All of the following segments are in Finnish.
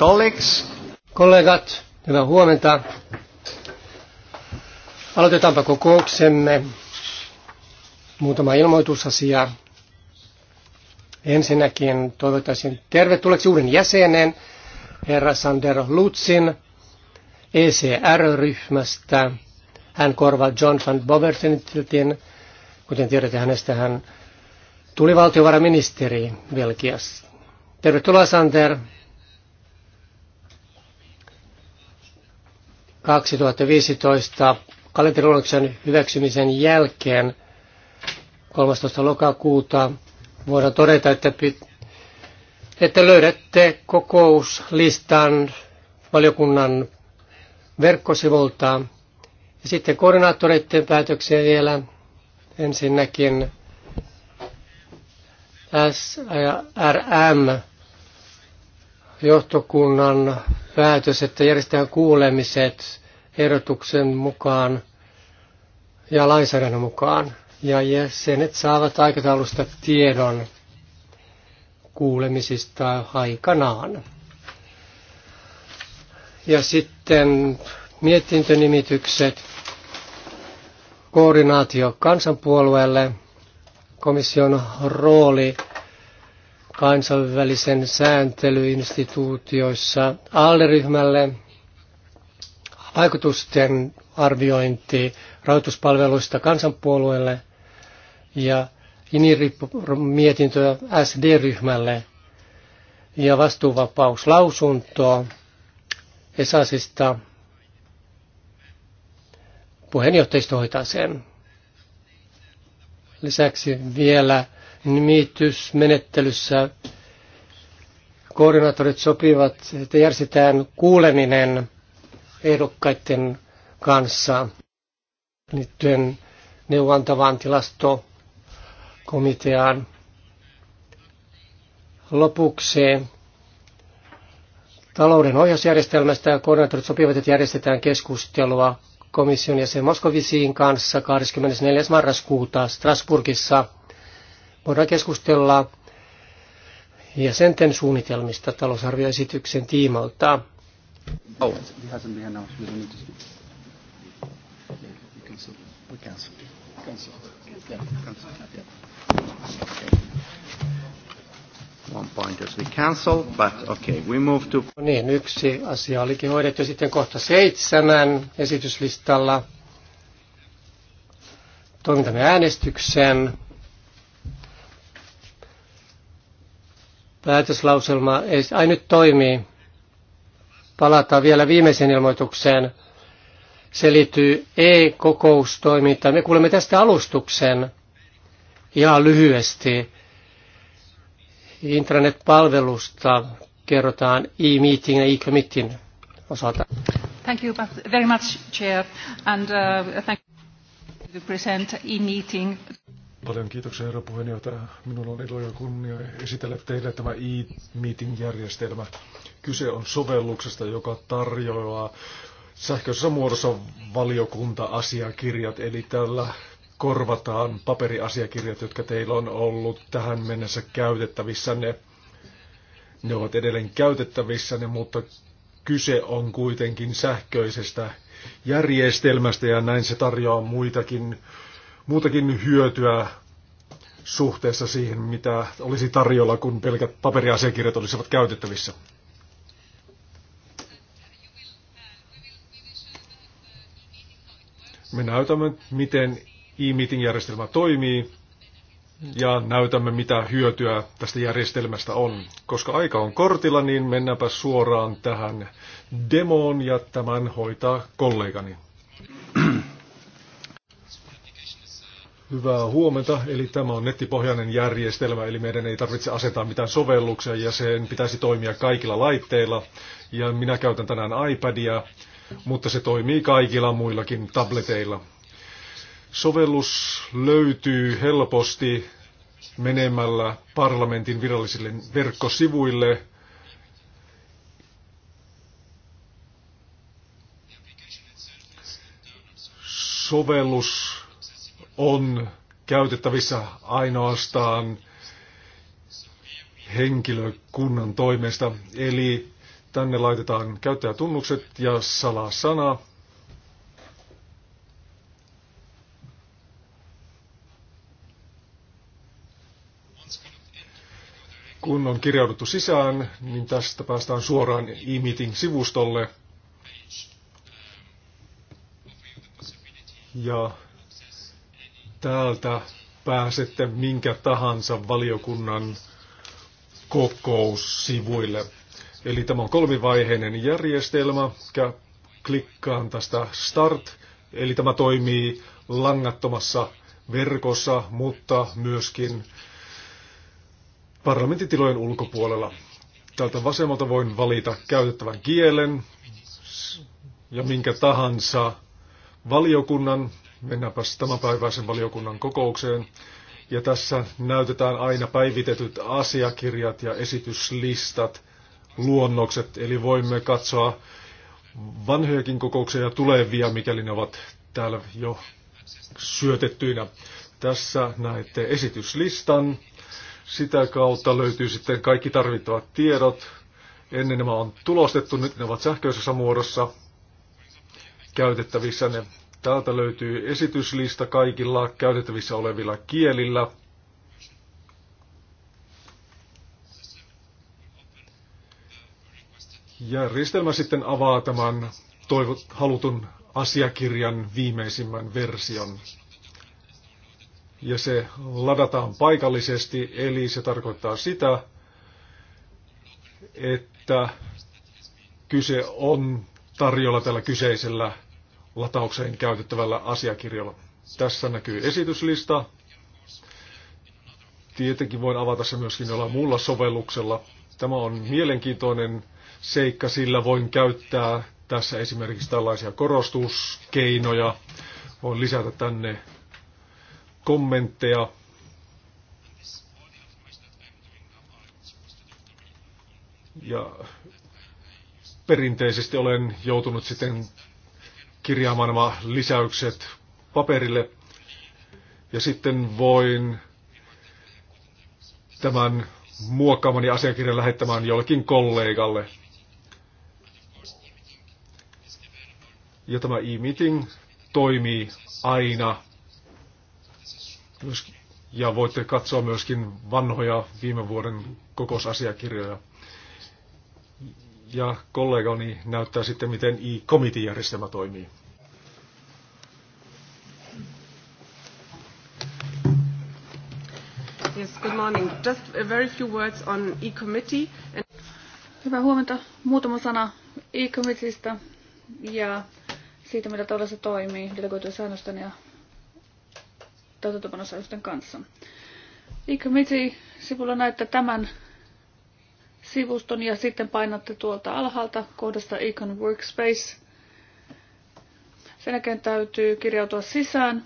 colleagues. Kollegat, hyvää huomenta. Aloitetaanpa kokouksemme. Muutama ilmoitusasia. Ensinnäkin toivottaisin tervetulleeksi uuden jäsenen, herra Sander Lutzin ECR-ryhmästä. Hän korvaa John van Bobertentiltin. Kuten tiedätte, hänestä hän tuli valtiovarainministeri Belgiassa. Tervetuloa Sander. 2015 kalenteriluonnoksen hyväksymisen jälkeen 13. lokakuuta voidaan todeta, että, että löydätte kokouslistan valiokunnan verkkosivulta. Ja sitten koordinaattoreiden päätöksiä vielä ensinnäkin SRM johtokunnan päätös, että järjestetään kuulemiset ehdotuksen mukaan ja lainsäädännön mukaan. Ja jäsenet saavat aikataulusta tiedon kuulemisista aikanaan. Ja sitten mietintönimitykset, koordinaatio kansanpuolueelle, komission rooli kansainvälisen sääntelyinstituutioissa ALDE-ryhmälle vaikutusten arviointi rahoituspalveluista kansanpuolueelle ja INI-mietintö SD-ryhmälle ja vastuuvapauslausunto Esasista. Puheenjohtajisto hoitaa sen. Lisäksi vielä nimitysmenettelyssä koordinaattorit sopivat, että järjestetään kuuleminen ehdokkaiden kanssa liittyen neuvontavaan tilastokomiteaan. Lopuksi talouden ohjausjärjestelmästä koordinaattorit sopivat, että järjestetään keskustelua komission ja sen Moskovisiin kanssa 24. marraskuuta Strasburgissa – Voidaan keskustella jäsenten suunnitelmista talousarvioesityksen tiimoilta. Oh. One point as we cancel, but okay, we move to... No niin, yksi asia olikin hoidettu sitten kohta seitsemän esityslistalla. toimintamme äänestykseen. päätöslauselma ei ai nyt toimii. Palataan vielä viimeisen ilmoitukseen. Se liittyy e-kokoustoimintaan. Me kuulemme tästä alustuksen ihan lyhyesti. internet palvelusta kerrotaan e-meeting ja e-committin osalta. Thank you very much, Chair, and uh, thank you to present e-meeting. Paljon kiitoksia herra puheenjohtaja. Minulla on ilo ja kunnia esitellä teille tämä e-meeting-järjestelmä. Kyse on sovelluksesta, joka tarjoaa sähköisessä muodossa valiokunta-asiakirjat, eli tällä korvataan paperiasiakirjat, jotka teillä on ollut tähän mennessä käytettävissä. Ne, ne ovat edelleen käytettävissä, mutta kyse on kuitenkin sähköisestä järjestelmästä ja näin se tarjoaa muitakin muutakin hyötyä suhteessa siihen, mitä olisi tarjolla, kun pelkät paperiasiakirjat olisivat käytettävissä. Me näytämme, miten e-meeting-järjestelmä toimii ja näytämme, mitä hyötyä tästä järjestelmästä on. Koska aika on kortilla, niin mennäänpä suoraan tähän demoon ja tämän hoitaa kollegani. Hyvää huomenta. Eli tämä on nettipohjainen järjestelmä, eli meidän ei tarvitse asentaa mitään sovelluksia ja sen pitäisi toimia kaikilla laitteilla. Ja minä käytän tänään iPadia, mutta se toimii kaikilla muillakin tableteilla. Sovellus löytyy helposti menemällä parlamentin virallisille verkkosivuille – sovellus on käytettävissä ainoastaan henkilökunnan toimesta. Eli tänne laitetaan käyttäjätunnukset ja salasana. Kun on kirjauduttu sisään, niin tästä päästään suoraan e sivustolle Ja täältä pääsette minkä tahansa valiokunnan kokoussivuille. Eli tämä on kolmivaiheinen järjestelmä. Klikkaan tästä Start. Eli tämä toimii langattomassa verkossa, mutta myöskin parlamenttitilojen ulkopuolella. Tältä vasemmalta voin valita käytettävän kielen ja minkä tahansa valiokunnan Mennäänpä tämänpäiväisen valiokunnan kokoukseen. Ja tässä näytetään aina päivitetyt asiakirjat ja esityslistat, luonnokset, eli voimme katsoa vanhojakin kokouksia ja tulevia, mikäli ne ovat täällä jo syötettyinä. Tässä näette esityslistan. Sitä kautta löytyy sitten kaikki tarvittavat tiedot. Ennen nämä on tulostettu, nyt ne ovat sähköisessä muodossa käytettävissä. Ne Täältä löytyy esityslista kaikilla käytettävissä olevilla kielillä. Järjestelmä sitten avaa tämän toivot, halutun asiakirjan viimeisimmän version. Ja se ladataan paikallisesti, eli se tarkoittaa sitä, että kyse on tarjolla tällä kyseisellä lataukseen käytettävällä asiakirjalla. Tässä näkyy esityslista. Tietenkin voin avata se myöskin jollain muulla sovelluksella. Tämä on mielenkiintoinen seikka, sillä voin käyttää tässä esimerkiksi tällaisia korostuskeinoja. Voin lisätä tänne kommentteja. Ja perinteisesti olen joutunut sitten kirjaamaan nämä lisäykset paperille. Ja sitten voin tämän muokkaamani asiakirjan lähettämään jollekin kollegalle. Ja tämä e-meeting toimii aina. Ja voitte katsoa myöskin vanhoja viime vuoden kokousasiakirjoja. Ja kollegani näyttää sitten, miten e-committee-järjestelmä toimii. Yes, good morning. Just a very few words on e-committee. And... Hyvää huomenta. Muutama sana e-committeeista ja siitä, mitä tavalla se toimii delegoitujen säännösten ja täytäntöpanosäännösten kanssa. E-committee-sivulla näette tämän sivuston ja sitten painatte tuolta alhaalta kohdasta Econ Workspace. Sen jälkeen täytyy kirjautua sisään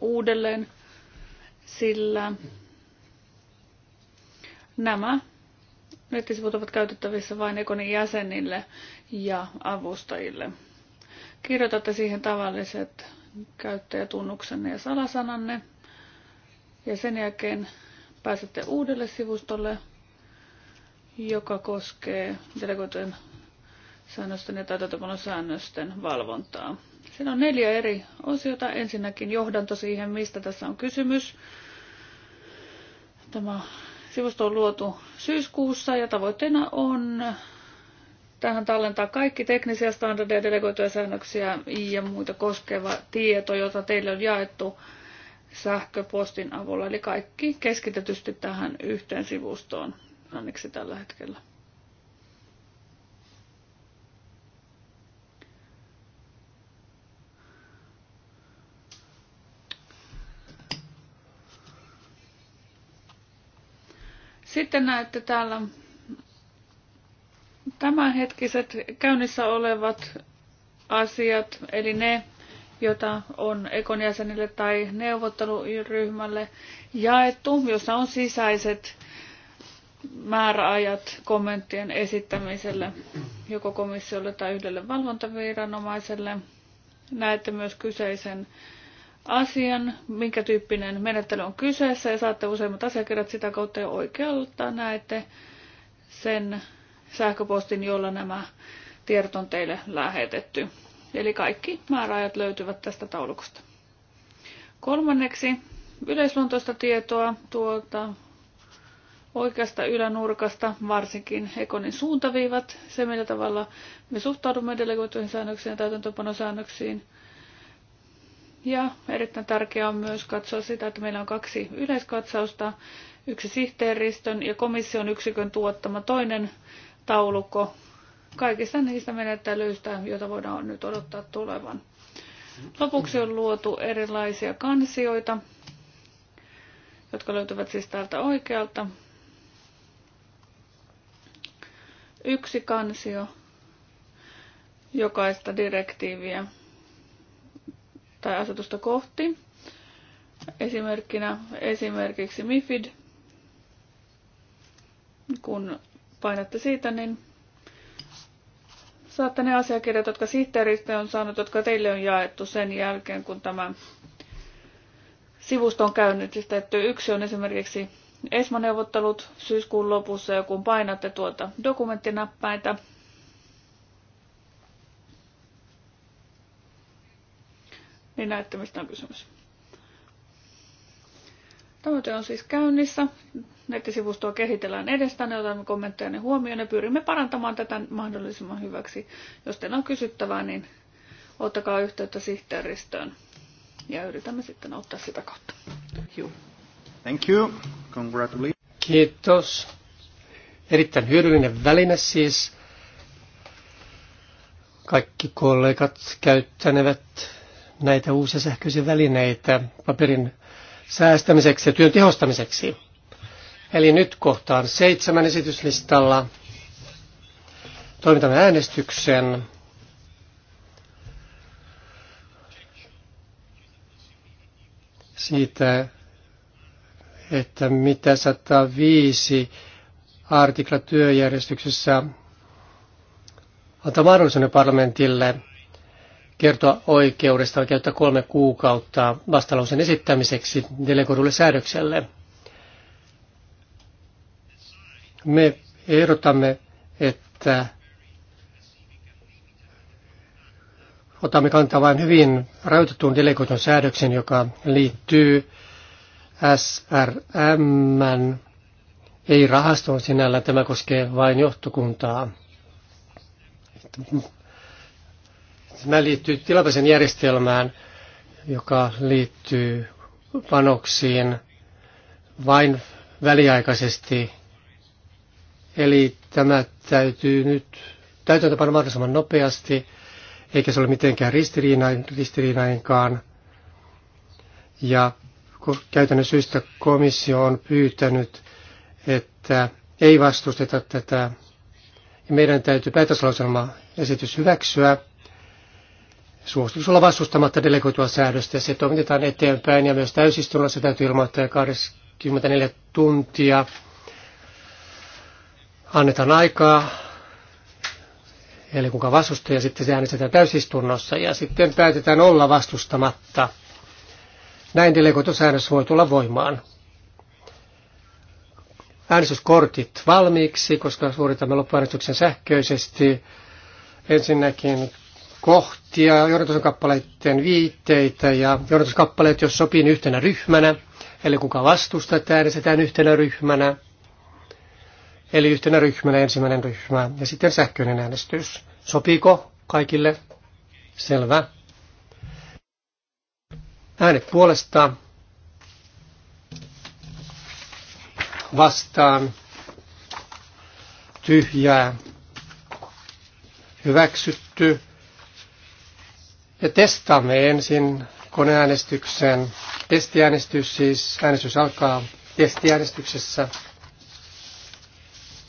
uudelleen, sillä Nämä nettisivut ovat käytettävissä vain Ekonin jäsenille ja avustajille. Kirjoitatte siihen tavalliset käyttäjätunnuksenne ja salasananne ja sen jälkeen pääsette uudelle sivustolle, joka koskee delegoitujen säännösten ja täytäntöpanon säännösten valvontaa. Siinä on neljä eri osiota. Ensinnäkin johdanto siihen, mistä tässä on kysymys. Tämä Sivusto on luotu syyskuussa ja tavoitteena on tähän tallentaa kaikki teknisiä standardeja, delegoituja säännöksiä ja muita koskeva tieto, jota teille on jaettu sähköpostin avulla. Eli kaikki keskitetysti tähän yhteen sivustoon ainakin tällä hetkellä. Sitten näette täällä tämänhetkiset käynnissä olevat asiat, eli ne, joita on Ekon jäsenille tai neuvotteluryhmälle jaettu, jossa on sisäiset määräajat kommenttien esittämiselle joko komissiolle tai yhdelle valvontaviranomaiselle. Näette myös kyseisen asian, minkä tyyppinen menettely on kyseessä ja saatte useimmat asiakirjat sitä kautta jo oikealta näette sen sähköpostin, jolla nämä tiedot on teille lähetetty. Eli kaikki määräajat löytyvät tästä taulukosta. Kolmanneksi yleisluontoista tietoa tuolta oikeasta ylänurkasta, varsinkin Ekonin suuntaviivat, se millä tavalla me suhtaudumme delegoituihin säännöksiin ja täytäntöpanosäännöksiin – ja erittäin tärkeää on myös katsoa sitä, että meillä on kaksi yleiskatsausta, yksi sihteeristön ja komission yksikön tuottama toinen taulukko kaikista niistä menettelyistä, joita voidaan nyt odottaa tulevan. Lopuksi on luotu erilaisia kansioita, jotka löytyvät siis täältä oikealta. Yksi kansio jokaista direktiiviä tai asetusta kohti. Esimerkkinä esimerkiksi MIFID. Kun painatte siitä, niin saatte ne asiakirjat, jotka sihteeristä on saanut, jotka teille on jaettu sen jälkeen, kun tämä sivusto on käynyt Siis Yksi on esimerkiksi ESMA-neuvottelut syyskuun lopussa ja kun painatte tuota dokumenttinäppäintä, niin näette mistä on kysymys. Tavoite on siis käynnissä. Nettisivustoa kehitellään edestään, ne niin otamme kommentteja ja huomioon ja pyrimme parantamaan tätä mahdollisimman hyväksi. Jos teillä on kysyttävää, niin ottakaa yhteyttä sihteeristöön ja yritämme sitten auttaa sitä kautta. Thank you. Thank you. Congratulations. Kiitos. Erittäin hyödyllinen väline siis. Kaikki kollegat käyttänevät näitä uusia sähköisiä välineitä paperin säästämiseksi ja työn tehostamiseksi. Eli nyt kohtaan seitsemän esityslistalla. Toimitamme äänestyksen. siitä, että mitä 105 artikla työjärjestyksessä antaa mahdollisuuden parlamentille – kertoa oikeudesta käyttää kolme kuukautta vastalausen esittämiseksi delegoidulle säädökselle. Me ehdotamme, että otamme kantaa vain hyvin rajoitettuun delegoitun säädöksen, joka liittyy SRM, ei rahastoon sinällä, tämä koskee vain johtokuntaa Tämä liittyy tilapäisen järjestelmään, joka liittyy panoksiin vain väliaikaisesti. Eli tämä täytyy nyt täytäntöpanna mahdollisimman nopeasti, eikä se ole mitenkään ristiriinainkaan. Ja käytännön syystä komissio on pyytänyt, että ei vastusteta tätä. Ja meidän täytyy päätöslauselma esitys hyväksyä suostumus olla vastustamatta delegoitua säädöstä ja se toimitetaan eteenpäin ja myös täysistunnossa täytyy ilmoittaa 24 tuntia. Annetaan aikaa, eli kuka vastustaa ja sitten se äänestetään täysistunnossa ja sitten päätetään olla vastustamatta. Näin delegoitu säännös voi tulla voimaan. Äänestyskortit valmiiksi, koska suoritamme loppuäänestyksen sähköisesti. Ensinnäkin kohtia, kappaleiden viitteitä ja johdatuskappaleet, jos sopii niin yhtenä ryhmänä, eli kuka vastustaa, että äänestetään yhtenä ryhmänä, eli yhtenä ryhmänä ensimmäinen ryhmä ja sitten sähköinen äänestys. Sopiiko kaikille? Selvä. Äänet puolesta vastaan tyhjää hyväksytty ja testaamme ensin koneäänestyksen. Testiäänestys siis, äänestys alkaa testiäänestyksessä.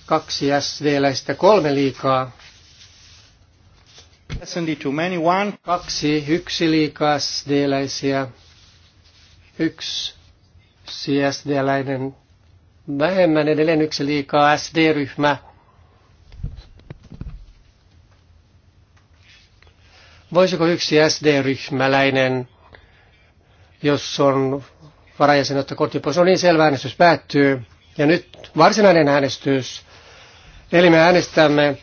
Kaksi SD-läistä, kolme liikaa. Kaksi, yksi liikaa SD-läisiä. Yksi SD-läinen vähemmän, edelleen yksi liikaa SD-ryhmä. Voisiko yksi SD-ryhmäläinen, jos on varajäsen ottaa kortin pois, on no niin selvä äänestys päättyy. Ja nyt varsinainen äänestys. Eli me äänestämme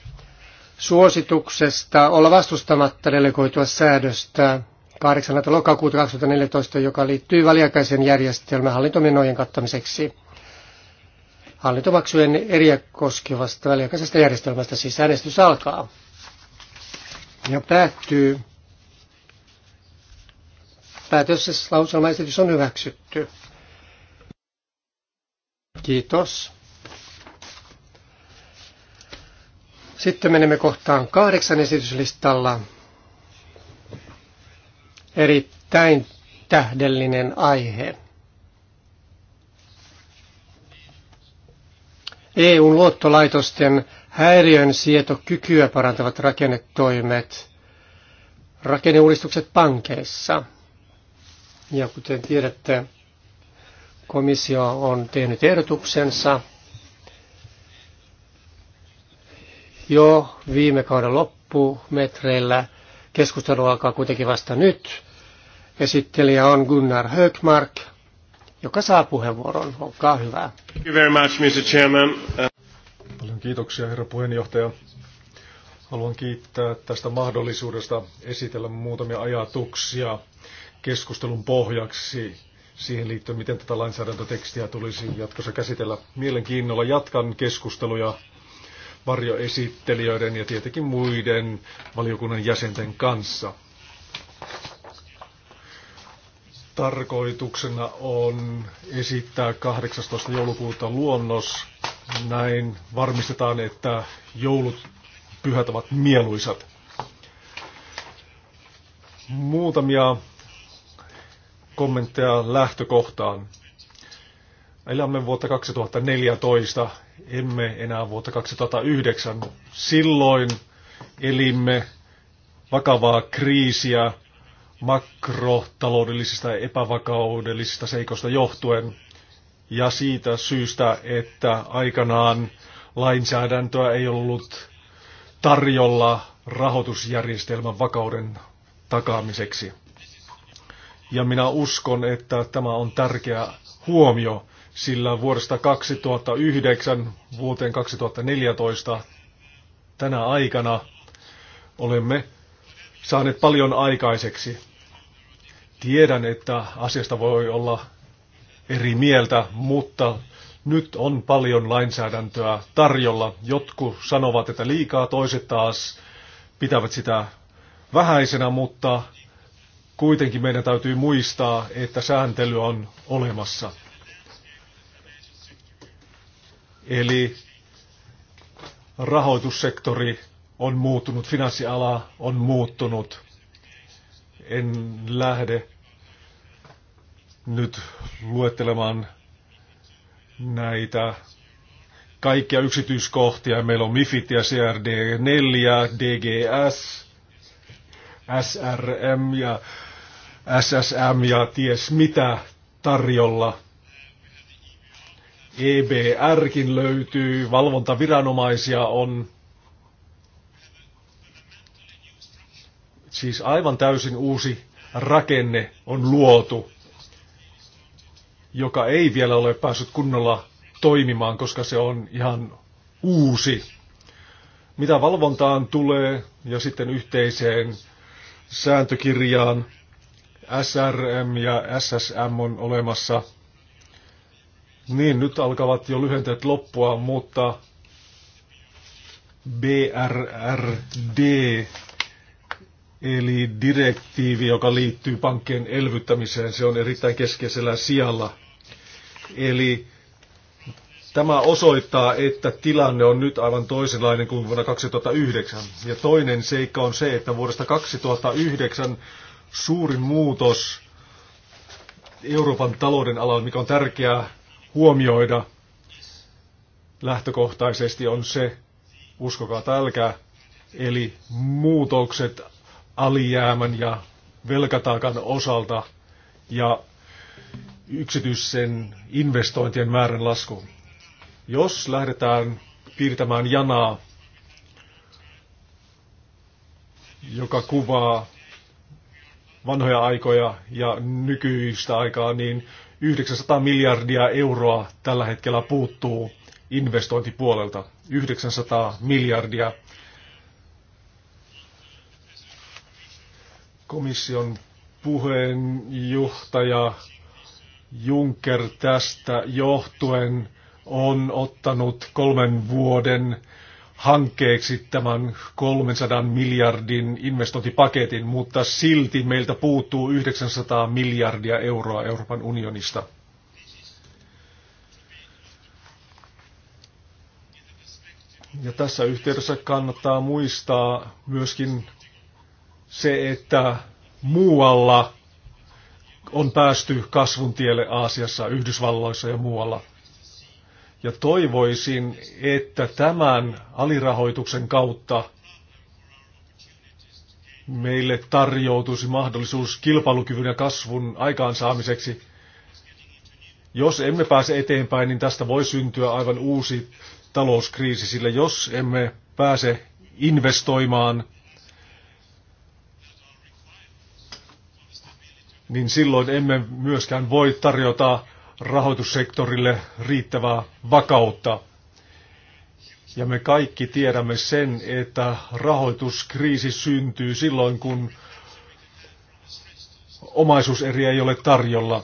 suosituksesta olla vastustamatta delegoitua säädöstä 8. lokakuuta 2014, joka liittyy väliaikaisen järjestelmän hallintomenojen kattamiseksi hallintomaksujen eriä koskevasta väliaikaisesta järjestelmästä. Siis äänestys alkaa ja päättyy. Päätöslauselmaesitys on hyväksytty. Kiitos. Sitten menemme kohtaan kahdeksan esityslistalla. Erittäin tähdellinen aihe. eu luottolaitosten häiriön sieto kykyä parantavat rakennetoimet, rakenneuudistukset pankeissa. Ja kuten tiedätte, komissio on tehnyt ehdotuksensa jo viime kauden loppumetreillä. Keskustelu alkaa kuitenkin vasta nyt. Esittelijä on Gunnar Högmark, joka saa puheenvuoron. Olkaa hyvä. Thank you very much, Mr. Chairman. Paljon kiitoksia, herra puheenjohtaja. Haluan kiittää tästä mahdollisuudesta esitellä muutamia ajatuksia keskustelun pohjaksi siihen liittyen, miten tätä lainsäädäntötekstiä tulisi jatkossa käsitellä. Mielenkiinnolla jatkan keskusteluja varjoesittelijöiden ja tietenkin muiden valiokunnan jäsenten kanssa. Tarkoituksena on esittää 18. joulukuuta luonnos näin varmistetaan, että joulut pyhät ovat mieluisat. Muutamia kommentteja lähtökohtaan. Elämme vuotta 2014, emme enää vuotta 2009. Silloin elimme vakavaa kriisiä makrotaloudellisista ja epävakaudellisista seikoista johtuen ja siitä syystä, että aikanaan lainsäädäntöä ei ollut tarjolla rahoitusjärjestelmän vakauden takaamiseksi. Ja minä uskon, että tämä on tärkeä huomio, sillä vuodesta 2009 vuoteen 2014 tänä aikana olemme saaneet paljon aikaiseksi. Tiedän, että asiasta voi olla eri mieltä, mutta nyt on paljon lainsäädäntöä tarjolla. Jotkut sanovat, että liikaa, toiset taas pitävät sitä vähäisenä, mutta kuitenkin meidän täytyy muistaa, että sääntely on olemassa. Eli rahoitussektori on muuttunut, finanssiala on muuttunut. En lähde nyt luettelemaan näitä kaikkia yksityiskohtia. Meillä on MIFIT ja CRD4, DGS, SRM ja SSM ja ties mitä tarjolla. EBRkin löytyy, valvontaviranomaisia on. Siis aivan täysin uusi rakenne on luotu joka ei vielä ole päässyt kunnolla toimimaan, koska se on ihan uusi. Mitä valvontaan tulee ja sitten yhteiseen sääntökirjaan, SRM ja SSM on olemassa. Niin, nyt alkavat jo lyhenteet loppua, mutta BRRD, eli direktiivi, joka liittyy pankkien elvyttämiseen, se on erittäin keskeisellä sijalla – Eli tämä osoittaa, että tilanne on nyt aivan toisenlainen kuin vuonna 2009. Ja toinen seikka on se, että vuodesta 2009 suurin muutos Euroopan talouden alalla, mikä on tärkeää huomioida lähtökohtaisesti, on se, uskokaa tälkää, eli muutokset alijäämän ja velkataakan osalta ja yksityisen investointien määrän lasku. Jos lähdetään piirtämään janaa, joka kuvaa vanhoja aikoja ja nykyistä aikaa, niin 900 miljardia euroa tällä hetkellä puuttuu investointipuolelta. 900 miljardia. Komission puheenjohtaja Juncker tästä johtuen on ottanut kolmen vuoden hankkeeksi tämän 300 miljardin investointipaketin, mutta silti meiltä puuttuu 900 miljardia euroa Euroopan unionista. Ja tässä yhteydessä kannattaa muistaa myöskin se, että muualla on päästy kasvun tielle Aasiassa, Yhdysvalloissa ja muualla. Ja toivoisin, että tämän alirahoituksen kautta meille tarjoutuisi mahdollisuus kilpailukyvyn ja kasvun aikaansaamiseksi. Jos emme pääse eteenpäin, niin tästä voi syntyä aivan uusi talouskriisi, sillä jos emme pääse investoimaan niin silloin emme myöskään voi tarjota rahoitussektorille riittävää vakautta. Ja me kaikki tiedämme sen, että rahoituskriisi syntyy silloin, kun omaisuuseriä ei ole tarjolla.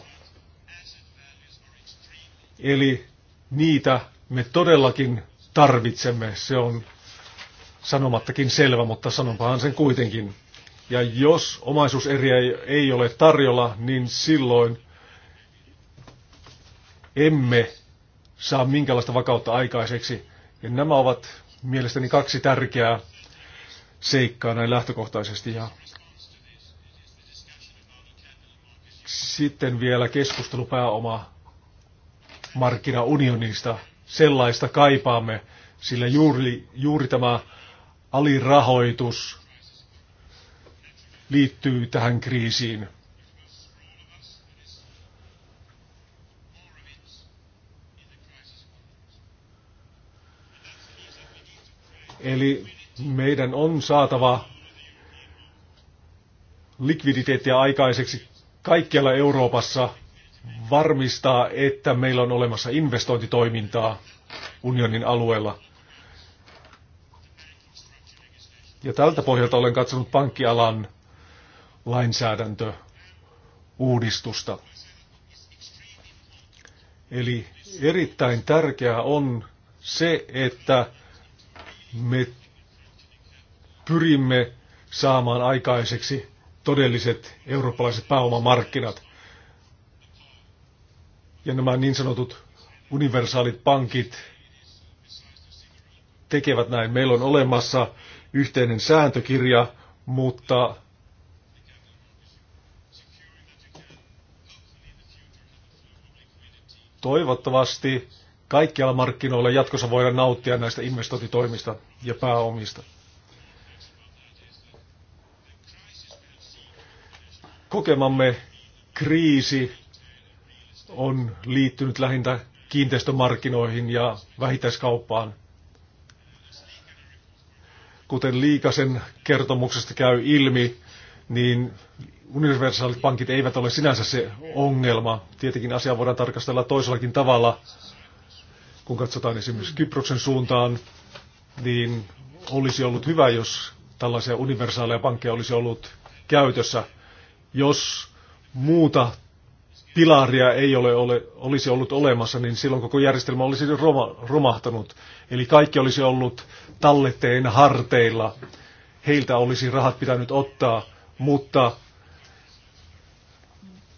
Eli niitä me todellakin tarvitsemme. Se on sanomattakin selvä, mutta sanonpahan sen kuitenkin. Ja jos omaisuuseriä ei ole tarjolla, niin silloin emme saa minkälaista vakautta aikaiseksi. Ja nämä ovat mielestäni kaksi tärkeää seikkaa näin lähtökohtaisesti. Ja sitten vielä keskustelu pääoma markkinaunionista. Sellaista kaipaamme, sillä juuri, juuri tämä alirahoitus liittyy tähän kriisiin. Eli meidän on saatava likviditeettiä aikaiseksi kaikkialla Euroopassa varmistaa, että meillä on olemassa investointitoimintaa unionin alueella. Ja tältä pohjalta olen katsonut pankkialan lainsäädäntöuudistusta. Eli erittäin tärkeää on se, että me pyrimme saamaan aikaiseksi todelliset eurooppalaiset pääomamarkkinat. Ja nämä niin sanotut universaalit pankit tekevät näin. Meillä on olemassa yhteinen sääntökirja, mutta Toivottavasti kaikkialla markkinoilla jatkossa voidaan nauttia näistä investointitoimista ja pääomista. Kokemamme kriisi on liittynyt lähintä kiinteistömarkkinoihin ja vähittäiskauppaan. Kuten Liikasen kertomuksesta käy ilmi, niin universaaliset pankit eivät ole sinänsä se ongelma. Tietenkin asiaa voidaan tarkastella toisellakin tavalla. Kun katsotaan esimerkiksi Kyproksen suuntaan, niin olisi ollut hyvä, jos tällaisia universaaleja pankkeja olisi ollut käytössä, jos muuta pilaria ei ole, ole, olisi ollut olemassa, niin silloin koko järjestelmä olisi romahtanut. Eli kaikki olisi ollut talletteen harteilla. Heiltä olisi rahat pitänyt ottaa, mutta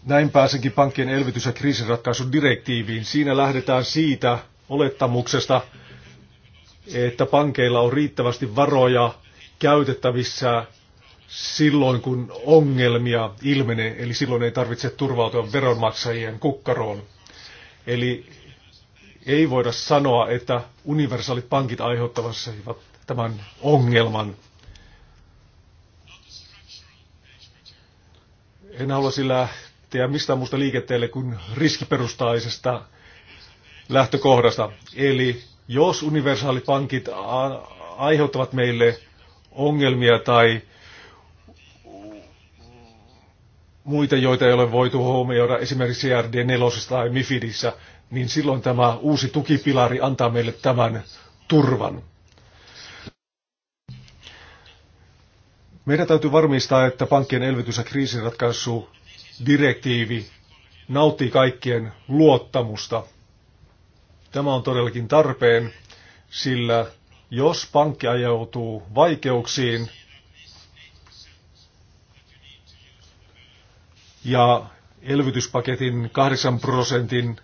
näin pääsenkin pankkien elvytys- ja kriisiratkaisudirektiiviin. Siinä lähdetään siitä olettamuksesta, että pankeilla on riittävästi varoja käytettävissä silloin, kun ongelmia ilmenee, eli silloin ei tarvitse turvautua veronmaksajien kukkaroon. Eli ei voida sanoa, että universaalit pankit aiheuttavat tämän ongelman. En halua sillä lähteä mistään muusta liikenteelle kuin riskiperustaisesta lähtökohdasta. Eli jos universaalipankit aiheuttavat meille ongelmia tai muita, joita ei ole voitu huomioida esimerkiksi CRD4 tai MIFIDissä, niin silloin tämä uusi tukipilari antaa meille tämän turvan. Meidän täytyy varmistaa, että pankkien elvytys- ja kriisinratkaisu direktiivi nauttii kaikkien luottamusta. Tämä on todellakin tarpeen, sillä jos pankki ajautuu vaikeuksiin ja elvytyspaketin 8 prosentin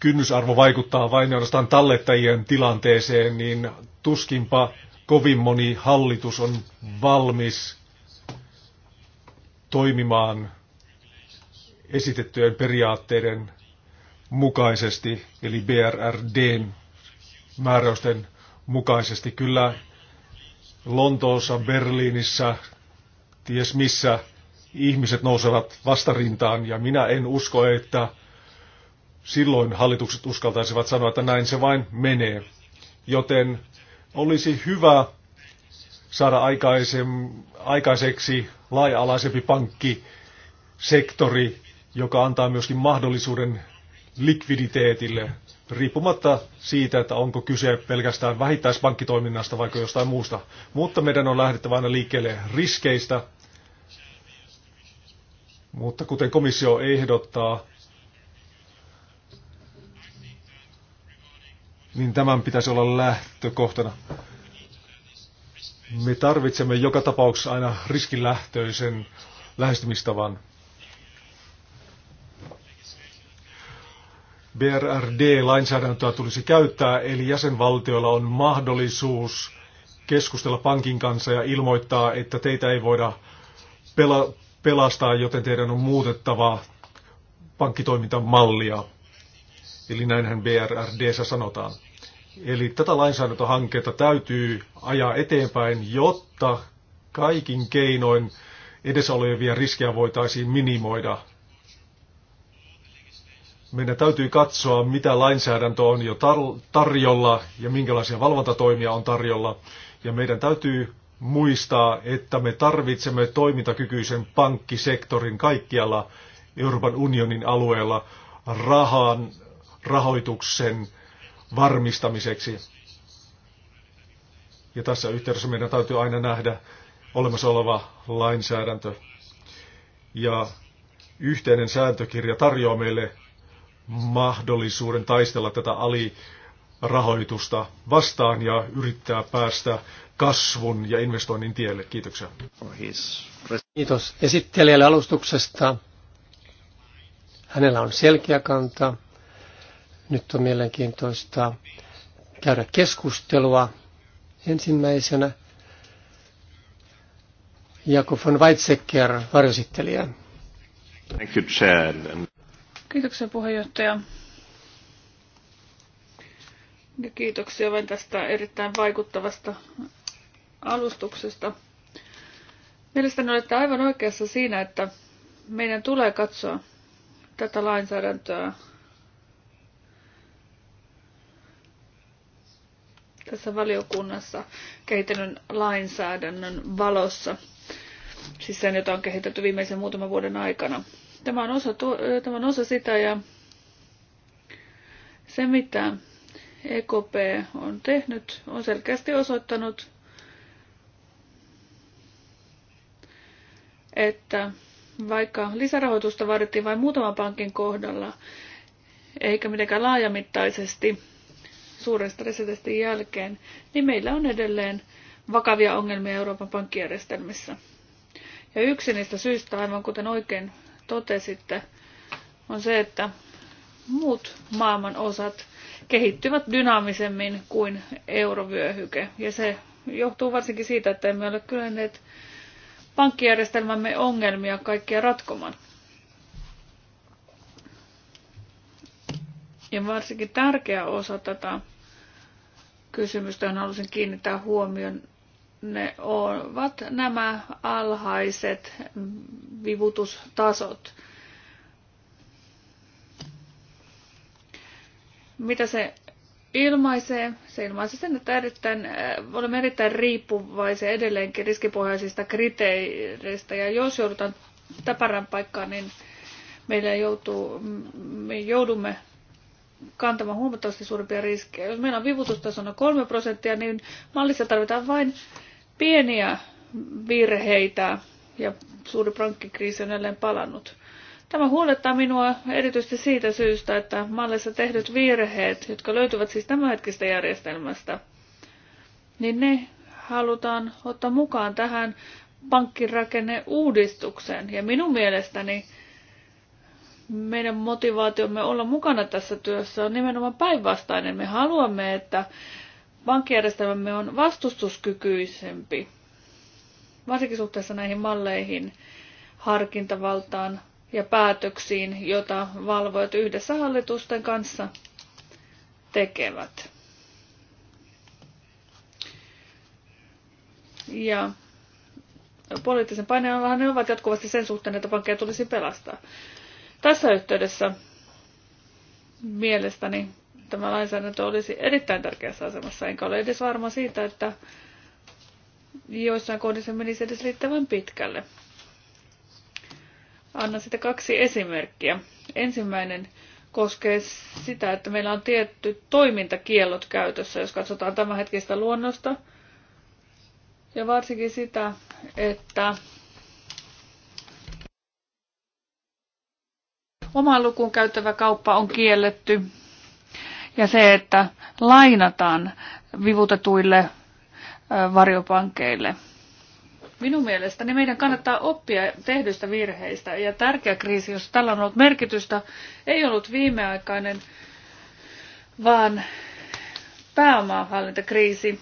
kynnysarvo vaikuttaa vain ainoastaan tallettajien tilanteeseen, niin tuskinpa kovin moni hallitus on valmis toimimaan esitettyjen periaatteiden mukaisesti, eli BRRDn määräysten mukaisesti. Kyllä Lontoossa, Berliinissä, ties missä ihmiset nousevat vastarintaan, ja minä en usko, että silloin hallitukset uskaltaisivat sanoa, että näin se vain menee. Joten olisi hyvä saada aikaisem, aikaiseksi laaja-alaisempi pankkisektori, joka antaa myöskin mahdollisuuden likviditeetille, riippumatta siitä, että onko kyse pelkästään vähittäispankkitoiminnasta vai jostain muusta. Mutta meidän on lähdettävä aina liikkeelle riskeistä, mutta kuten komissio ehdottaa, niin tämän pitäisi olla lähtökohtana. Me tarvitsemme joka tapauksessa aina riskilähtöisen lähestymistavan. BRRD-lainsäädäntöä tulisi käyttää, eli jäsenvaltioilla on mahdollisuus keskustella pankin kanssa ja ilmoittaa, että teitä ei voida pela- pelastaa, joten teidän on muutettava pankkitoimintamallia. Eli näinhän BRRD sanotaan. Eli tätä lainsäädäntöhanketta täytyy ajaa eteenpäin, jotta kaikin keinoin edessä olevia riskejä voitaisiin minimoida. Meidän täytyy katsoa, mitä lainsäädäntö on jo tar- tarjolla ja minkälaisia valvontatoimia on tarjolla. Ja meidän täytyy muistaa, että me tarvitsemme toimintakykyisen pankkisektorin kaikkialla Euroopan unionin alueella rahan, rahoituksen, varmistamiseksi. Ja tässä yhteydessä meidän täytyy aina nähdä olemassa oleva lainsäädäntö. Ja yhteinen sääntökirja tarjoaa meille mahdollisuuden taistella tätä alirahoitusta vastaan ja yrittää päästä kasvun ja investoinnin tielle. Kiitoksia. Kiitos esittelijälle alustuksesta. Hänellä on selkeä kanta nyt on mielenkiintoista käydä keskustelua ensimmäisenä. Jakob von Weizsäcker, varjosittelijä. Thank you, Kiitoksia puheenjohtaja. Ja kiitoksia vain tästä erittäin vaikuttavasta alustuksesta. Mielestäni olette aivan oikeassa siinä, että meidän tulee katsoa tätä lainsäädäntöä tässä valiokunnassa kehitellyn lainsäädännön valossa. Siis sen, jota on kehitetty viimeisen muutaman vuoden aikana. Tämä on osa, tämä on osa sitä ja se, mitä EKP on tehnyt, on selkeästi osoittanut, että vaikka lisärahoitusta vaadittiin vain muutaman pankin kohdalla, eikä mitenkään laajamittaisesti, suuren stressitestin jälkeen, niin meillä on edelleen vakavia ongelmia Euroopan pankkijärjestelmissä. Ja yksi niistä syistä, aivan kuten oikein totesitte, on se, että muut maailman osat kehittyvät dynaamisemmin kuin eurovyöhyke. Ja se johtuu varsinkin siitä, että emme ole kyenneet pankkijärjestelmämme ongelmia kaikkia ratkomaan. Ja varsinkin tärkeä osa tätä kysymystä, johon halusin kiinnittää huomioon, ne ovat nämä alhaiset vivutustasot. Mitä se ilmaisee? Se ilmaisee sen, että erittäin, äh, olemme erittäin riippuvaisia edelleenkin riskipohjaisista kriteereistä. Ja jos joudutaan täpärän paikkaan, niin meillä joutuu, me joudumme kantamaan huomattavasti suurempia riskejä. Jos meillä on vivutustasona 3 prosenttia, niin mallissa tarvitaan vain pieniä virheitä ja suuri pankkikriisi on jälleen palannut. Tämä huolettaa minua erityisesti siitä syystä, että mallissa tehdyt virheet, jotka löytyvät siis tämänhetkistä järjestelmästä, niin ne halutaan ottaa mukaan tähän pankkirakenneuudistukseen. Ja minun mielestäni meidän motivaatiomme olla mukana tässä työssä on nimenomaan päinvastainen. Me haluamme, että pankkijärjestelmämme on vastustuskykyisempi, varsinkin suhteessa näihin malleihin, harkintavaltaan ja päätöksiin, joita valvojat yhdessä hallitusten kanssa tekevät. Ja poliittisen paineen ne ovat jatkuvasti sen suhteen, että pankkeja tulisi pelastaa. Tässä yhteydessä mielestäni tämä lainsäädäntö olisi erittäin tärkeässä asemassa, enkä ole edes varma siitä, että joissain kohdissa menisi edes riittävän pitkälle. Anna sitä kaksi esimerkkiä. Ensimmäinen koskee sitä, että meillä on tietty toimintakiellot käytössä, jos katsotaan tämänhetkistä luonnosta. Ja varsinkin sitä, että oman lukuun käyttävä kauppa on kielletty ja se, että lainataan vivutetuille varjopankeille. Minun mielestäni meidän kannattaa oppia tehdyistä virheistä ja tärkeä kriisi, jos tällä on ollut merkitystä, ei ollut viimeaikainen, vaan pääomahallintakriisi,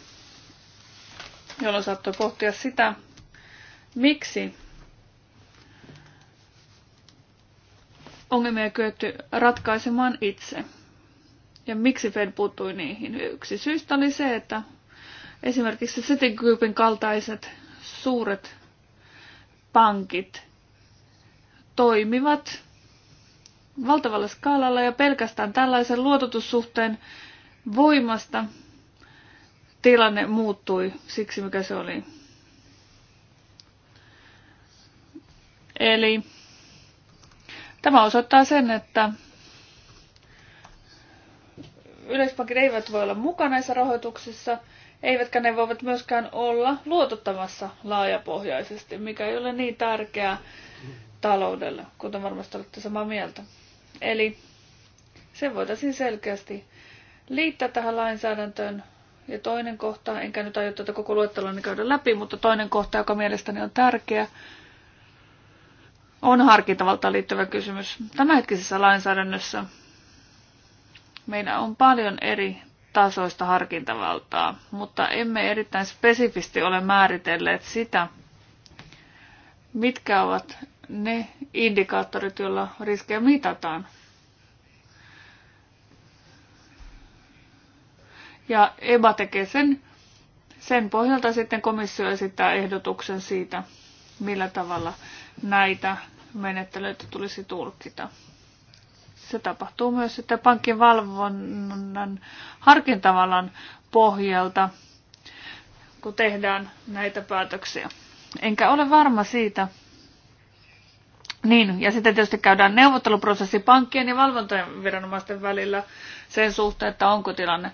jolloin saattoi pohtia sitä, miksi ongelmia kyetty ratkaisemaan itse. Ja miksi Fed puuttui niihin? Yksi syystä oli se, että esimerkiksi Citigroupin kaltaiset suuret pankit toimivat valtavalla skaalalla ja pelkästään tällaisen luototussuhteen voimasta tilanne muuttui siksi, mikä se oli. Eli Tämä osoittaa sen, että yleispankit eivät voi olla mukana näissä rahoituksissa, eivätkä ne voivat myöskään olla luotottamassa laajapohjaisesti, mikä ei ole niin tärkeää taloudelle, kuten varmasti olette samaa mieltä. Eli se voitaisiin selkeästi liittää tähän lainsäädäntöön. Ja toinen kohta, enkä nyt aio tätä koko luettelua niin käydä läpi, mutta toinen kohta, joka mielestäni on tärkeä, on harkintavaltaan liittyvä kysymys. Tämänhetkisessä lainsäädännössä meillä on paljon eri tasoista harkintavaltaa, mutta emme erittäin spesifisti ole määritelleet sitä, mitkä ovat ne indikaattorit, joilla riskejä mitataan. Ja EBA tekee sen, sen pohjalta sitten komissio esittää ehdotuksen siitä, millä tavalla näitä menettelyitä tulisi tulkita. Se tapahtuu myös sitten pankin valvonnan harkintavalan pohjalta, kun tehdään näitä päätöksiä. Enkä ole varma siitä. Niin, ja sitten tietysti käydään neuvotteluprosessi pankkien ja valvontojen viranomaisten välillä sen suhteen, että onko tilanne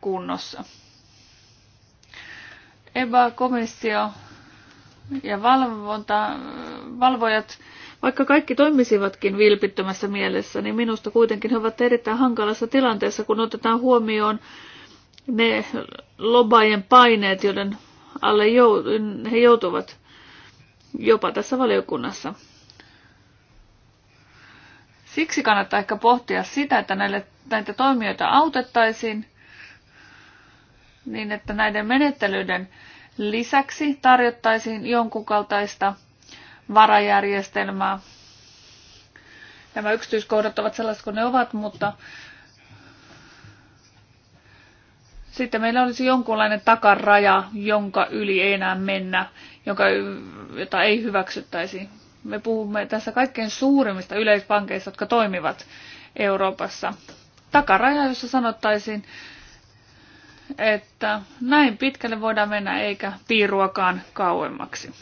kunnossa. EBA-komissio ja valvonta, valvojat, vaikka kaikki toimisivatkin vilpittömässä mielessä, niin minusta kuitenkin he ovat erittäin hankalassa tilanteessa, kun otetaan huomioon ne lobajien paineet, joiden alle he joutuvat jopa tässä valiokunnassa. Siksi kannattaa ehkä pohtia sitä, että näille, näitä toimijoita autettaisiin niin, että näiden menettelyiden Lisäksi tarjottaisiin jonkun kaltaista varajärjestelmää. Nämä yksityiskohdat ovat sellaiset kuin ne ovat, mutta sitten meillä olisi jonkunlainen takaraja, jonka yli ei enää mennä, jonka, jota ei hyväksyttäisi. Me puhumme tässä kaikkein suurimmista yleispankeista, jotka toimivat Euroopassa. Takaraja, jossa sanottaisiin, että näin pitkälle voidaan mennä eikä piiruakaan kauemmaksi.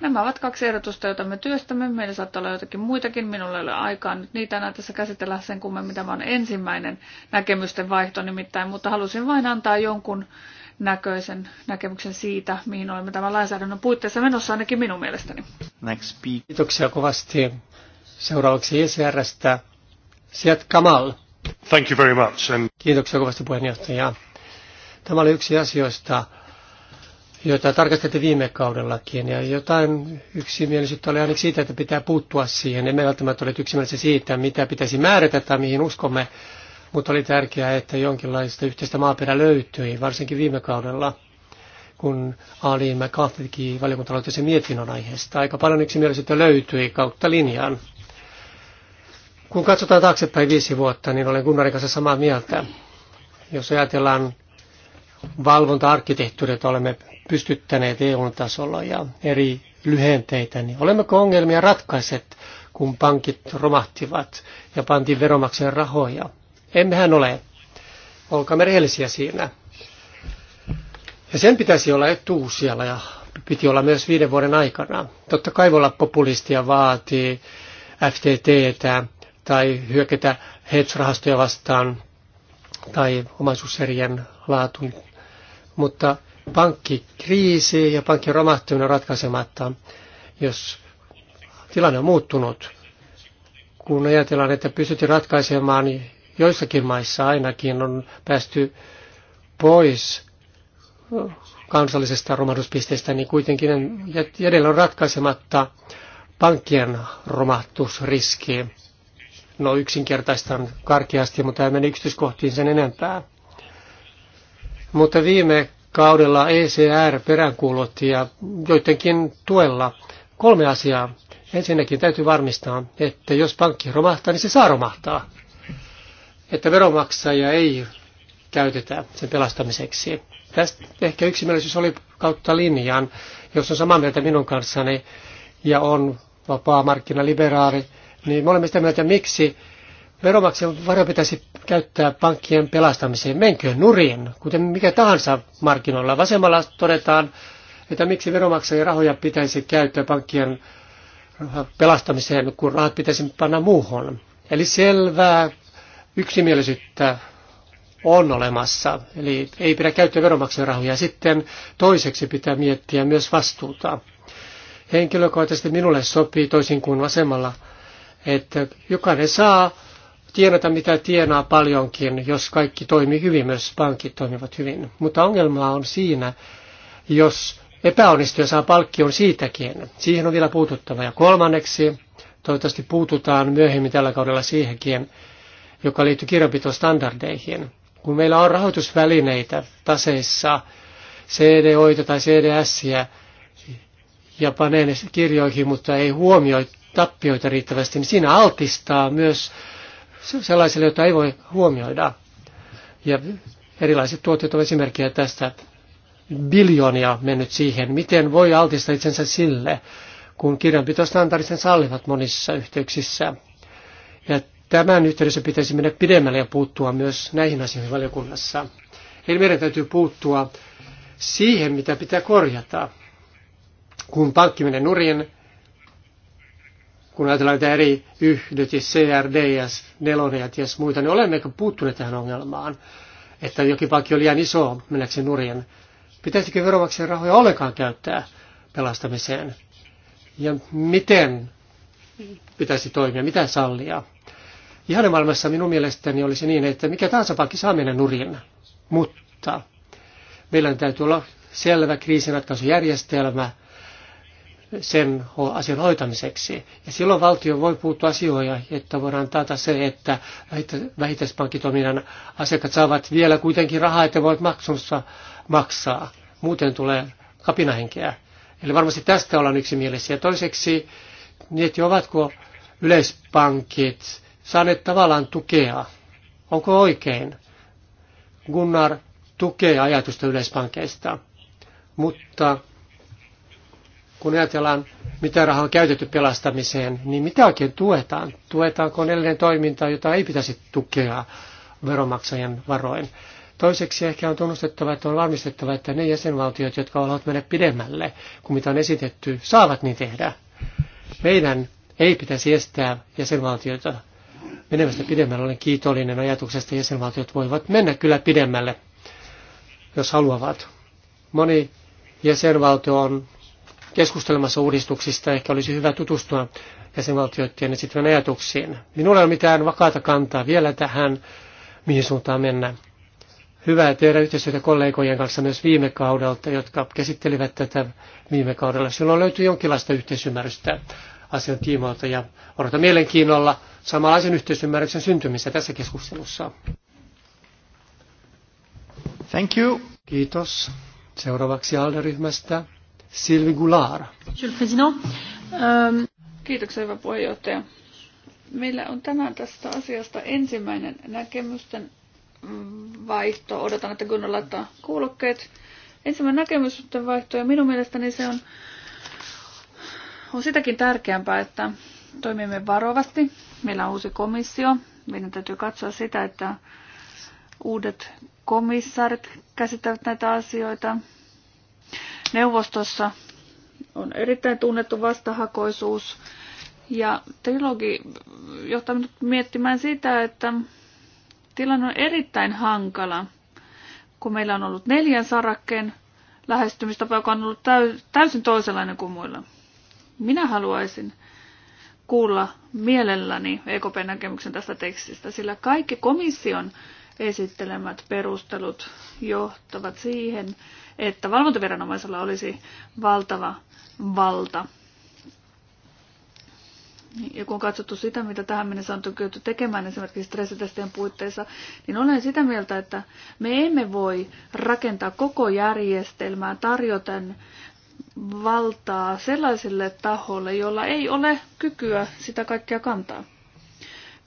Nämä ovat kaksi ehdotusta, joita me työstämme. Meillä saattaa olla jotakin muitakin. Minulla ei ole aikaa nyt niitä enää tässä käsitellä sen kummen, mitä on ensimmäinen näkemysten vaihto nimittäin, mutta halusin vain antaa jonkun näköisen näkemyksen siitä, mihin olemme tämän lainsäädännön puitteissa menossa ainakin minun mielestäni. Next speak. Kiitoksia kovasti. Seuraavaksi ECRstä Sieltä Kamal. Thank you very much. And... Kiitoksia kovasti puheenjohtaja. Tämä oli yksi asioista, joita tarkastettiin viime kaudellakin, ja jotain yksimielisyyttä oli ainakin siitä, että pitää puuttua siihen. Emme välttämättä ole yksimielisiä siitä, mitä pitäisi määrätä tai mihin uskomme, mutta oli tärkeää, että jonkinlaista yhteistä maaperä löytyi, varsinkin viime kaudella, kun Aliin McCarthy teki valiokunta mietinnön aiheesta. Aika paljon yksimielisyyttä löytyi kautta linjaan. Kun katsotaan taaksepäin viisi vuotta, niin olen Gunnarin kanssa samaa mieltä. Jos ajatellaan valvonta-arkkitehtuuria, jota olemme pystyttäneet EU-tasolla ja eri lyhenteitä, niin olemmeko ongelmia ratkaiset, kun pankit romahtivat ja pantiin veromaksajan rahoja? Emmehän ole. Olkaamme rehellisiä siinä. Ja sen pitäisi olla etuusijalla ja piti olla myös viiden vuoden aikana. Totta kai voi olla populistia vaatii FTTtä, tai hyökätä hedge-rahastoja vastaan tai omaisuuserien laatuun. Mutta pankkikriisi ja pankkien romahtaminen on ratkaisematta, jos tilanne on muuttunut. Kun ajatellaan, että pystyttiin ratkaisemaan, niin joissakin maissa ainakin on päästy pois kansallisesta romahduspisteestä, niin kuitenkin edellä on ratkaisematta pankkien romahtusriskiä. No yksinkertaistan karkeasti, mutta en mene yksityiskohtiin sen enempää. Mutta viime kaudella ECR peräänkuulutti ja joidenkin tuella kolme asiaa. Ensinnäkin täytyy varmistaa, että jos pankki romahtaa, niin se saa romahtaa. Että veromaksaja ei käytetä sen pelastamiseksi. Tästä ehkä yksimielisyys oli kautta linjan, jos on samaa mieltä minun kanssani ja on vapaa markkinaliberaali, niin me olemme sitä mieltä, miksi veromaksajan varo pitäisi käyttää pankkien pelastamiseen. Menköön nurin, kuten mikä tahansa markkinoilla. Vasemmalla todetaan, että miksi veromaksajien rahoja pitäisi käyttää pankkien pelastamiseen, kun rahat pitäisi panna muuhun. Eli selvää yksimielisyyttä on olemassa, eli ei pidä käyttää veronmaksajan rahoja. Sitten toiseksi pitää miettiä myös vastuuta. Henkilökohtaisesti minulle sopii toisin kuin vasemmalla että jokainen saa tienata mitä tienaa paljonkin, jos kaikki toimii hyvin, myös pankit toimivat hyvin. Mutta ongelma on siinä, jos epäonnistuja saa palkkion siitäkin. Siihen on vielä puututtava. Ja kolmanneksi, toivottavasti puututaan myöhemmin tällä kaudella siihenkin, joka liittyy kirjanpitostandardeihin. Kun meillä on rahoitusvälineitä taseissa, CDOita tai CDSiä, ja panee ne kirjoihin, mutta ei huomioi tappioita riittävästi, niin siinä altistaa myös sellaisille, joita ei voi huomioida. Ja erilaiset tuotteet ovat esimerkkejä tästä. Biljoonia mennyt siihen, miten voi altistaa itsensä sille, kun kirjanpitostandardit sallivat monissa yhteyksissä. Ja tämän yhteydessä pitäisi mennä pidemmälle ja puuttua myös näihin asioihin valiokunnassa. Eli meidän täytyy puuttua siihen, mitä pitää korjata. Kun pankki menee nurin, kun ajatellaan näitä eri yhdyt ja CRD ja nelonen ja ties muita, niin olemmeko puuttuneet tähän ongelmaan, että jokin pakki oli liian iso mennäkseen nurjen. Pitäisikö veronmaksajien rahoja ollenkaan käyttää pelastamiseen? Ja miten pitäisi toimia, mitä sallia? Ihan maailmassa minun mielestäni olisi niin, että mikä tahansa pankki saa mennä nurin, mutta meillä täytyy olla selvä kriisinratkaisujärjestelmä – sen asian hoitamiseksi. Ja silloin valtio voi puuttua asioihin, että voidaan taata se, että vähittäispankkitoiminnan asiakkaat saavat vielä kuitenkin rahaa, että voivat maksunsa maksaa. Muuten tulee kapinahenkeä. Eli varmasti tästä ollaan Ja Toiseksi, niin ovatko yleispankit saaneet tavallaan tukea? Onko oikein? Gunnar tukee ajatusta yleispankkeista, mutta kun ajatellaan, mitä rahaa on käytetty pelastamiseen, niin mitä oikein tuetaan? Tuetaanko edelleen toimintaa, jota ei pitäisi tukea veronmaksajan varoin? Toiseksi ehkä on tunnustettava, että on varmistettava, että ne jäsenvaltiot, jotka haluavat mennä pidemmälle kuin mitä on esitetty, saavat niin tehdä. Meidän ei pitäisi estää jäsenvaltioita menemästä pidemmälle. Olen kiitollinen ajatuksesta, että jäsenvaltiot voivat mennä kyllä pidemmälle, jos haluavat. Moni jäsenvaltio on keskustelemassa uudistuksista. Ehkä olisi hyvä tutustua jäsenvaltioiden esittämän ajatuksiin. Minulla ei ole mitään vakaata kantaa vielä tähän, mihin suuntaan mennä. Hyvää tehdä yhteistyötä kollegojen kanssa myös viime kaudelta, jotka käsittelivät tätä viime kaudella. Silloin löytyi jonkinlaista yhteisymmärrystä asian tiimoilta ja odotan mielenkiinnolla samanlaisen yhteisymmärryksen syntymistä tässä keskustelussa. Thank you. Kiitos. Seuraavaksi alderyhmästä Sylvie Goulard. Euh, Kiitoksia, hyvä puheenjohtaja. Meillä on tänään tästä asiasta ensimmäinen näkemysten vaihto. Odotan, että Gunnar laittaa kuulokkeet. Ensimmäinen näkemysten vaihto, ja minun mielestäni se on, on sitäkin tärkeämpää, että toimimme varovasti. Meillä on uusi komissio. Meidän täytyy katsoa sitä, että uudet komissaarit käsittävät näitä asioita neuvostossa on erittäin tunnettu vastahakoisuus. Ja trilogi johtaa minut miettimään sitä, että tilanne on erittäin hankala, kun meillä on ollut neljän sarakkeen lähestymistapa, joka on ollut täysin toisenlainen kuin muilla. Minä haluaisin kuulla mielelläni ekp näkemyksen tästä tekstistä, sillä kaikki komission esittelemät perustelut johtavat siihen, että valvontaviranomaisella olisi valtava valta. Ja kun on katsottu sitä, mitä tähän mennessä on kyetty tekemään esimerkiksi stressitestien puitteissa, niin olen sitä mieltä, että me emme voi rakentaa koko järjestelmää tarjoten valtaa sellaisille taholle, jolla ei ole kykyä sitä kaikkea kantaa.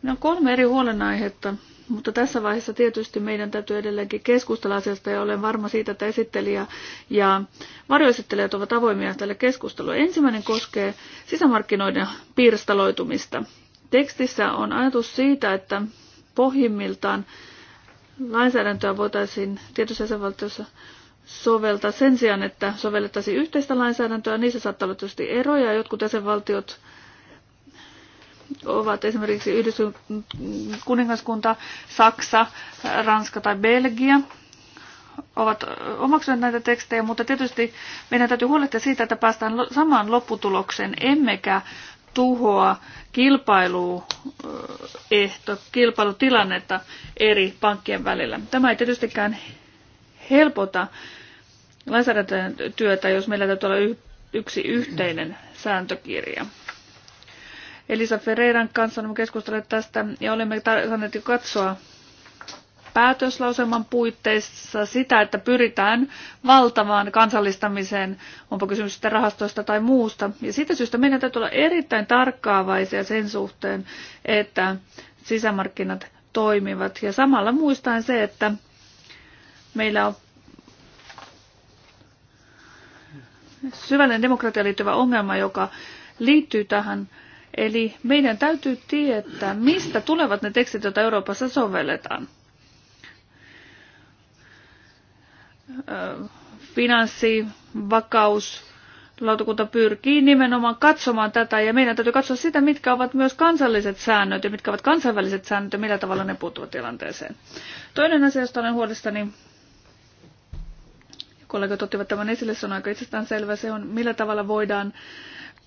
Minä on kolme eri huolenaihetta mutta tässä vaiheessa tietysti meidän täytyy edelleenkin keskustella asiasta ja olen varma siitä, että esittelijä ja varjoesittelijät ovat avoimia tälle keskustelulle. Ensimmäinen koskee sisämarkkinoiden pirstaloitumista. Tekstissä on ajatus siitä, että pohjimmiltaan lainsäädäntöä voitaisiin tietyssä jäsenvaltiossa soveltaa sen sijaan, että sovellettaisiin yhteistä lainsäädäntöä. Niissä saattaa olla tietysti eroja. Jotkut jäsenvaltiot ovat esimerkiksi Yhdistyn kuningaskunta, Saksa, Ranska tai Belgia ovat omaksuneet näitä tekstejä, mutta tietysti meidän täytyy huolehtia siitä, että päästään samaan lopputulokseen, emmekä tuhoa kilpailuehto, kilpailutilannetta eri pankkien välillä. Tämä ei tietystikään helpota lainsäädäntötyötä, jos meillä täytyy olla yksi yhteinen sääntökirja. Elisa Ferreiran kanssa olemme keskustelleet tästä ja olemme saaneet jo katsoa päätöslauselman puitteissa sitä, että pyritään valtavaan kansallistamiseen, onpa kysymys sitten rahastoista tai muusta. Ja siitä syystä meidän täytyy olla erittäin tarkkaavaisia sen suhteen, että sisämarkkinat toimivat. Ja samalla muistaen se, että meillä on syvällinen demokratia liittyvä ongelma, joka liittyy tähän Eli meidän täytyy tietää, mistä tulevat ne tekstit, joita Euroopassa sovelletaan. Finanssi, vakaus, lautakunta pyrkii nimenomaan katsomaan tätä ja meidän täytyy katsoa sitä, mitkä ovat myös kansalliset säännöt ja mitkä ovat kansainväliset säännöt ja millä tavalla ne puuttuvat tilanteeseen. Toinen asia, josta olen huolestani, kollegat ottivat tämän esille, se on aika itsestään selvä, se on millä tavalla voidaan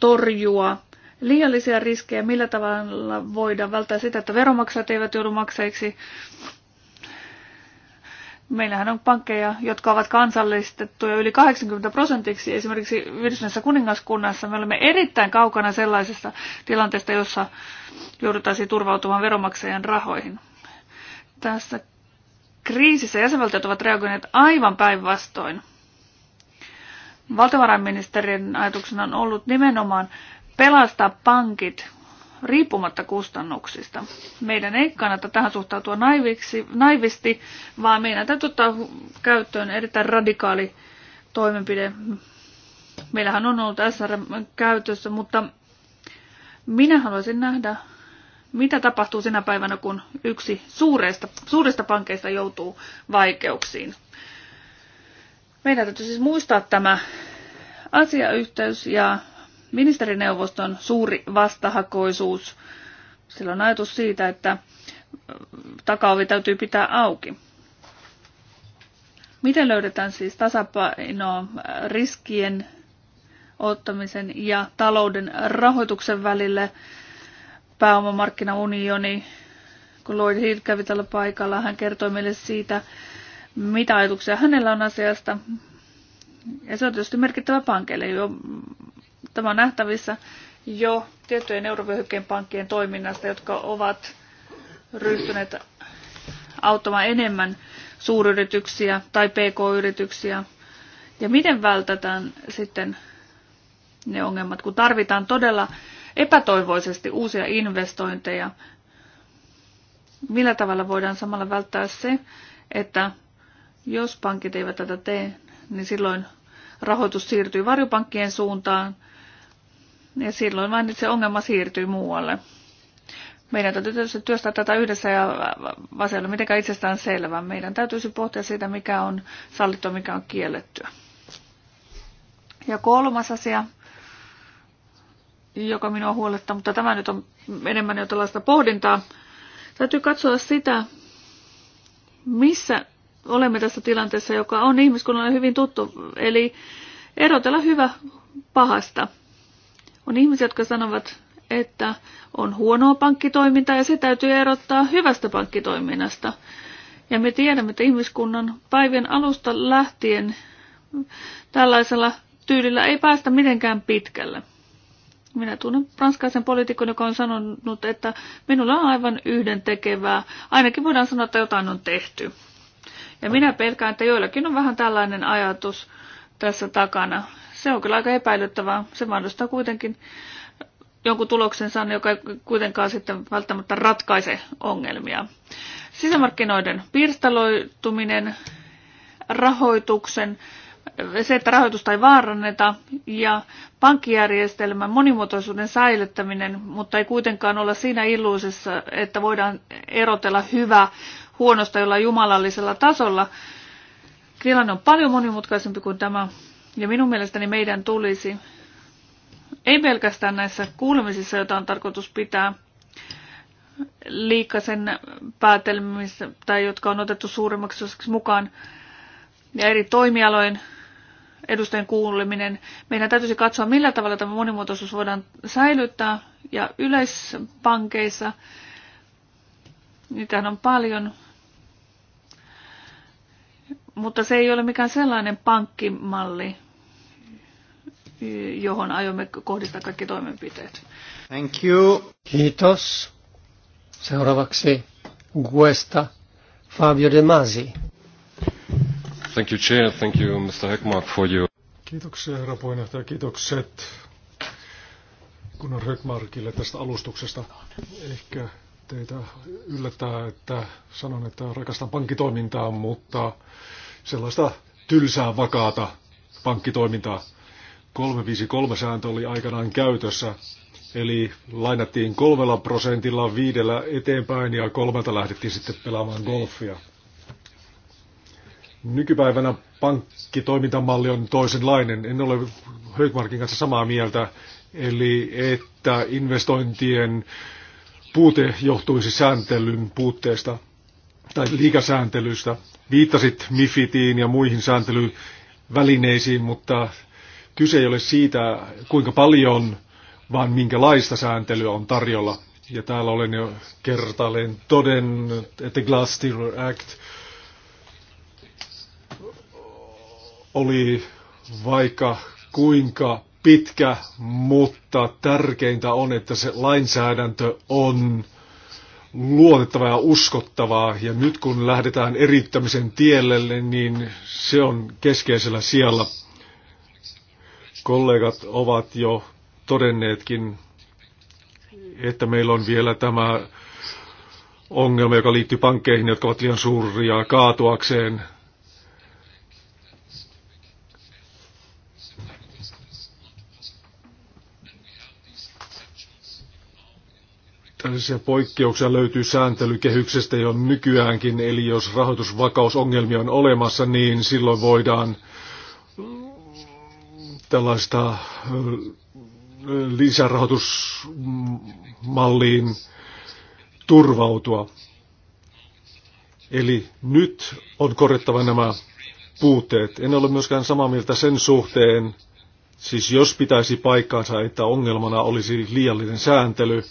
torjua liiallisia riskejä, millä tavalla voidaan välttää sitä, että veromaksajat eivät joudu maksajiksi. Meillähän on pankkeja, jotka ovat kansallistettuja yli 80 prosentiksi. Esimerkiksi Yhdistyneessä kuningaskunnassa me olemme erittäin kaukana sellaisesta tilanteesta, jossa jouduttaisiin turvautumaan veronmaksajan rahoihin. Tässä kriisissä jäsenvaltiot ovat reagoineet aivan päinvastoin. Valtiovarainministerin ajatuksena on ollut nimenomaan pelastaa pankit riippumatta kustannuksista. Meidän ei kannata tähän suhtautua naiviksi, naivisti, vaan meidän täytyy ottaa käyttöön erittäin radikaali toimenpide. Meillähän on ollut SRM käytössä, mutta minä haluaisin nähdä, mitä tapahtuu sinä päivänä, kun yksi suuresta suuresta pankeista joutuu vaikeuksiin. Meidän täytyy siis muistaa tämä asiayhteys ja ministerineuvoston suuri vastahakoisuus. Sillä on ajatus siitä, että takaovi täytyy pitää auki. Miten löydetään siis tasapaino riskien ottamisen ja talouden rahoituksen välille? Pääomamarkkinaunioni, kun Lloyd Heath kävi tällä paikalla, hän kertoi meille siitä, mitä ajatuksia hänellä on asiasta. Ja se on tietysti merkittävä pankeille jo Tämä on nähtävissä jo tiettyjen eurovyöhykkeen pankkien toiminnasta, jotka ovat ryhtyneet auttamaan enemmän suuryrityksiä tai pk-yrityksiä. Ja miten vältetään sitten ne ongelmat, kun tarvitaan todella epätoivoisesti uusia investointeja. Millä tavalla voidaan samalla välttää se, että jos pankit eivät tätä tee, niin silloin rahoitus siirtyy varjopankkien suuntaan – ja silloin vain se ongelma siirtyy muualle. Meidän täytyy tietysti työstää tätä yhdessä ja vasella mitenkään itsestään selvää. Meidän täytyisi pohtia sitä, mikä on sallittua, mikä on kiellettyä. Ja kolmas asia, joka minua huolettaa, mutta tämä nyt on enemmän jo tällaista pohdintaa. Täytyy katsoa sitä, missä olemme tässä tilanteessa, joka on ihmiskunnalle hyvin tuttu. Eli erotella hyvä pahasta. On ihmisiä, jotka sanovat, että on huonoa pankkitoimintaa ja se täytyy erottaa hyvästä pankkitoiminnasta. Ja me tiedämme, että ihmiskunnan päivien alusta lähtien tällaisella tyylillä ei päästä mitenkään pitkälle. Minä tunnen ranskaisen poliitikon, joka on sanonut, että minulla on aivan yhden tekevää. Ainakin voidaan sanoa, että jotain on tehty. Ja minä pelkään, että joillakin on vähän tällainen ajatus, tässä takana. Se on kyllä aika epäilyttävää. Se mahdollistaa kuitenkin jonkun tuloksen saanut, joka ei kuitenkaan sitten välttämättä ratkaise ongelmia. Sisämarkkinoiden pirstaloituminen, rahoituksen, se, että rahoitusta ei vaaranneta ja pankkijärjestelmän monimuotoisuuden säilyttäminen, mutta ei kuitenkaan olla siinä illuisessa, että voidaan erotella hyvä huonosta jollain jumalallisella tasolla, Tilanne on paljon monimutkaisempi kuin tämä, ja minun mielestäni meidän tulisi, ei pelkästään näissä kuulemisissa, joita on tarkoitus pitää, liikasen päätelmissä, tai jotka on otettu suuremmaksi osaksi mukaan, ja eri toimialojen edustajien kuuleminen. Meidän täytyisi katsoa, millä tavalla tämä monimuotoisuus voidaan säilyttää, ja yleispankeissa, niitähän on paljon, mutta se ei ole mikään sellainen pankkimalli, johon aiomme kohdistaa kaikki toimenpiteet. Thank you. Kiitos. Seuraavaksi Guesta Fabio De Masi. Thank you, Chair. Thank you, Mr. Heckmark, for you. Kiitoksia, herra puheenjohtaja. Kiitokset Gunnar Heckmarkille tästä alustuksesta. Ehkä teitä yllättää, että sanon, että rakastan pankkitoimintaa, mutta sellaista tylsää vakaata pankkitoimintaa. 353-sääntö oli aikanaan käytössä, eli lainattiin kolmella prosentilla viidellä eteenpäin ja kolmelta lähdettiin sitten pelaamaan golfia. Nykypäivänä pankkitoimintamalli on toisenlainen. En ole Höykmarkin kanssa samaa mieltä, eli että investointien puute johtuisi sääntelyn puutteesta tai liikasääntelystä. Viittasit MIFITiin ja muihin sääntelyvälineisiin, mutta kyse ei ole siitä, kuinka paljon, vaan minkälaista sääntelyä on tarjolla. Ja täällä olen jo kertaalleen todennut, että Glass-Steagall Act oli vaikka kuinka pitkä, mutta tärkeintä on, että se lainsäädäntö on luotettavaa ja uskottavaa. Ja nyt kun lähdetään erittämisen tielle, niin se on keskeisellä siellä. Kollegat ovat jo todenneetkin, että meillä on vielä tämä ongelma, joka liittyy pankkeihin, jotka ovat liian suuria kaatuakseen. Tällaisia poikkeuksia löytyy sääntelykehyksestä jo nykyäänkin, eli jos rahoitusvakausongelmia on olemassa, niin silloin voidaan mm, tällaista mm, lisärahoitusmalliin turvautua. Eli nyt on korjattava nämä puutteet. En ole myöskään samaa mieltä sen suhteen, siis jos pitäisi paikkaansa, että ongelmana olisi liiallinen sääntely,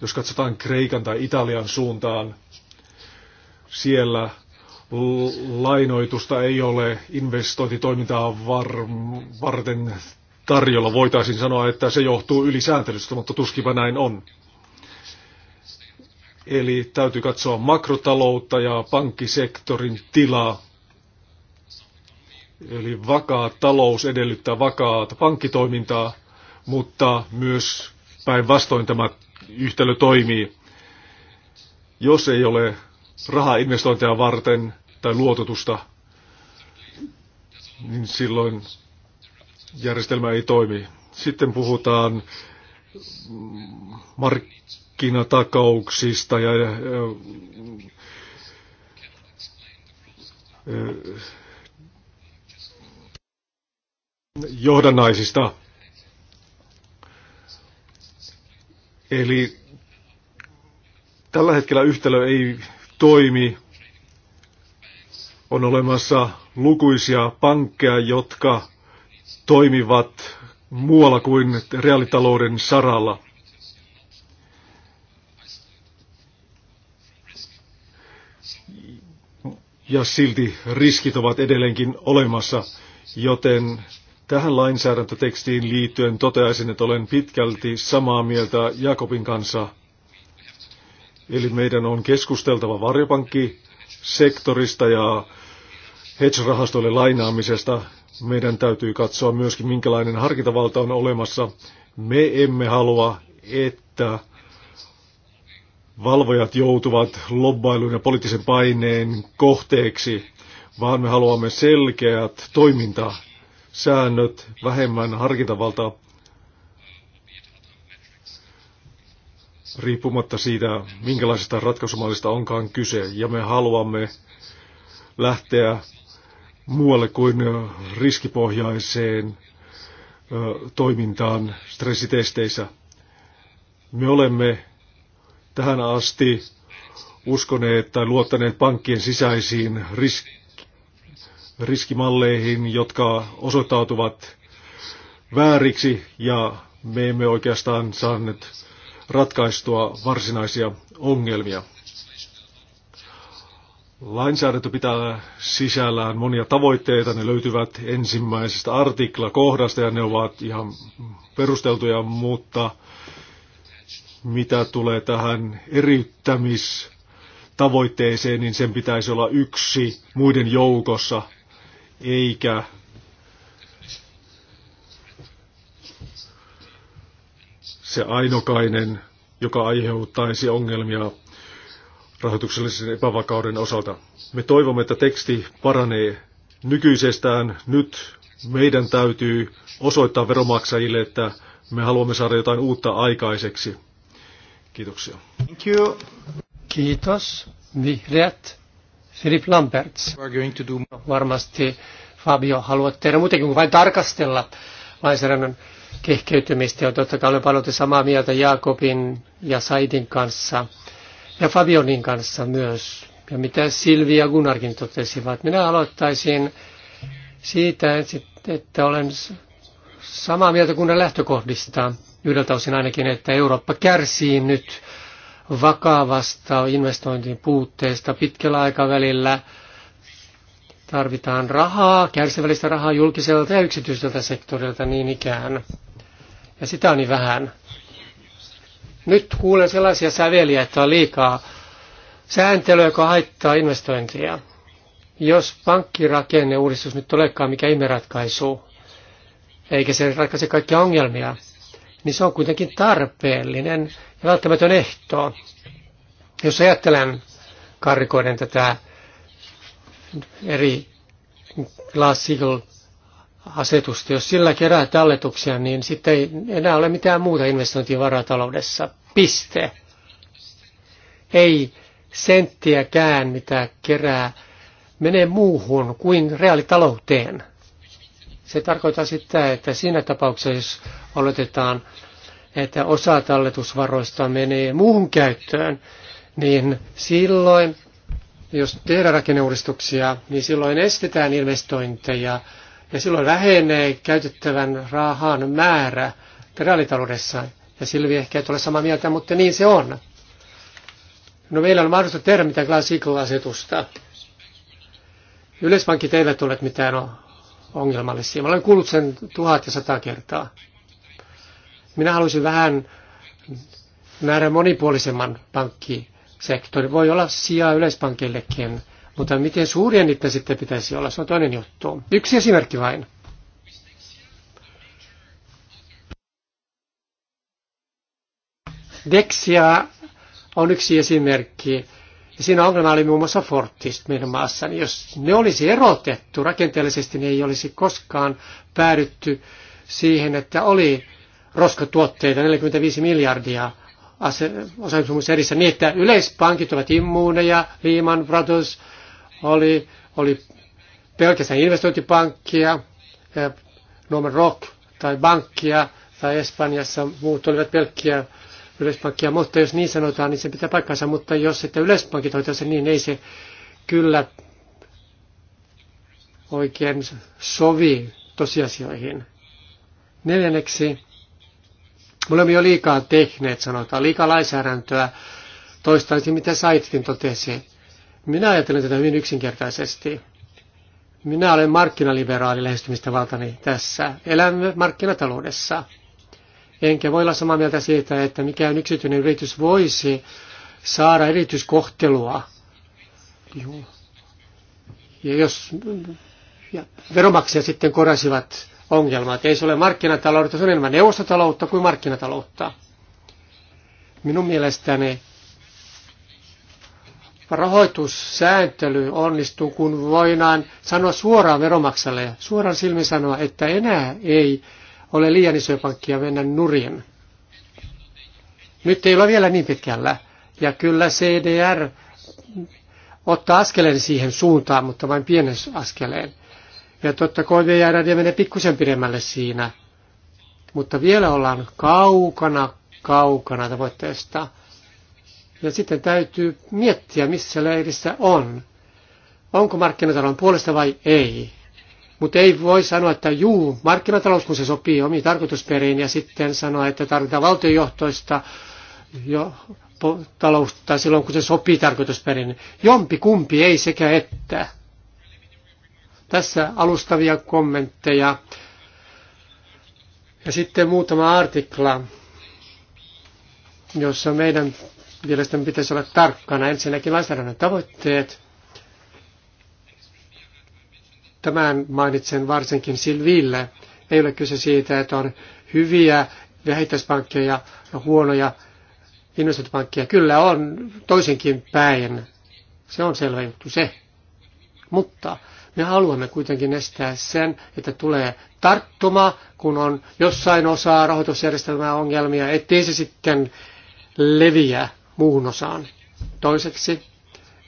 jos katsotaan Kreikan tai Italian suuntaan, siellä lainoitusta ei ole investointitoimintaa var- varten tarjolla. Voitaisiin sanoa, että se johtuu ylisääntelystä, mutta tuskipa näin on. Eli täytyy katsoa makrotaloutta ja pankkisektorin tilaa. Eli vakaa talous edellyttää vakaata pankkitoimintaa, mutta myös päinvastoin tämä yhtälö toimii. Jos ei ole rahaa investointeja varten tai luototusta, niin silloin järjestelmä ei toimi. Sitten puhutaan markkinatakauksista ja johdannaisista Eli tällä hetkellä yhtälö ei toimi. On olemassa lukuisia pankkeja, jotka toimivat muualla kuin reaalitalouden saralla. Ja silti riskit ovat edelleenkin olemassa, joten Tähän lainsäädäntötekstiin liittyen toteaisin, että olen pitkälti samaa mieltä Jakobin kanssa. Eli meidän on keskusteltava varjopankkisektorista ja hedge-rahastoille lainaamisesta. Meidän täytyy katsoa myöskin, minkälainen harkintavalta on olemassa. Me emme halua, että valvojat joutuvat lobbailun ja poliittisen paineen kohteeksi, vaan me haluamme selkeät toimintaa säännöt, vähemmän harkintavaltaa, riippumatta siitä, minkälaisesta ratkaisumallista onkaan kyse. Ja me haluamme lähteä muualle kuin riskipohjaiseen toimintaan stressitesteissä. Me olemme tähän asti uskoneet tai luottaneet pankkien sisäisiin riskiin riskimalleihin, jotka osoittautuvat vääriksi ja me emme oikeastaan saaneet ratkaistua varsinaisia ongelmia. Lainsäädäntö pitää sisällään monia tavoitteita. Ne löytyvät ensimmäisestä artiklakohdasta ja ne ovat ihan perusteltuja, mutta mitä tulee tähän eriyttämistavoitteeseen, niin sen pitäisi olla yksi muiden joukossa – eikä se ainokainen, joka aiheuttaisi ongelmia rahoituksellisen epävakauden osalta. Me toivomme, että teksti paranee nykyisestään. Nyt meidän täytyy osoittaa veromaksajille, että me haluamme saada jotain uutta aikaiseksi. Kiitoksia. Thank you. Kiitos. Vihreät. Philip Lamberts. Varmasti Fabio haluat tehdä muutenkin kuin vain tarkastella lainsäädännön kehkeytymistä. Ja totta kai olen paljon samaa mieltä Jaakobin ja Saidin kanssa ja Fabionin kanssa myös. Ja mitä Silvi ja Gunnarkin totesivat. Minä aloittaisin siitä, että olen samaa mieltä kuin lähtökohdista yhdeltä osin ainakin, että Eurooppa kärsii nyt vakavasta investointin puutteesta pitkällä aikavälillä. Tarvitaan rahaa, kärsivällistä rahaa julkiselta ja yksityiseltä sektorilta niin ikään. Ja sitä on niin vähän. Nyt kuulen sellaisia säveliä, että on liikaa sääntelyä, joka haittaa investointia. Jos pankkirakenneuudistus nyt olekaan mikä ihmeratkaisu, eikä se ratkaise kaikkia ongelmia, niin se on kuitenkin tarpeellinen ja välttämätön ehto. Jos ajattelen karikoiden tätä eri Glass asetusta jos sillä kerää talletuksia, niin sitten ei enää ole mitään muuta investointivaraa taloudessa. Piste. Ei senttiäkään, mitä kerää, menee muuhun kuin reaalitalouteen. Se tarkoittaa sitä, että siinä tapauksessa, jos oletetaan, että osa talletusvaroista menee muuhun käyttöön, niin silloin, jos tehdään rakenneuudistuksia, niin silloin estetään investointeja ja silloin vähenee käytettävän rahan määrä reaalitaloudessa. Ja Silvi ehkä ei ole samaa mieltä, mutta niin se on. No meillä on mahdollista tehdä mitään glass asetusta Yleispankit eivät ole mitään ongelmallisia. Mä olen kuullut sen tuhat ja sata kertaa. Minä haluaisin vähän nähdä monipuolisemman pankkisektori. Voi olla sijaa yleispankillekin, mutta miten suuria niitä sitten pitäisi olla, se on toinen juttu. Yksi esimerkki vain. Dexia on yksi esimerkki ja siinä ongelma oli muun muassa fortist meidän maassa. Niin jos ne olisi erotettu rakenteellisesti, niin ei olisi koskaan päädytty siihen, että oli roskatuotteita 45 miljardia osallistumus erissä niin, että yleispankit ovat immuuneja, Lehman Brothers oli, oli pelkästään investointipankkia, Norman Rock tai bankkia, tai Espanjassa muut olivat pelkkiä yleispankkia, mutta jos niin sanotaan, niin se pitää paikkansa, mutta jos sitten yleispankit sen, niin, ei se kyllä oikein sovi tosiasioihin. Neljänneksi, me olemme jo liikaa tehneet, sanotaan, liikaa lainsäädäntöä, toistaisin mitä Saitkin totesi. Minä ajattelen tätä hyvin yksinkertaisesti. Minä olen markkinaliberaali lähestymistä valtani tässä. Elämme markkinataloudessa. Enkä voi olla samaa mieltä siitä, että mikään yksityinen yritys voisi saada erityiskohtelua. Joo. Ja jos ja veromaksia sitten korasivat ongelmat. Ei se ole markkinataloutta, se on enemmän neuvostotaloutta kuin markkinataloutta. Minun mielestäni rahoitussääntely onnistuu, kun voidaan sanoa suoraan veromaksalle, suoraan silmin sanoa, että enää ei ole liian isoja pankkia mennä nurin. Nyt ei ole vielä niin pitkällä. Ja kyllä CDR ottaa askeleen siihen suuntaan, mutta vain pienen askeleen. Ja totta kai menee pikkusen pidemmälle siinä. Mutta vielä ollaan kaukana, kaukana tavoitteesta. Ja sitten täytyy miettiä, missä leirissä on. Onko markkinatalon puolesta vai ei. Mutta ei voi sanoa, että juu, markkinatalous kun se sopii omiin tarkoitusperiin ja sitten sanoa, että tarvitaan valtiojohtoista jo, po, taloutta silloin, kun se sopii tarkoitusperin. Jompi kumpi ei sekä että. Tässä alustavia kommentteja. Ja sitten muutama artikla, jossa meidän mielestäni pitäisi olla tarkkana. Ensinnäkin lainsäädännön tavoitteet, Tämän mainitsen varsinkin Silville. Ei ole kyse siitä, että on hyviä vähittäispankkeja ja huonoja investointipankkeja. Kyllä on toisinkin päin. Se on selvä juttu se. Mutta me haluamme kuitenkin estää sen, että tulee tarttuma, kun on jossain osaa rahoitusjärjestelmää ongelmia, ettei se sitten leviä muuhun osaan. Toiseksi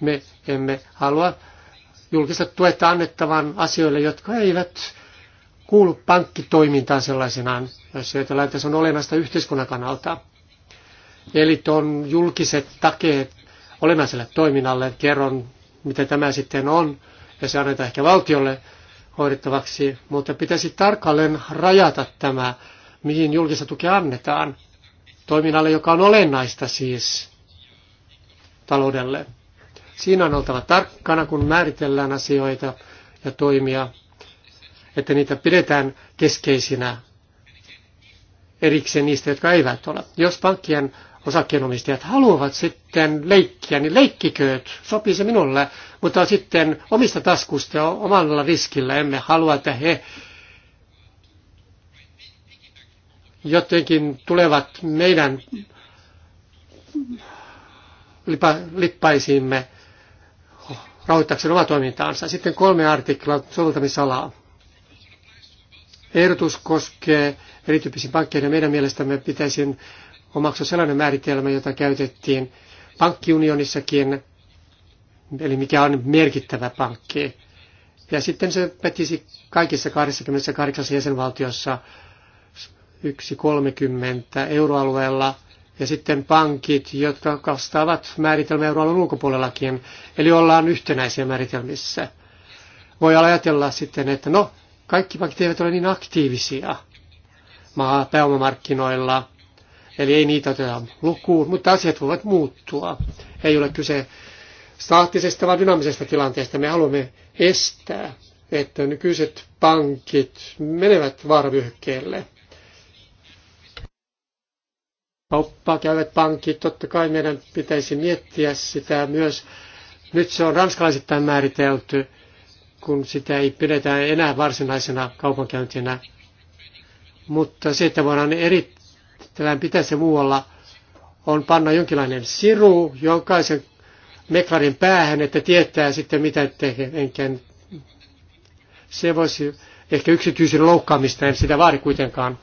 me emme halua julkista tuetta annettavan asioille, jotka eivät kuulu pankkitoimintaan sellaisenaan, jos ajatellaan, että se on olemasta yhteiskunnan kannalta. Eli on julkiset takeet olemaiselle toiminnalle. Kerron, mitä tämä sitten on, ja se annetaan ehkä valtiolle hoidettavaksi, mutta pitäisi tarkalleen rajata tämä, mihin julkista tukea annetaan. Toiminnalle, joka on olennaista siis taloudelle. Siinä on oltava tarkkana, kun määritellään asioita ja toimia, että niitä pidetään keskeisinä erikseen niistä, jotka eivät ole. Jos pankkien osakkeenomistajat haluavat sitten leikkiä, niin leikkikööt, sopii se minulle, mutta sitten omista taskusta ja omalla riskillä emme halua, että he jotenkin tulevat meidän lippaisimme. lippaisiimme rahoittaakseen omaa toimintaansa. Sitten kolme artiklaa soveltamisalaa. Ehdotus koskee erityyppisiä pankkeja. Meidän mielestämme pitäisi omaksua sellainen määritelmä, jota käytettiin pankkiunionissakin, eli mikä on merkittävä pankki. Ja sitten se pätisi kaikissa 28 jäsenvaltiossa 1,30 euroalueella – ja sitten pankit, jotka vastaavat määritelmä euroalueen ulkopuolellakin. Eli ollaan yhtenäisiä määritelmissä. Voi ajatella sitten, että no, kaikki pankit eivät ole niin aktiivisia maa pääomamarkkinoilla, eli ei niitä oteta lukuun, mutta asiat voivat muuttua. Ei ole kyse staattisesta vaan dynaamisesta tilanteesta. Me haluamme estää, että nykyiset pankit menevät vaaravyöhykkeelle – kauppaa käyvät pankit, totta kai meidän pitäisi miettiä sitä myös. Nyt se on ranskalaisittain määritelty, kun sitä ei pidetä enää varsinaisena kaupankäyntinä. Mutta se, että voidaan erittäin pitää se muualla, on panna jonkinlainen siru jokaisen meklarin päähän, että tietää sitten mitä tekee. Se voisi ehkä yksityisen loukkaamista, en sitä vaadi kuitenkaan.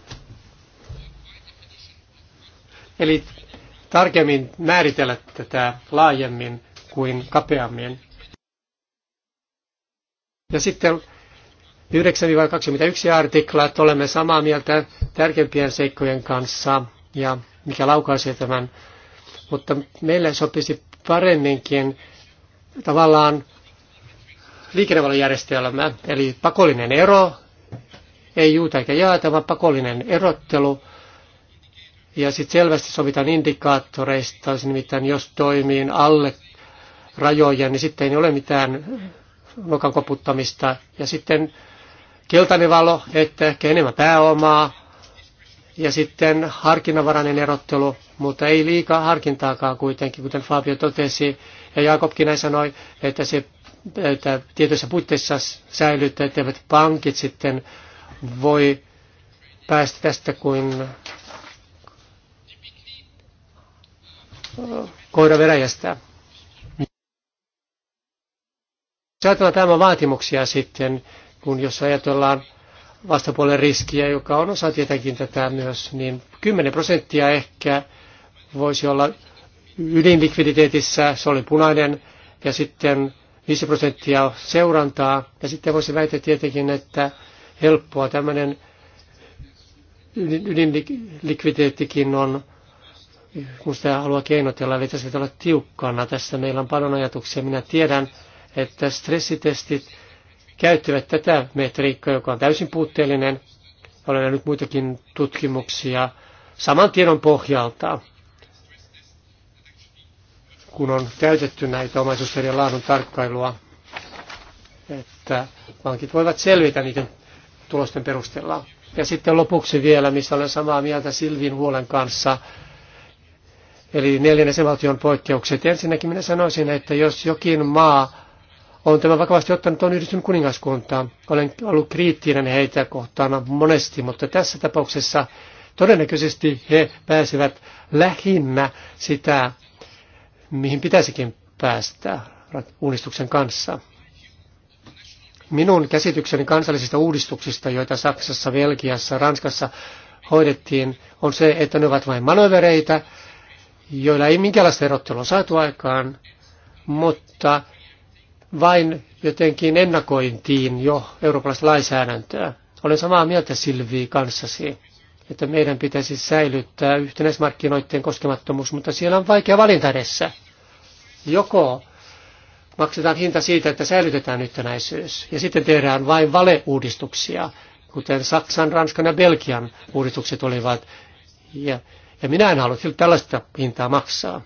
Eli tarkemmin määritellä tätä laajemmin kuin kapeammin. Ja sitten 9-21 että olemme samaa mieltä tärkeimpien seikkojen kanssa ja mikä laukaisee tämän. Mutta meille sopisi paremminkin tavallaan liikennevalojärjestelmä, eli pakollinen ero, ei juuta eikä jaeta, vaan pakollinen erottelu ja sitten selvästi sovitaan indikaattoreista, siis nimittäin jos toimii alle rajoja, niin sitten ei ole mitään nokan koputtamista. Ja sitten keltainen valo, että ehkä enemmän pääomaa, ja sitten harkinnanvarainen erottelu, mutta ei liikaa harkintaakaan kuitenkin, kuten Fabio totesi. Ja Jakobkin näin sanoi, että se että tietyissä puitteissa säilyttää, etteivät pankit sitten voi päästä tästä kuin koiraveräjästä. Jos ajatellaan tämä vaatimuksia sitten, kun jos ajatellaan vastapuolen riskiä, joka on osa tietenkin tätä myös, niin 10 prosenttia ehkä voisi olla ydinlikviditeetissä, se oli punainen, ja sitten 5 prosenttia seurantaa, ja sitten voisi väittää tietenkin, että helppoa tämmöinen ydinlikviditeettikin on kun sitä haluaa keinotella, eli tässä olla tiukkana. Tässä meillä on paljon ajatuksia. Minä tiedän, että stressitestit käyttävät tätä metriikkaa, joka on täysin puutteellinen. Olen nyt muitakin tutkimuksia saman tiedon pohjalta, kun on käytetty näitä omaisuusperien laadun tarkkailua, että vankit voivat selvitä niiden tulosten perusteella. Ja sitten lopuksi vielä, missä olen samaa mieltä Silvin huolen kanssa, eli neljän jäsenvaltion poikkeukset. Ensinnäkin minä sanoisin, että jos jokin maa on tämä vakavasti ottanut, on yhdistynyt kuningaskuntaa. Olen ollut kriittinen heitä kohtaan monesti, mutta tässä tapauksessa todennäköisesti he pääsevät lähinnä sitä, mihin pitäisikin päästä uudistuksen kanssa. Minun käsitykseni kansallisista uudistuksista, joita Saksassa, Belgiassa, Ranskassa hoidettiin, on se, että ne ovat vain manövereitä, joilla ei minkäänlaista erottelua saatu aikaan, mutta vain jotenkin ennakointiin jo eurooppalaista lainsäädäntöä. Olen samaa mieltä Silvi kanssasi, että meidän pitäisi säilyttää yhtenäismarkkinoiden koskemattomuus, mutta siellä on vaikea valinta edessä. Joko maksetaan hinta siitä, että säilytetään yhtenäisyys, ja sitten tehdään vain valeuudistuksia, kuten Saksan, Ranskan ja Belgian uudistukset olivat, ja ja minä en halua tällaista hintaa maksaa.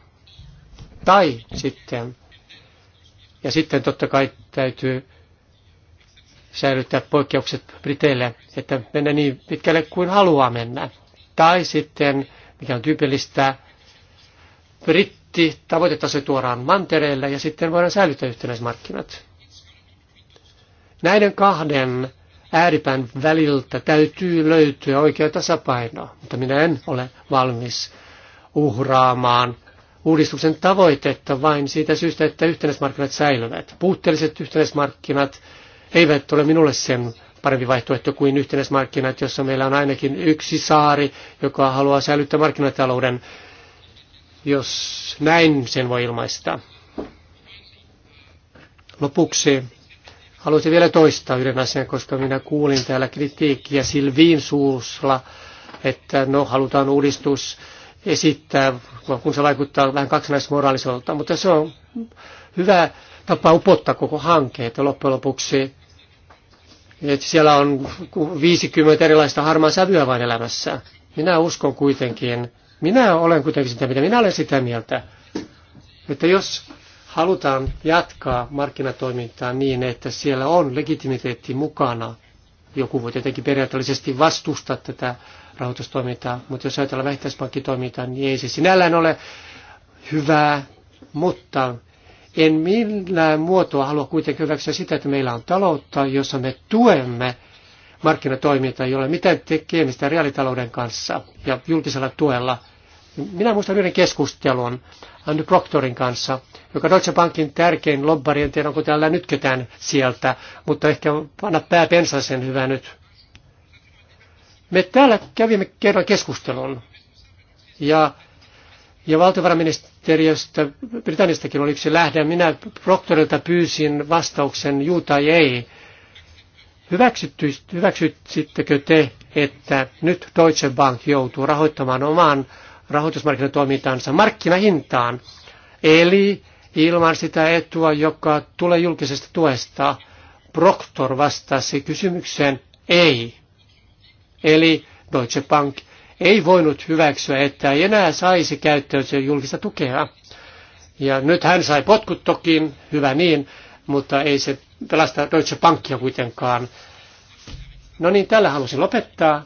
Tai sitten, ja sitten totta kai täytyy säilyttää poikkeukset Briteille, että mennä niin pitkälle kuin haluaa mennä. Tai sitten, mikä on tyypillistä, britti tavoitetaso tuodaan mantereelle ja sitten voidaan säilyttää yhtenäismarkkinat. Näiden kahden ääripään väliltä täytyy löytyä oikea tasapaino, mutta minä en ole valmis uhraamaan uudistuksen tavoitetta vain siitä syystä, että yhtenäismarkkinat säilyvät. Puutteelliset yhtenäismarkkinat eivät ole minulle sen parempi vaihtoehto kuin yhtenäismarkkinat, jossa meillä on ainakin yksi saari, joka haluaa säilyttää markkinatalouden, jos näin sen voi ilmaista. Lopuksi Haluaisin vielä toistaa yhden asian, koska minä kuulin täällä kritiikkiä Silviin suusla, että no halutaan uudistus esittää, kun se vaikuttaa vähän kaksinaismoraaliselta, mutta se on hyvä tapa upottaa koko hanke, että loppujen lopuksi että siellä on 50 erilaista harmaa sävyä vain elämässä. Minä uskon kuitenkin, minä olen kuitenkin sitä, mitä minä olen sitä mieltä, että jos halutaan jatkaa markkinatoimintaa niin, että siellä on legitimiteetti mukana. Joku voi tietenkin periaatteellisesti vastustaa tätä rahoitustoimintaa, mutta jos ajatellaan vähittäispankkitoimintaa, niin ei se sinällään ole hyvää, mutta en millään muotoa halua kuitenkin hyväksyä sitä, että meillä on taloutta, jossa me tuemme markkinatoimintaa, jolla ei ole mitään tekemistä reaalitalouden kanssa ja julkisella tuella – minä muistan yhden keskustelun Andy Proctorin kanssa, joka Deutsche Bankin tärkein lobbari, en tiedä onko täällä nyt ketään sieltä, mutta ehkä panna pää pensaisen hyvä nyt. Me täällä kävimme kerran keskustelun ja, ja valtiovarainministeriöstä, Britannistakin oli yksi lähde, minä Proctorilta pyysin vastauksen juu tai ei. Hyväksyttekö te, että nyt Deutsche Bank joutuu rahoittamaan oman rahoitusmarkkinatoimintaansa markkinahintaan, eli ilman sitä etua, joka tulee julkisesta tuesta. Proctor vastasi kysymykseen ei. Eli Deutsche Bank ei voinut hyväksyä, että ei enää saisi käyttöönsä julkista tukea. Ja nyt hän sai potkut toki, hyvä niin, mutta ei se pelasta Deutsche Bankia kuitenkaan. No niin, tällä halusin lopettaa.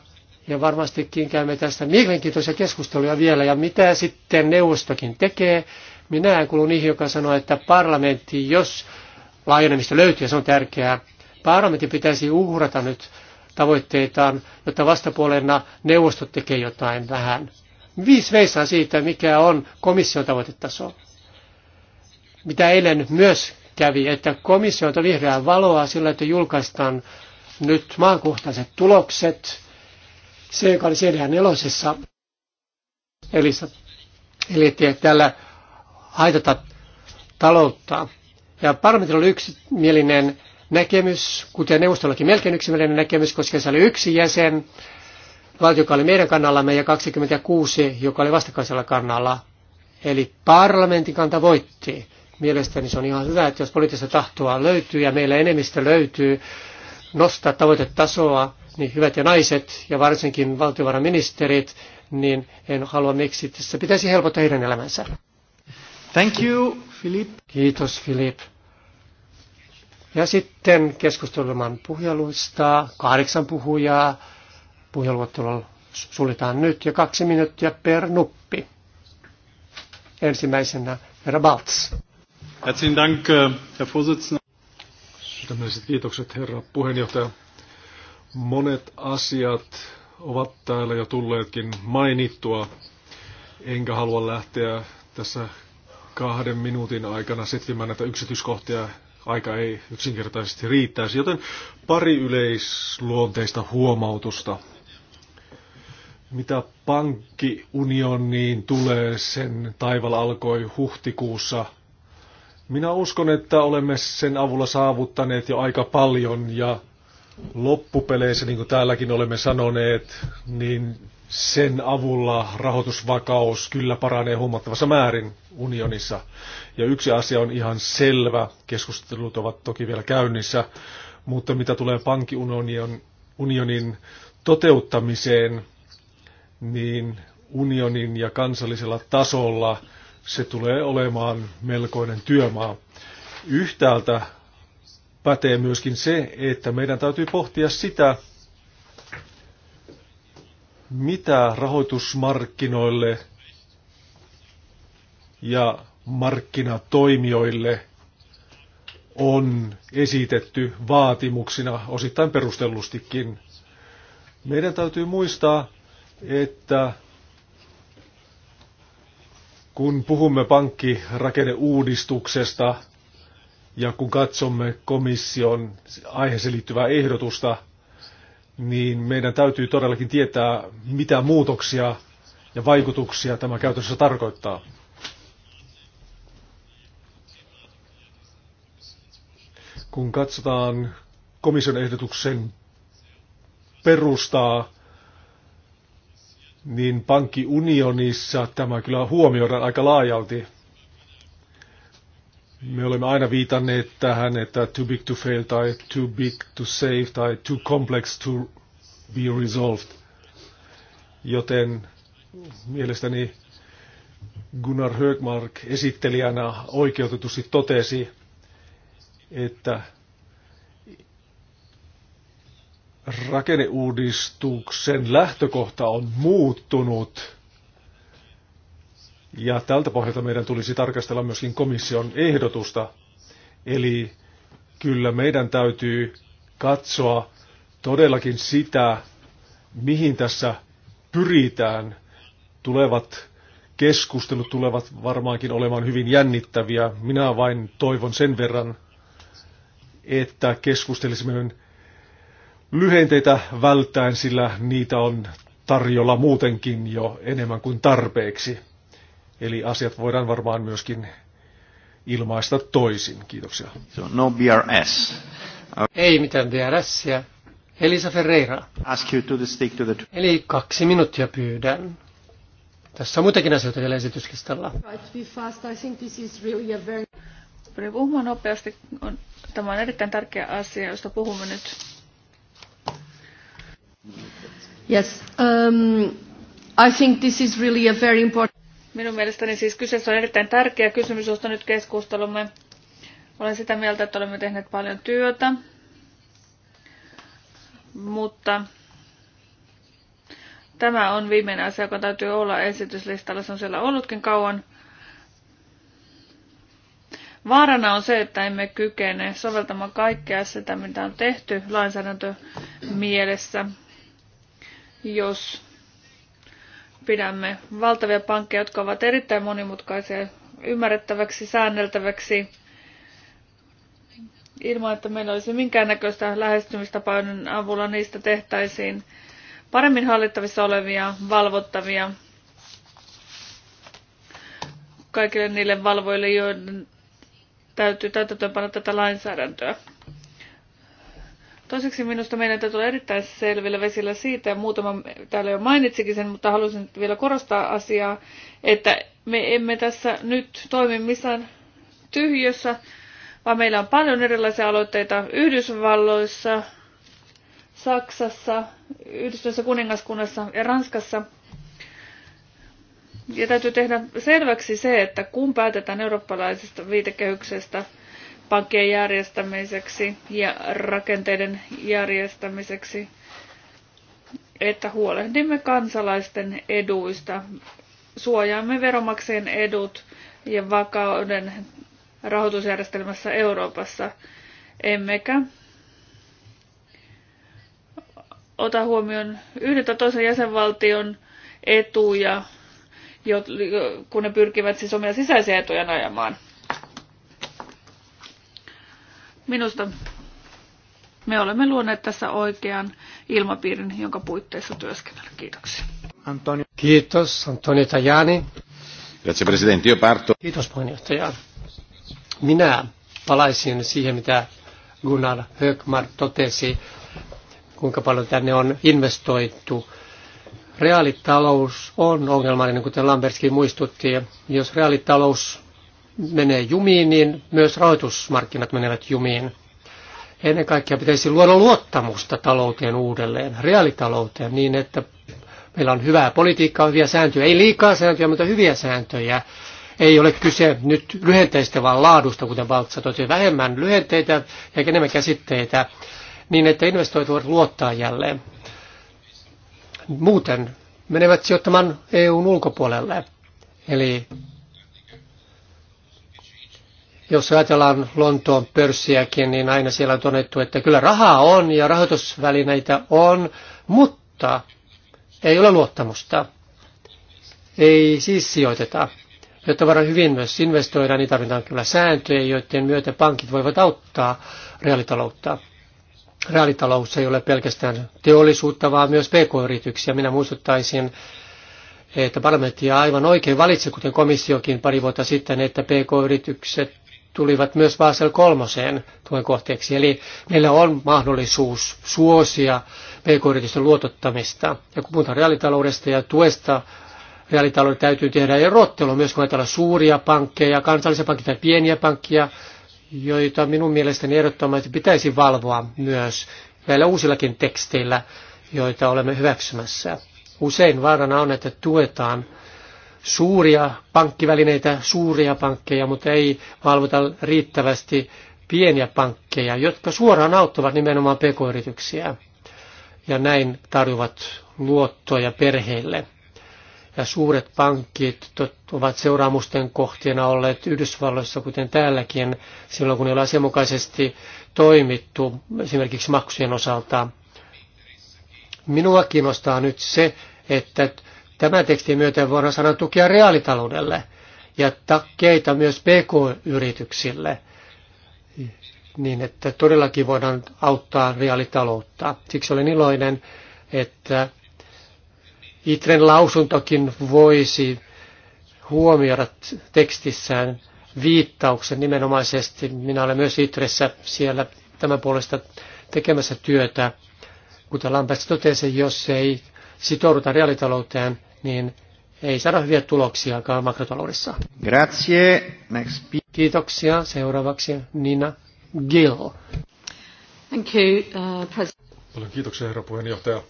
Ja varmastikin käymme tästä mielenkiintoisia keskusteluja vielä. Ja mitä sitten neuvostokin tekee? Minä en kuulu niihin, joka sanoo, että parlamentti, jos laajenemista löytyy, se on tärkeää. Parlamentti pitäisi uhrata nyt tavoitteitaan, jotta vastapuolena neuvosto tekee jotain vähän. Viisi veisaa siitä, mikä on komission tavoitetaso. Mitä eilen myös kävi, että komissio on vihreää valoa sillä, että julkaistaan nyt maankohtaiset tulokset se, joka oli CDH nelosessa, eli, eli että tällä haitata taloutta. Ja parlamentilla oli yksimielinen näkemys, kuten neuvostollakin melkein yksimielinen näkemys, koska se oli yksi jäsen, valtio, joka oli meidän kannallamme, ja 26, joka oli vastakkaisella kannalla. Eli parlamentin kanta voitti. Mielestäni se on ihan hyvä, että jos poliittista tahtoa löytyy ja meillä enemmistö löytyy nostaa tavoitetasoa, niin hyvät ja naiset ja varsinkin valtiovarainministerit, niin en halua miksi tässä pitäisi helpottaa heidän elämänsä. Thank you, Philip. Kiitos, Philip. Ja sitten keskustelman puheluista. kahdeksan puhujaa. Puheluottelu suljetaan nyt ja kaksi minuuttia per nuppi. Ensimmäisenä herra Baltz. Herzlichen Dank, äh, Herr Vorsitzender. kiitokset, herra puheenjohtaja. Monet asiat ovat täällä jo tulleetkin mainittua, enkä halua lähteä tässä kahden minuutin aikana setvimään näitä yksityiskohtia. Aika ei yksinkertaisesti riittäisi, joten pari yleisluonteista huomautusta. Mitä pankkiunioniin tulee, sen taival alkoi huhtikuussa. Minä uskon, että olemme sen avulla saavuttaneet jo aika paljon ja loppupeleissä, niin kuin täälläkin olemme sanoneet, niin sen avulla rahoitusvakaus kyllä paranee huomattavassa määrin unionissa. Ja yksi asia on ihan selvä, keskustelut ovat toki vielä käynnissä, mutta mitä tulee pankkiunionin unionin toteuttamiseen, niin unionin ja kansallisella tasolla se tulee olemaan melkoinen työmaa. Yhtäältä pätee myöskin se, että meidän täytyy pohtia sitä, mitä rahoitusmarkkinoille ja markkinatoimijoille on esitetty vaatimuksina, osittain perustellustikin. Meidän täytyy muistaa, että kun puhumme pankkirakenneuudistuksesta, ja kun katsomme komission aiheeseen liittyvää ehdotusta, niin meidän täytyy todellakin tietää, mitä muutoksia ja vaikutuksia tämä käytännössä tarkoittaa. Kun katsotaan komission ehdotuksen perustaa, niin pankkiunionissa tämä kyllä huomioidaan aika laajalti. Me olemme aina viitanneet tähän, että too big to fail tai too big to save tai too complex to be resolved. Joten mielestäni Gunnar Högmark esittelijänä oikeutetusti totesi, että rakenneuudistuksen lähtökohta on muuttunut – ja tältä pohjalta meidän tulisi tarkastella myöskin komission ehdotusta. Eli kyllä meidän täytyy katsoa todellakin sitä, mihin tässä pyritään. Tulevat keskustelut tulevat varmaankin olemaan hyvin jännittäviä. Minä vain toivon sen verran, että keskustelisimme lyhenteitä välttäen, sillä niitä on tarjolla muutenkin jo enemmän kuin tarpeeksi. Eli asiat voidaan varmaan myöskin ilmaista toisin. Kiitoksia. So, no BRS. Ei mitään BRSiä. Elisa Ferreira. Ask you to stick to the... Eli kaksi minuuttia pyydän. Tässä on muitakin asioita vielä esityskistalla. Pyrin puhumaan nopeasti. On, tämä on erittäin tärkeä asia, josta puhumme nyt. Yes, um, I think this is really a very important... Minun mielestäni siis kyseessä on erittäin tärkeä kysymys, josta nyt keskustelumme. Olen sitä mieltä, että olemme tehneet paljon työtä, mutta tämä on viimeinen asia, joka täytyy olla esityslistalla. Se on siellä ollutkin kauan. Vaarana on se, että emme kykene soveltamaan kaikkea sitä, mitä on tehty lainsäädäntömielessä, jos pidämme valtavia pankkeja, jotka ovat erittäin monimutkaisia ymmärrettäväksi, säänneltäväksi, ilman että meillä olisi minkäännäköistä lähestymistapainen avulla niistä tehtäisiin paremmin hallittavissa olevia, valvottavia kaikille niille valvoille, joiden täytyy täytäntöönpanna tätä lainsäädäntöä. Toiseksi minusta meidän täytyy olla erittäin selvillä vesillä siitä, ja muutama täällä jo mainitsikin sen, mutta halusin vielä korostaa asiaa, että me emme tässä nyt toimi missään tyhjössä, vaan meillä on paljon erilaisia aloitteita Yhdysvalloissa, Saksassa, Yhdistyneessä kuningaskunnassa ja Ranskassa. Ja täytyy tehdä selväksi se, että kun päätetään eurooppalaisesta viitekehyksestä, pankkien järjestämiseksi ja rakenteiden järjestämiseksi, että huolehdimme kansalaisten eduista, suojaamme veromaksien edut ja vakauden rahoitusjärjestelmässä Euroopassa, emmekä ota huomioon yhden tai toisen jäsenvaltion etuja, kun ne pyrkivät siis omia sisäisiä etuja ajamaan. Minusta me olemme luoneet tässä oikean ilmapiirin, jonka puitteissa työskennellä. Kiitoksia. Antonio. Kiitos, Antonio Tajani. Grazie Presidente, io parto. Kiitos puheenjohtaja. Minä palaisin siihen, mitä Gunnar Högmar totesi, kuinka paljon tänne on investoitu. Reaalitalous on ongelmallinen, kuten Lambertskin muistutti. Jos reaalitalous menee jumiin, niin myös rahoitusmarkkinat menevät jumiin. Ennen kaikkea pitäisi luoda luottamusta talouteen uudelleen, reaalitalouteen, niin että meillä on hyvää politiikkaa, hyviä sääntöjä, ei liikaa sääntöjä, mutta hyviä sääntöjä. Ei ole kyse nyt lyhenteistä, vaan laadusta, kuten Valtsa toti, vähemmän lyhenteitä ja enemmän käsitteitä, niin että investoijat voivat luottaa jälleen. Muuten menevät sijoittamaan EUn ulkopuolelle. Eli jos ajatellaan Lontoon pörssiäkin, niin aina siellä on todettu, että kyllä rahaa on ja rahoitusvälineitä on, mutta ei ole luottamusta. Ei siis sijoiteta. Jotta voidaan hyvin myös investoida, niin tarvitaan kyllä sääntöjä, joiden myötä pankit voivat auttaa reaalitaloutta. Reaalitalous ei ole pelkästään teollisuutta, vaan myös pk-yrityksiä. Minä muistuttaisin, että parlamentti aivan oikein valitsi, kuten komissiokin pari vuotta sitten, että pk-yritykset tulivat myös Basel kolmoseen tuen kohteeksi. Eli meillä on mahdollisuus suosia pk-yritysten luotottamista. Ja kun puhutaan reaalitaloudesta ja tuesta, reaalitalouden täytyy tehdä erottelu myös, kun ajatellaan suuria pankkeja, kansallisia pankkeja tai pieniä pankkeja, joita minun mielestäni ehdottomasti pitäisi valvoa myös näillä uusillakin teksteillä, joita olemme hyväksymässä. Usein vaarana on, että tuetaan suuria pankkivälineitä, suuria pankkeja, mutta ei valvota riittävästi pieniä pankkeja, jotka suoraan auttavat nimenomaan pk-yrityksiä ja näin tarjoavat luottoja perheille. Ja suuret pankit ovat seuraamusten kohteena olleet Yhdysvalloissa, kuten täälläkin, silloin kun ei ole asianmukaisesti toimittu esimerkiksi maksujen osalta. Minua kiinnostaa nyt se, että Tämän tekstin myötä voidaan sanoa tukea reaalitaloudelle ja takkeita myös pk-yrityksille, niin että todellakin voidaan auttaa reaalitaloutta. Siksi olen iloinen, että Itren lausuntokin voisi huomioida tekstissään viittauksen nimenomaisesti. Minä olen myös Itressä siellä tämän puolesta tekemässä työtä. Kuten Lambert totesi, jos ei sitouduta reaalitalouteen, niin ei saada hyviä tuloksiakaan makrotaloudessa. Grazie. Next. Kiitoksia. Seuraavaksi Nina Gill. Thank you, uh, president. Paljon kiitoksia, herra puheenjohtaja.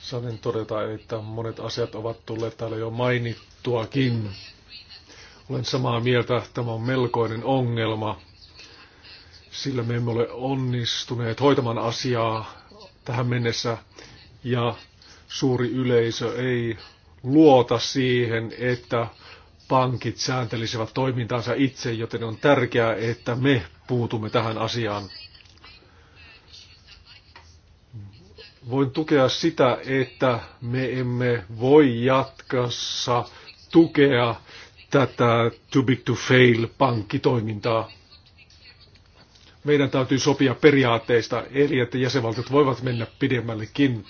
Sain todeta, että monet asiat ovat tulleet täällä jo mainittuakin. Olen samaa mieltä, tämä on melkoinen ongelma, sillä me emme ole onnistuneet hoitamaan asiaa tähän mennessä ja suuri yleisö ei luota siihen, että pankit sääntelisivät toimintaansa itse, joten on tärkeää, että me puutumme tähän asiaan. Voin tukea sitä, että me emme voi jatkossa tukea tätä too big to fail pankkitoimintaa. Meidän täytyy sopia periaatteista, eli että jäsenvaltiot voivat mennä pidemmällekin.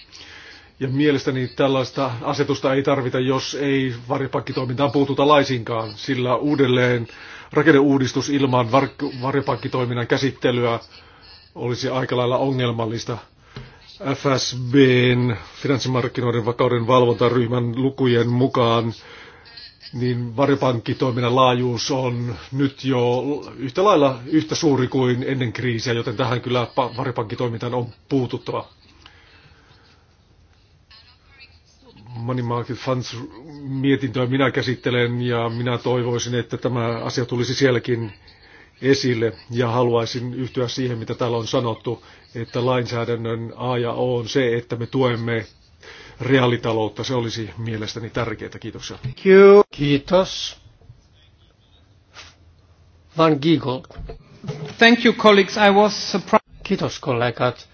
Ja mielestäni tällaista asetusta ei tarvita, jos ei varjopankkitoimintaan puututa laisinkaan, sillä uudelleen rakenneuudistus ilman var- varjopankkitoiminnan käsittelyä olisi aika lailla ongelmallista. FSBn finanssimarkkinoiden vakauden valvontaryhmän lukujen mukaan niin varjopankkitoiminnan laajuus on nyt jo yhtä lailla yhtä suuri kuin ennen kriisiä, joten tähän kyllä varjopankkitoimintaan on puututtava. Money Market Funds mietintöä minä käsittelen ja minä toivoisin, että tämä asia tulisi sielläkin esille ja haluaisin yhtyä siihen, mitä täällä on sanottu, että lainsäädännön A ja O on se, että me tuemme reaalitaloutta. Se olisi mielestäni tärkeää. Kiitoksia. Kiitos. Van Giegel. Thank you, colleagues. I was surprised. Kiitos kollegat.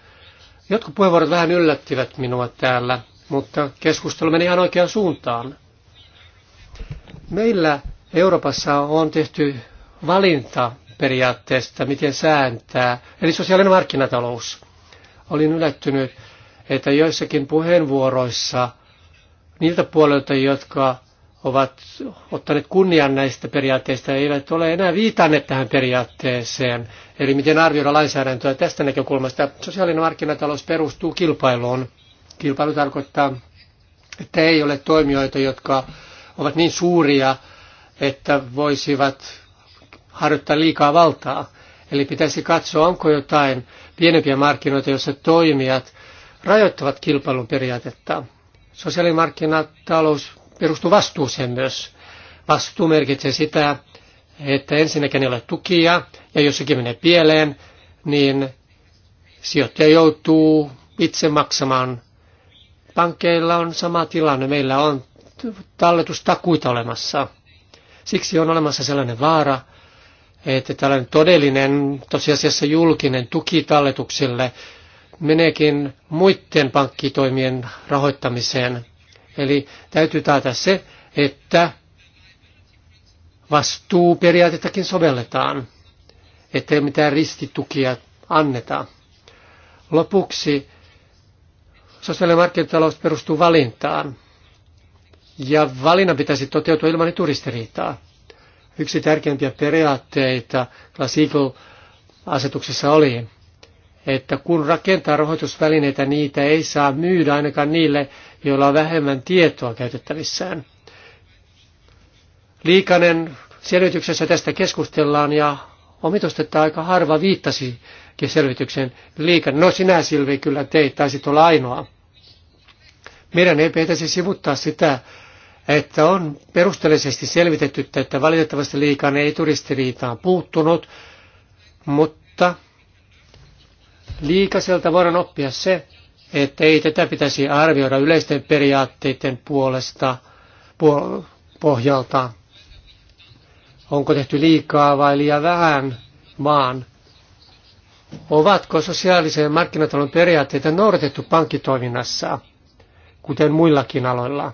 Jotkut puheenvuorot vähän yllättivät minua täällä mutta keskustelu meni ihan oikeaan suuntaan. Meillä Euroopassa on tehty valinta periaatteesta, miten sääntää, eli sosiaalinen markkinatalous. Olin yllättynyt, että joissakin puheenvuoroissa niiltä puolelta, jotka ovat ottaneet kunnian näistä periaatteista, eivät ole enää viitanneet tähän periaatteeseen. Eli miten arvioida lainsäädäntöä tästä näkökulmasta. Sosiaalinen markkinatalous perustuu kilpailuun. Kilpailu tarkoittaa, että ei ole toimijoita, jotka ovat niin suuria, että voisivat harjoittaa liikaa valtaa. Eli pitäisi katsoa, onko jotain pienempiä markkinoita, joissa toimijat rajoittavat kilpailun periaatetta. Sosiaalimarkkinatalous perustuu vastuuseen myös. Vastuu merkitsee sitä, että ensinnäkin ei ole tukia, ja jos sekin menee pieleen, niin sijoittaja joutuu itse maksamaan Pankkeilla on sama tilanne. Meillä on talletustakuita olemassa. Siksi on olemassa sellainen vaara, että tällainen todellinen, tosiasiassa julkinen tuki talletuksille meneekin muiden pankkitoimien rahoittamiseen. Eli täytyy taata se, että vastuuperiaatettakin sovelletaan, ettei mitään ristitukia anneta. Lopuksi Sosiaalinen markkinatalous perustuu valintaan. Ja valinna pitäisi toteutua ilman turistiriitaa. Yksi tärkeimpiä periaatteita Classical-asetuksessa oli, että kun rakentaa rahoitusvälineitä, niitä ei saa myydä ainakaan niille, joilla on vähemmän tietoa käytettävissään. Liikanen selvityksessä tästä keskustellaan ja omitustetta aika harva viittasi selvityksen liikan. No sinä Silvi kyllä teit, taisit olla ainoa. Meidän ei pitäisi sivuttaa sitä, että on perusteellisesti selvitetty, että valitettavasti liikaan ei turistiriitaan puuttunut, mutta liikaselta voidaan oppia se, että ei tätä pitäisi arvioida yleisten periaatteiden puolesta pohjalta. Onko tehty liikaa vai liian vähän, vaan ovatko sosiaalisen markkinatalouden periaatteita noudatettu pankkitoiminnassa – kuten muillakin aloilla.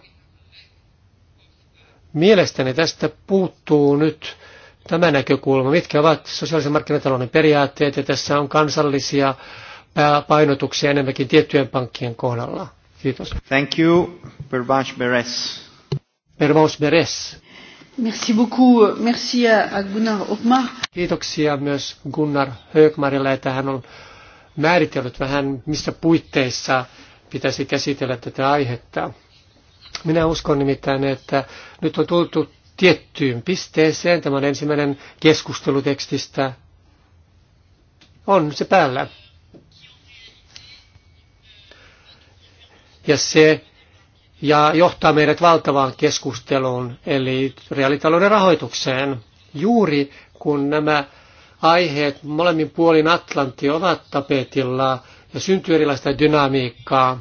Mielestäni tästä puuttuu nyt tämä näkökulma, mitkä ovat sosiaalisen markkinatalouden periaatteet, ja tässä on kansallisia painotuksia enemmänkin tiettyjen pankkien kohdalla. Kiitos. Thank you, Pervanche Beres. Pervanche Beres. Merci beaucoup. Merci à Gunnar Hökmar. Kiitoksia myös Gunnar Hökmarille, että hän on määritellyt vähän, missä puitteissa pitäisi käsitellä tätä aihetta. Minä uskon nimittäin, että nyt on tultu tiettyyn pisteeseen. Tämä on ensimmäinen keskustelutekstistä. On se päällä. Ja se ja johtaa meidät valtavaan keskusteluun, eli reaalitalouden rahoitukseen. Juuri kun nämä aiheet molemmin puolin Atlantti ovat tapetilla, ja syntyy erilaista dynamiikkaa.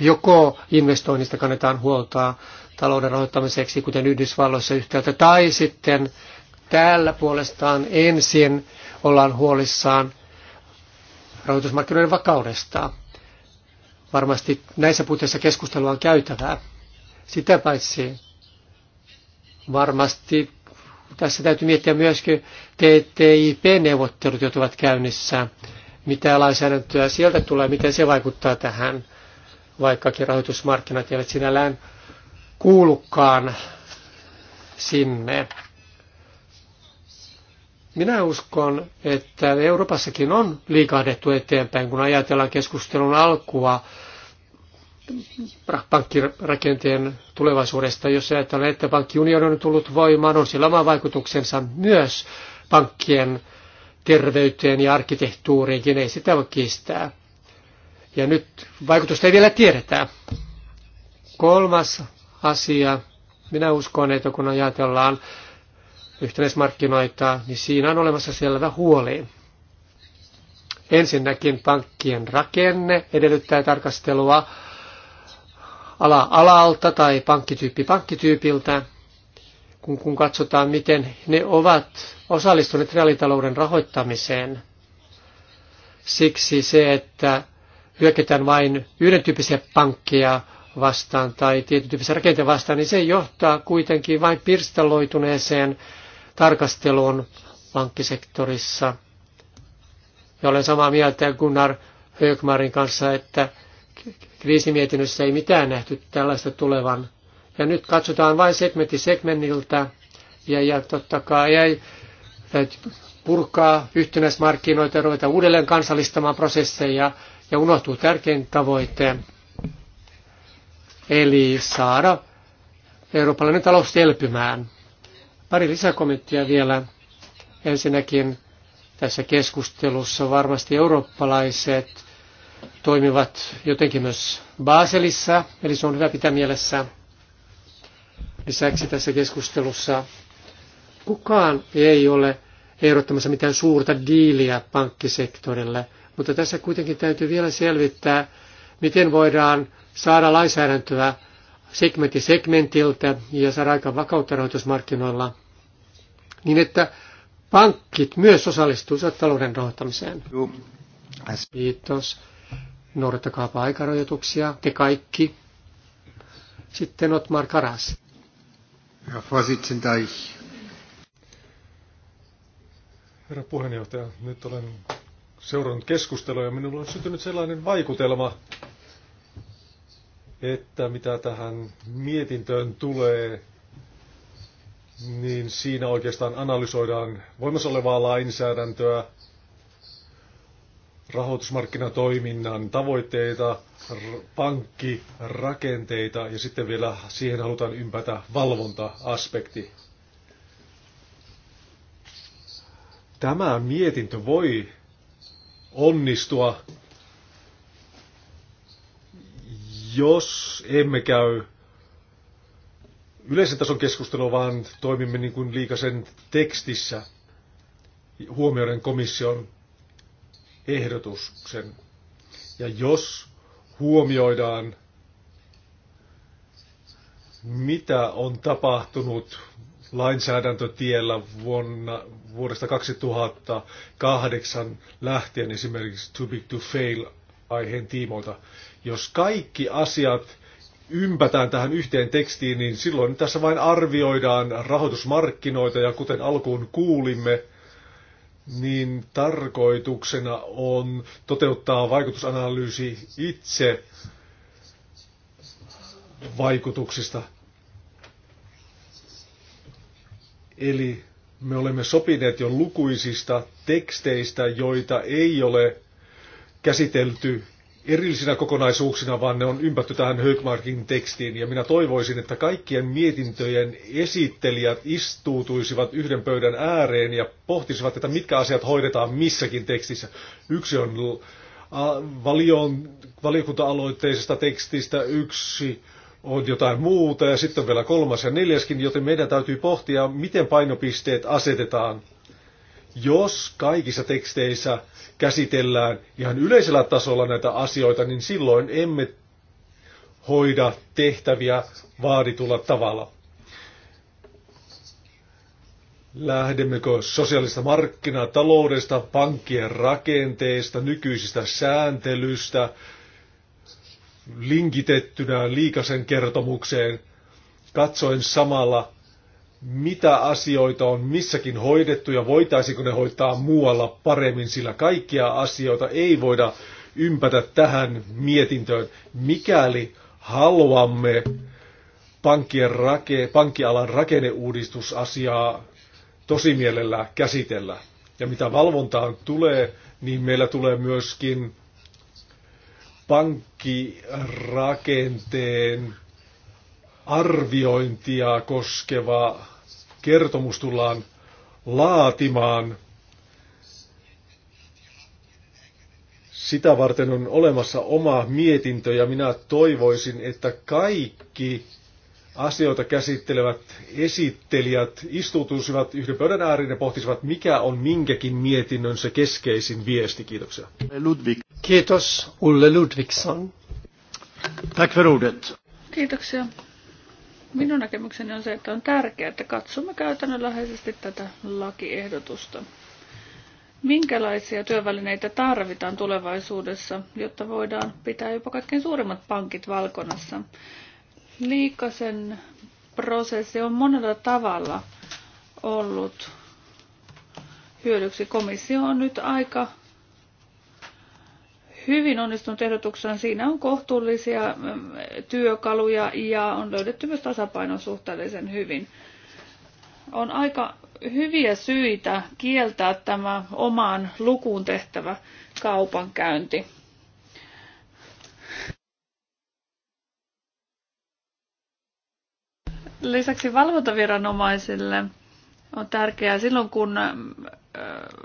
Joko investoinnista kannetaan huolta talouden rahoittamiseksi, kuten Yhdysvalloissa yhtäältä, tai sitten täällä puolestaan ensin ollaan huolissaan rahoitusmarkkinoiden vakaudesta. Varmasti näissä puitteissa keskustelua on käytävää. Sitä paitsi varmasti tässä täytyy miettiä myöskin TTIP-neuvottelut, jotka ovat käynnissä mitä lainsäädäntöä sieltä tulee, miten se vaikuttaa tähän, vaikkakin rahoitusmarkkinat eivät sinällään kuulukaan sinne. Minä uskon, että Euroopassakin on liikahdettu eteenpäin, kun ajatellaan keskustelun alkua pankkirakenteen tulevaisuudesta, jos ajatellaan, että pankkiunioni on tullut voimaan, on sillä oma vaikutuksensa myös pankkien terveyteen ja arkkitehtuuriinkin, ei sitä voi kiistää. Ja nyt vaikutusta ei vielä tiedetä. Kolmas asia, minä uskon, että kun ajatellaan yhtenäismarkkinoita, niin siinä on olemassa selvä huoli. Ensinnäkin pankkien rakenne edellyttää tarkastelua ala alalta tai pankkityyppi pankkityypiltä kun, kun katsotaan, miten ne ovat osallistuneet reaalitalouden rahoittamiseen. Siksi se, että hyökätään vain yhden tyyppisiä pankkeja vastaan tai tietyn tyyppisiä rakenteita vastaan, niin se johtaa kuitenkin vain pirstaloituneeseen tarkasteluun pankkisektorissa. Ja olen samaa mieltä Gunnar Högmarin kanssa, että kriisimietinnössä ei mitään nähty tällaista tulevan ja nyt katsotaan vain segmentti segmentiltä ja, ja totta kai ei, purkaa yhtenäismarkkinoita ja ruveta uudelleen kansallistamaan prosesseja ja unohtuu tärkein tavoite, eli saada eurooppalainen talous selpymään. Pari lisäkommenttia vielä. Ensinnäkin tässä keskustelussa varmasti eurooppalaiset toimivat jotenkin myös Baselissa, eli se on hyvä pitää mielessä. Lisäksi tässä keskustelussa kukaan ei ole ehdottamassa mitään suurta diiliä pankkisektorille, mutta tässä kuitenkin täytyy vielä selvittää, miten voidaan saada lainsäädäntöä segmentti segmentiltä ja saada aika vakautta rahoitusmarkkinoilla, niin että pankkit myös osallistuisivat talouden rahoittamiseen. Kiitos. Noudattakaapa aikarajoituksia, te kaikki. Sitten Otmar Karas. Herr Vorsitzender, ich Herra puheenjohtaja, nyt olen seurannut keskustelua ja minulla on syntynyt sellainen vaikutelma, että mitä tähän mietintöön tulee, niin siinä oikeastaan analysoidaan voimassa olevaa lainsäädäntöä, rahoitusmarkkinatoiminnan tavoitteita, pankkirakenteita ja sitten vielä siihen halutaan ympätä valvonta-aspekti. Tämä mietintö voi onnistua, jos emme käy yleisen tason keskustelua, vaan toimimme niin kuin liikasen tekstissä huomioiden komission ehdotuksen. Ja jos huomioidaan, mitä on tapahtunut lainsäädäntötiellä vuonna, vuodesta 2008 lähtien esimerkiksi Too Big to Fail aiheen tiimoilta. Jos kaikki asiat ympätään tähän yhteen tekstiin, niin silloin tässä vain arvioidaan rahoitusmarkkinoita ja kuten alkuun kuulimme, niin tarkoituksena on toteuttaa vaikutusanalyysi itse vaikutuksista. Eli me olemme sopineet jo lukuisista teksteistä, joita ei ole käsitelty erillisinä kokonaisuuksina, vaan ne on ympätty tähän Högmarkin tekstiin. Ja minä toivoisin, että kaikkien mietintöjen esittelijät istuutuisivat yhden pöydän ääreen ja pohtisivat, että mitkä asiat hoidetaan missäkin tekstissä. Yksi on valion, valiokunta-aloitteisesta tekstistä, yksi on jotain muuta ja sitten on vielä kolmas ja neljäskin, joten meidän täytyy pohtia, miten painopisteet asetetaan jos kaikissa teksteissä käsitellään ihan yleisellä tasolla näitä asioita, niin silloin emme hoida tehtäviä vaaditulla tavalla. Lähdemmekö sosiaalista markkinataloudesta, pankkien rakenteesta, nykyisistä sääntelystä, linkitettynä liikasen kertomukseen, katsoen samalla mitä asioita on missäkin hoidettu ja voitaisiko ne hoitaa muualla paremmin, sillä kaikkia asioita ei voida ympätä tähän mietintöön, mikäli haluamme pankkien rake, pankkialan rakenneuudistusasiaa tosi mielellä käsitellä. Ja mitä valvontaan tulee, niin meillä tulee myöskin pankkirakenteen arviointia koskeva kertomus tullaan laatimaan. Sitä varten on olemassa oma mietintö ja minä toivoisin, että kaikki asioita käsittelevät esittelijät istutuisivat yhden pöydän ääriin ja pohtisivat, mikä on minkäkin mietinnön se keskeisin viesti. Kiitoksia. Ludvig. Kiitos Ulle Ludvigsson. Tack för ordet. Kiitoksia Minun näkemykseni on se, että on tärkeää, että katsomme käytännönläheisesti tätä lakiehdotusta. Minkälaisia työvälineitä tarvitaan tulevaisuudessa, jotta voidaan pitää jopa kaikkein suurimmat pankit valkonassa? Liikasen prosessi on monella tavalla ollut hyödyksi. Komissio on nyt aika hyvin onnistunut ehdotuksen. Siinä on kohtuullisia mm, työkaluja ja on löydetty myös tasapaino suhteellisen hyvin. On aika hyviä syitä kieltää tämä omaan lukuun tehtävä kaupankäynti. Lisäksi valvontaviranomaisille on tärkeää silloin, kun mm,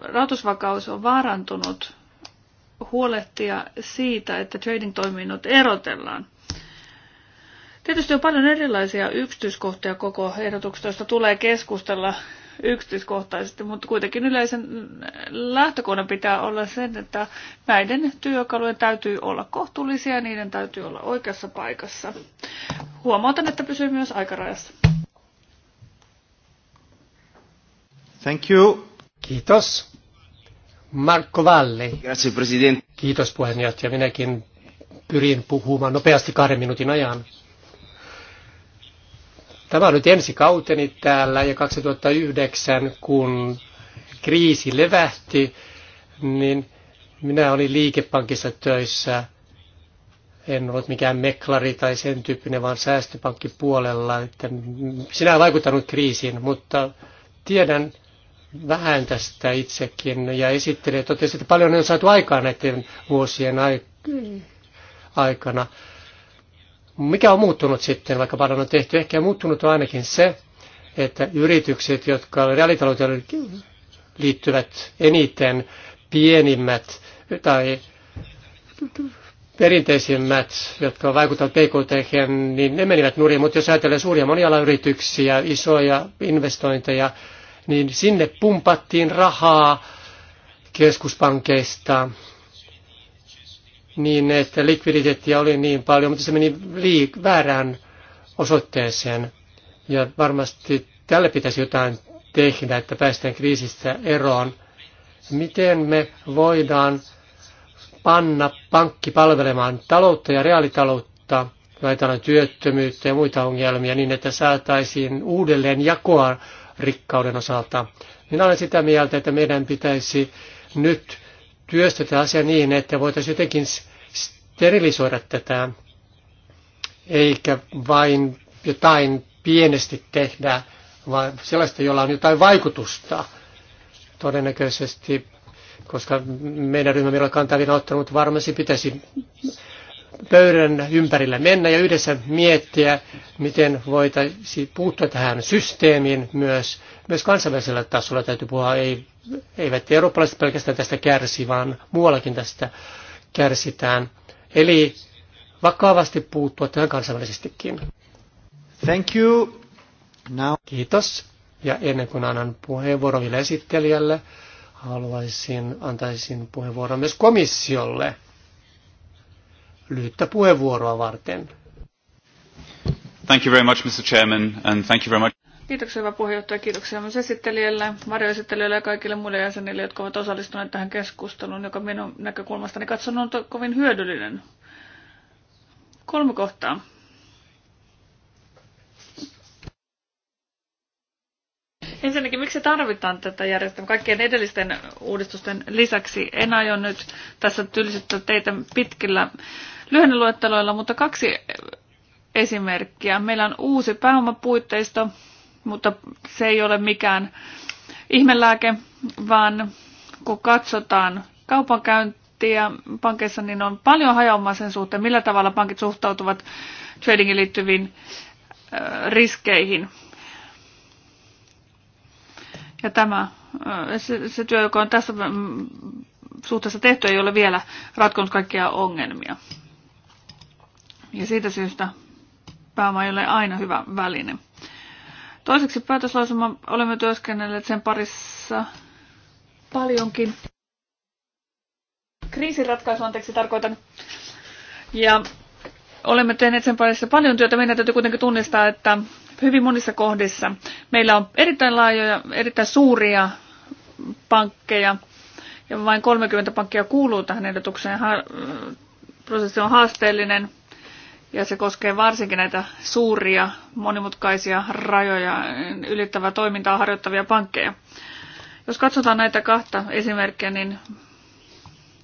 rahoitusvakaus on vaarantunut huolehtia siitä, että trading-toiminnot erotellaan. Tietysti on paljon erilaisia yksityiskohtia koko ehdotuksesta, josta tulee keskustella yksityiskohtaisesti, mutta kuitenkin yleisen lähtökohdan pitää olla sen, että näiden työkalujen täytyy olla kohtuullisia ja niiden täytyy olla oikeassa paikassa. Huomautan, että pysyy myös aikarajassa. Thank you. Kiitos. Marko Valli. Grazie, Kiitos puheenjohtaja. Minäkin pyrin puhumaan nopeasti kahden minuutin ajan. Tämä on nyt ensi kauteni täällä ja 2009, kun kriisi levähti, niin minä olin liikepankissa töissä. En ollut mikään meklari tai sen tyyppinen, vaan säästöpankki puolella. Että sinä ei vaikuttanut kriisiin, mutta tiedän, vähän tästä itsekin ja esittelee, totesi, että paljon on saatu aikaa näiden vuosien aikana. Mikä on muuttunut sitten, vaikka paljon on tehty? Ehkä on muuttunut on ainakin se, että yritykset, jotka reaalitalouteen liittyvät eniten, pienimmät tai perinteisimmät, jotka vaikuttavat PKT, niin ne menivät nurin. Mutta jos ajatellaan suuria monialayrityksiä, isoja investointeja, niin sinne pumpattiin rahaa keskuspankeista niin, että likviditeettiä oli niin paljon, mutta se meni liik- väärään osoitteeseen. Ja varmasti tälle pitäisi jotain tehdä, että päästään kriisistä eroon. Miten me voidaan panna pankki palvelemaan taloutta ja reaalitaloutta, laitetaan työttömyyttä ja muita ongelmia, niin että saataisiin uudelleen jakoa rikkauden osalta. Minä olen sitä mieltä, että meidän pitäisi nyt työstetä asia niin, että voitaisiin jotenkin sterilisoida tätä, eikä vain jotain pienesti tehdä, vaan sellaista, jolla on jotain vaikutusta todennäköisesti, koska meidän ryhmämme ei kantavina ottanut, varmasti pitäisi pöydän ympärillä mennä ja yhdessä miettiä, miten voitaisiin puuttua tähän systeemiin myös, myös kansainvälisellä tasolla. Täytyy puhua, ei, eivät eurooppalaiset pelkästään tästä kärsi, vaan muuallakin tästä kärsitään. Eli vakavasti puuttua tähän kansainvälisestikin. Thank you. Now. Kiitos. Ja ennen kuin annan puheenvuoron vielä esittelijälle, haluaisin, antaisin puheenvuoron myös komissiolle lyhyttä puheenvuoroa varten. Thank you very much, Mr. Chairman, and thank you very much. Kiitoksia hyvä puheenjohtaja, kiitoksia myös esittelijälle, varjoesittelijälle ja kaikille muille jäsenille, jotka ovat osallistuneet tähän keskusteluun, joka minun näkökulmastani katson on kovin hyödyllinen. Kolme kohtaa. Ensinnäkin, miksi tarvitaan tätä järjestelmää kaikkien edellisten uudistusten lisäksi? En aio nyt tässä tylsittää teitä pitkillä lyhenneluetteloilla, luetteloilla, mutta kaksi esimerkkiä. Meillä on uusi pääomapuitteisto, mutta se ei ole mikään ihmelääke, vaan kun katsotaan kaupankäyntiä pankeissa, niin on paljon hajaumaa sen suhteen, millä tavalla pankit suhtautuvat tradingin liittyviin riskeihin. Ja tämä, se, se työ, joka on tässä mm, suhteessa tehty, ei ole vielä ratkonut kaikkia ongelmia. Ja siitä syystä pääoma ei ole aina hyvä väline. Toiseksi päätöslausuma olemme työskennelleet sen parissa paljonkin. Kriisiratkaisu, anteeksi, tarkoitan. Ja olemme tehneet sen parissa paljon työtä. Meidän täytyy kuitenkin tunnistaa, että hyvin monissa kohdissa meillä on erittäin laajoja, erittäin suuria pankkeja, ja vain 30 pankkia kuuluu tähän ehdotukseen. Ha- prosessi on haasteellinen ja se koskee varsinkin näitä suuria, monimutkaisia rajoja ylittävää toimintaa harjoittavia pankkeja. Jos katsotaan näitä kahta esimerkkiä, niin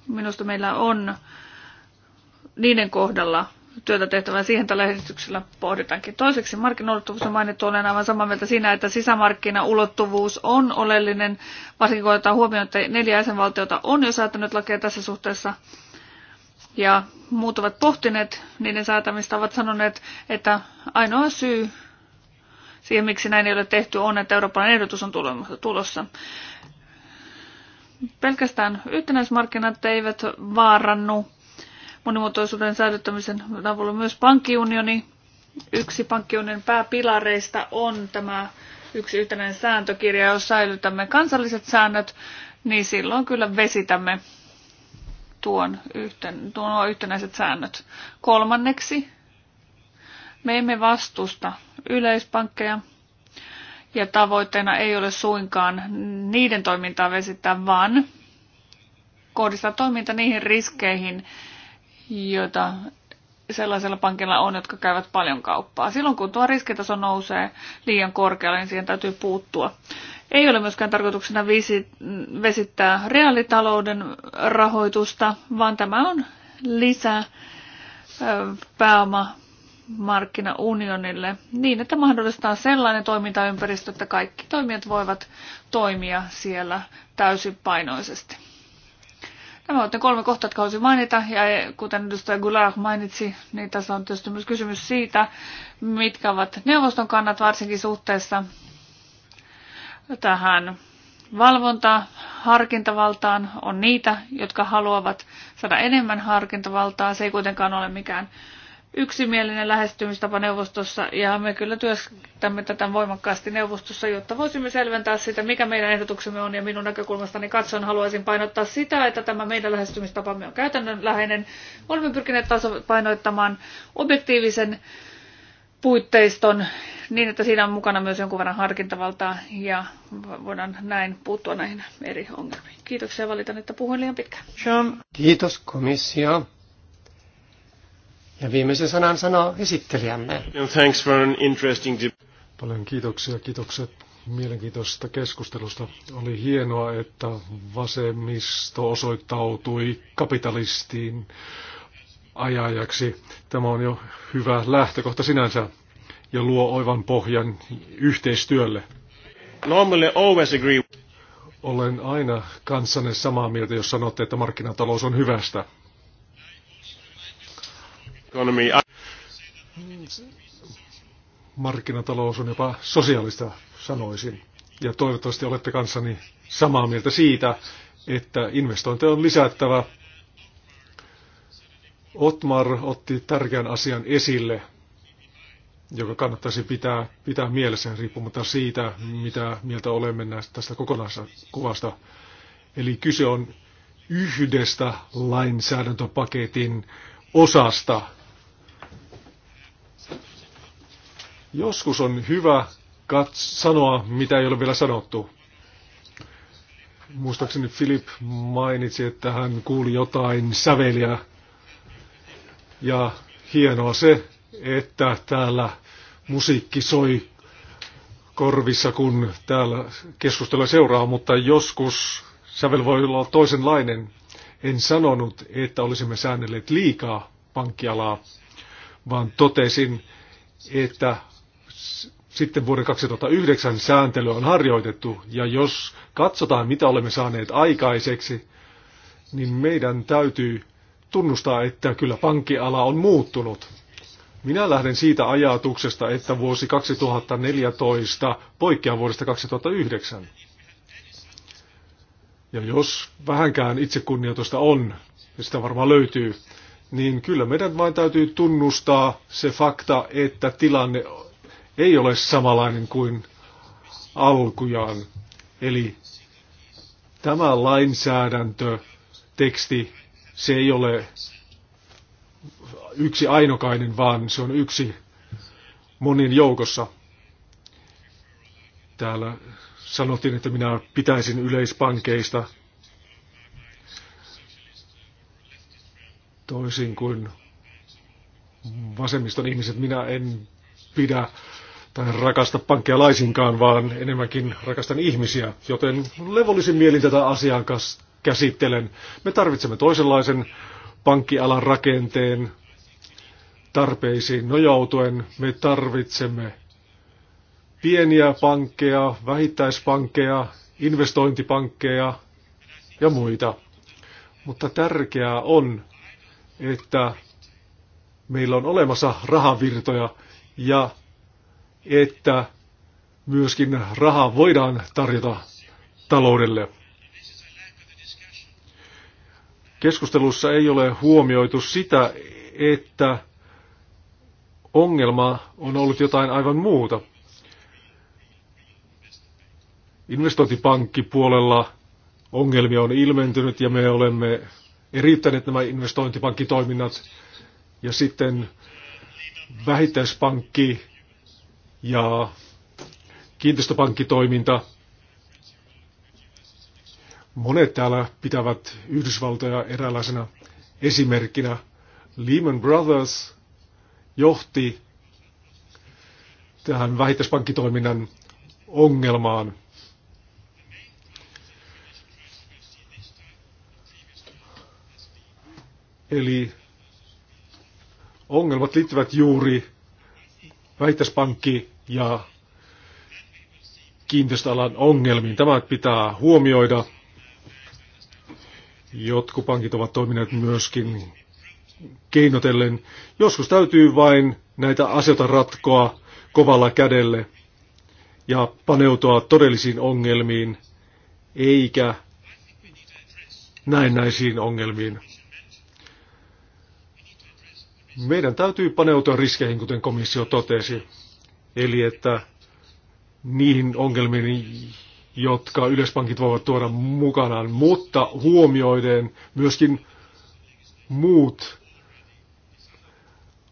minusta meillä on niiden kohdalla työtä tehtävää. Siihen tällä esityksellä pohditaankin. Toiseksi markkinoulottuvuus on mainittu. Olen aivan samaa mieltä siinä, että sisämarkkinaulottuvuus on oleellinen, varsinkin kun otetaan huomioon, että neljä jäsenvaltiota on jo säätänyt lakeja tässä suhteessa – ja muut ovat pohtineet niiden säätämistä, ovat sanoneet, että ainoa syy siihen, miksi näin ei ole tehty, on, että Euroopan ehdotus on tulossa. Pelkästään yhtenäismarkkinat eivät vaarannu monimuotoisuuden säilyttämisen avulla myös pankkiunioni. Yksi pankkiunionin pääpilareista on tämä yksi yhtenäinen sääntökirja, jos säilytämme kansalliset säännöt, niin silloin kyllä vesitämme tuon yhten, tuo yhtenäiset säännöt. Kolmanneksi, me emme vastusta yleispankkeja ja tavoitteena ei ole suinkaan niiden toimintaa vesittää, vaan kohdistaa toiminta niihin riskeihin, joita sellaisella pankilla on, jotka käyvät paljon kauppaa. Silloin kun tuo riskitaso nousee liian korkealle, niin siihen täytyy puuttua. Ei ole myöskään tarkoituksena visi, vesittää reaalitalouden rahoitusta, vaan tämä on lisä pääoma niin, että mahdollistaa sellainen toimintaympäristö, että kaikki toimijat voivat toimia siellä täysipainoisesti. Nämä ovat ne kolme kohtaa, jotka haluaisin mainita, ja kuten edustaja Goulart mainitsi, niin tässä on tietysti myös kysymys siitä, mitkä ovat neuvoston kannat varsinkin suhteessa tähän valvonta harkintavaltaan on niitä, jotka haluavat saada enemmän harkintavaltaa. Se ei kuitenkaan ole mikään yksimielinen lähestymistapa neuvostossa ja me kyllä työstämme tätä voimakkaasti neuvostossa, jotta voisimme selventää sitä, mikä meidän ehdotuksemme on ja minun näkökulmastani katson haluaisin painottaa sitä, että tämä meidän lähestymistapamme on käytännönläheinen. Olemme pyrkineet tasapainoittamaan objektiivisen puitteiston niin, että siinä on mukana myös jonkun verran harkintavaltaa ja voidaan näin puuttua näihin eri ongelmiin. Kiitoksia valitan, että puhuin liian pitkään. Kiitos komissio. Ja viimeisen sanan sanoo esittelijämme. Thanks for an interesting Paljon kiitoksia, kiitokset mielenkiintoisesta keskustelusta. Oli hienoa, että vasemmisto osoittautui kapitalistiin ajajaksi. Tämä on jo hyvä lähtökohta sinänsä ja luo oivan pohjan yhteistyölle. Normally always agree. Olen aina kanssanne samaa mieltä, jos sanotte, että markkinatalous on hyvästä. Economy. Markkinatalous on jopa sosiaalista, sanoisin. Ja toivottavasti olette kanssani samaa mieltä siitä, että investointeja on lisättävä Otmar otti tärkeän asian esille, joka kannattaisi pitää, pitää mielessä riippumatta siitä, mitä mieltä olemme näistä, tästä kokonaiskuvasta. Eli kyse on yhdestä lainsäädäntöpaketin osasta. Joskus on hyvä kats- sanoa, mitä ei ole vielä sanottu. Muistaakseni Philip mainitsi, että hän kuuli jotain säveliä ja hienoa se, että täällä musiikki soi korvissa, kun täällä keskustelua seuraa, mutta joskus sävel voi olla toisenlainen. En sanonut, että olisimme säännelleet liikaa pankkialaa, vaan totesin, että sitten vuoden 2009 sääntely on harjoitettu, ja jos katsotaan, mitä olemme saaneet aikaiseksi, niin meidän täytyy tunnustaa, että kyllä pankkiala on muuttunut. Minä lähden siitä ajatuksesta, että vuosi 2014 poikkeaa vuodesta 2009. Ja jos vähänkään itsekunnioitusta on, ja sitä varmaan löytyy, niin kyllä meidän vain täytyy tunnustaa se fakta, että tilanne ei ole samanlainen kuin alkujaan. Eli tämä lainsäädäntö, teksti se ei ole yksi ainokainen, vaan se on yksi monin joukossa. Täällä sanottiin, että minä pitäisin yleispankeista toisin kuin vasemmiston ihmiset. Minä en pidä tai rakasta pankkeja laisinkaan, vaan enemmänkin rakastan ihmisiä, joten levollisin mielin tätä asiaa käsittelen. Me tarvitsemme toisenlaisen pankkialan rakenteen tarpeisiin nojautuen. Me tarvitsemme pieniä pankkeja, vähittäispankkeja, investointipankkeja ja muita. Mutta tärkeää on, että meillä on olemassa rahavirtoja ja että myöskin rahaa voidaan tarjota taloudelle. Keskustelussa ei ole huomioitu sitä, että ongelma on ollut jotain aivan muuta. Investointipankkipuolella ongelmia on ilmentynyt ja me olemme eriyttäneet nämä investointipankkitoiminnat ja sitten vähittäispankki ja kiinteistöpankkitoiminta – Monet täällä pitävät Yhdysvaltoja eräänlaisena esimerkkinä. Lehman Brothers johti tähän vähittäispankkitoiminnan ongelmaan. Eli ongelmat liittyvät juuri vähittäispankki ja kiinteistöalan ongelmiin. Tämä pitää huomioida. Jotkut pankit ovat toimineet myöskin keinotellen. Joskus täytyy vain näitä asioita ratkoa kovalla kädelle ja paneutua todellisiin ongelmiin, eikä näennäisiin ongelmiin. Meidän täytyy paneutua riskeihin, kuten komissio totesi, eli että niihin ongelmiin, jotka yleispankit voivat tuoda mukanaan, mutta huomioiden myöskin muut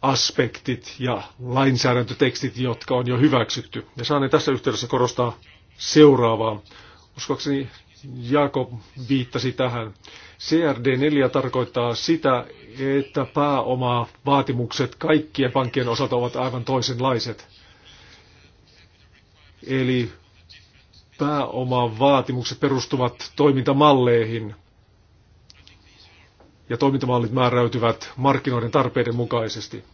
aspektit ja lainsäädäntötekstit, jotka on jo hyväksytty. Ja saan tässä yhteydessä korostaa seuraavaa. Uskoakseni Jakob viittasi tähän. CRD4 tarkoittaa sitä, että pääomaa vaatimukset kaikkien pankkien osalta ovat aivan toisenlaiset. Eli pääoman vaatimukset perustuvat toimintamalleihin ja toimintamallit määräytyvät markkinoiden tarpeiden mukaisesti.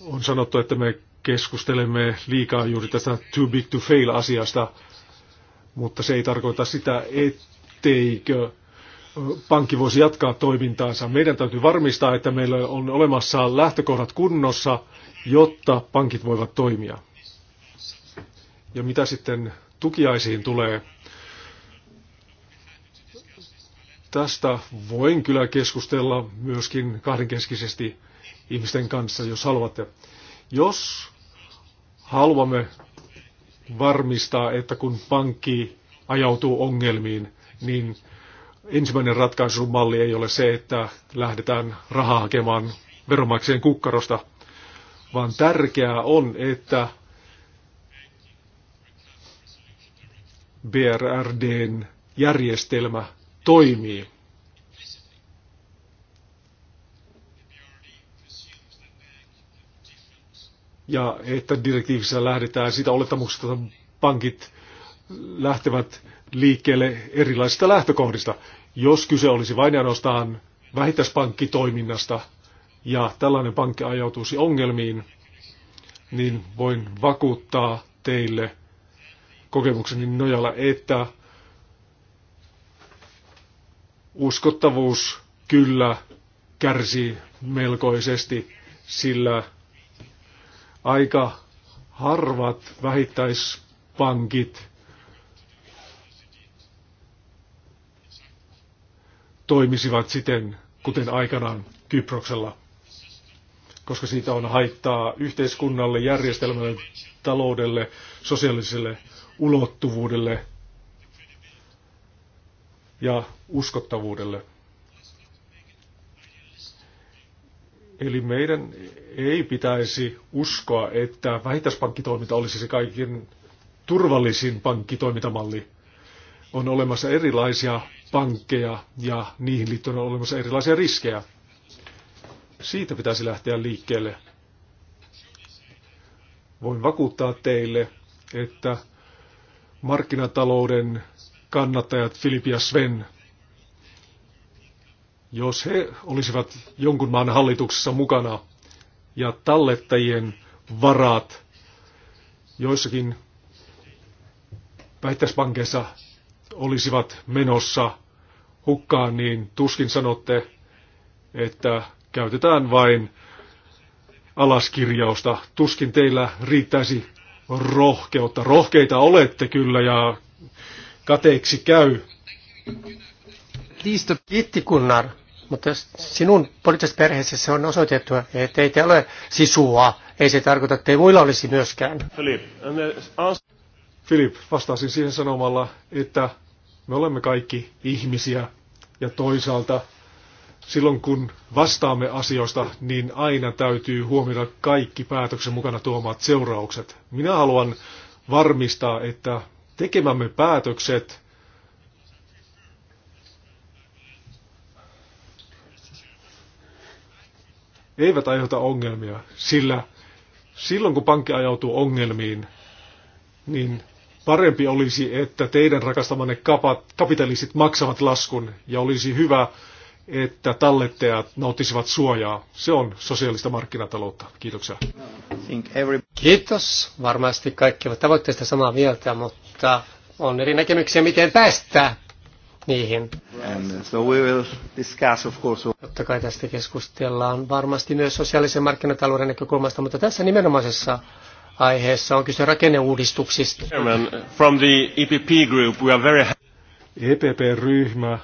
On sanottu, että me keskustelemme liikaa juuri tästä too big to fail asiasta, mutta se ei tarkoita sitä, etteikö pankki voisi jatkaa toimintaansa. Meidän täytyy varmistaa, että meillä on olemassa lähtökohdat kunnossa, jotta pankit voivat toimia. Ja mitä sitten tukiaisiin tulee, tästä voin kyllä keskustella myöskin kahdenkeskisesti ihmisten kanssa, jos haluatte. Jos haluamme varmistaa, että kun pankki ajautuu ongelmiin, niin ensimmäinen ratkaisumalli ei ole se, että lähdetään rahaa hakemaan veronmaksajien kukkarosta, vaan tärkeää on, että BRRDn järjestelmä toimii. Ja että direktiivissä lähdetään sitä olettamuksesta, että pankit lähtevät liikkeelle erilaisista lähtökohdista jos kyse olisi vain ainoastaan vähittäispankkitoiminnasta ja tällainen pankki ajautuisi ongelmiin, niin voin vakuuttaa teille kokemukseni nojalla, että uskottavuus kyllä kärsii melkoisesti, sillä aika harvat vähittäispankit toimisivat siten, kuten aikanaan Kyproksella, koska siitä on haittaa yhteiskunnalle, järjestelmälle, taloudelle, sosiaaliselle ulottuvuudelle ja uskottavuudelle. Eli meidän ei pitäisi uskoa, että vähittäispankkitoiminta olisi se kaikin turvallisin pankkitoimintamalli. On olemassa erilaisia pankkeja ja niihin liittyen on olemassa erilaisia riskejä. Siitä pitäisi lähteä liikkeelle. Voin vakuuttaa teille, että markkinatalouden kannattajat Filip ja Sven, jos he olisivat jonkun maan hallituksessa mukana ja tallettajien varat joissakin väittäispankkeissa olisivat menossa hukkaan, niin tuskin sanotte, että käytetään vain alaskirjausta. Tuskin teillä riittäisi rohkeutta. Rohkeita olette kyllä ja kateeksi käy. Liisto kiitti kunnar, mutta sinun poliittisessa perheessä on osoitettu, että ei te ole sisua. Ei se tarkoita, että ei muilla olisi myöskään. Filip, vastasin siihen sanomalla, että me olemme kaikki ihmisiä ja toisaalta silloin kun vastaamme asioista, niin aina täytyy huomioida kaikki päätöksen mukana tuomat seuraukset. Minä haluan varmistaa, että tekemämme päätökset eivät aiheuta ongelmia, sillä silloin kun pankki ajautuu ongelmiin, niin Parempi olisi, että teidän rakastamanne kapitalistit maksavat laskun ja olisi hyvä, että tallettajat nauttisivat suojaa. Se on sosiaalista markkinataloutta. Kiitoksia. Kiitos. Varmasti kaikki ovat tavoitteista samaa mieltä, mutta on eri näkemyksiä, miten päästä niihin. And so we will discuss, of course. Totta kai tästä keskustellaan varmasti myös sosiaalisen markkinatalouden näkökulmasta, mutta tässä nimenomaisessa aiheessa on kyse rakenneuudistuksista. From the EPP group, we are very... EPP-ryhmä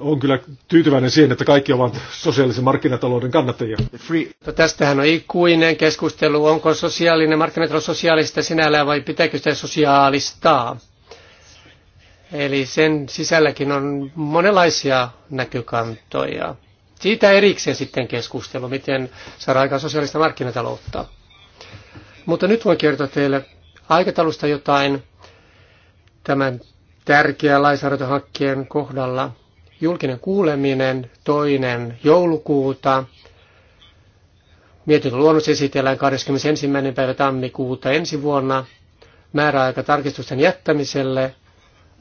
on kyllä tyytyväinen siihen, että kaikki ovat sosiaalisen markkinatalouden kannattajia. No tästähän on ikuinen keskustelu, onko sosiaalinen markkinatalous sosiaalista sinällään vai pitääkö sitä sosiaalistaa. Eli sen sisälläkin on monenlaisia näkökantoja. Siitä erikseen sitten keskustelu, miten saadaan aikaan sosiaalista markkinataloutta. Mutta nyt voin kertoa teille aikataulusta jotain tämän tärkeän lainsäädäntöhankkeen kohdalla. Julkinen kuuleminen toinen joulukuuta. Mietintö luonnos esitellään 21. päivä tammikuuta ensi vuonna. Määräaika tarkistusten jättämiselle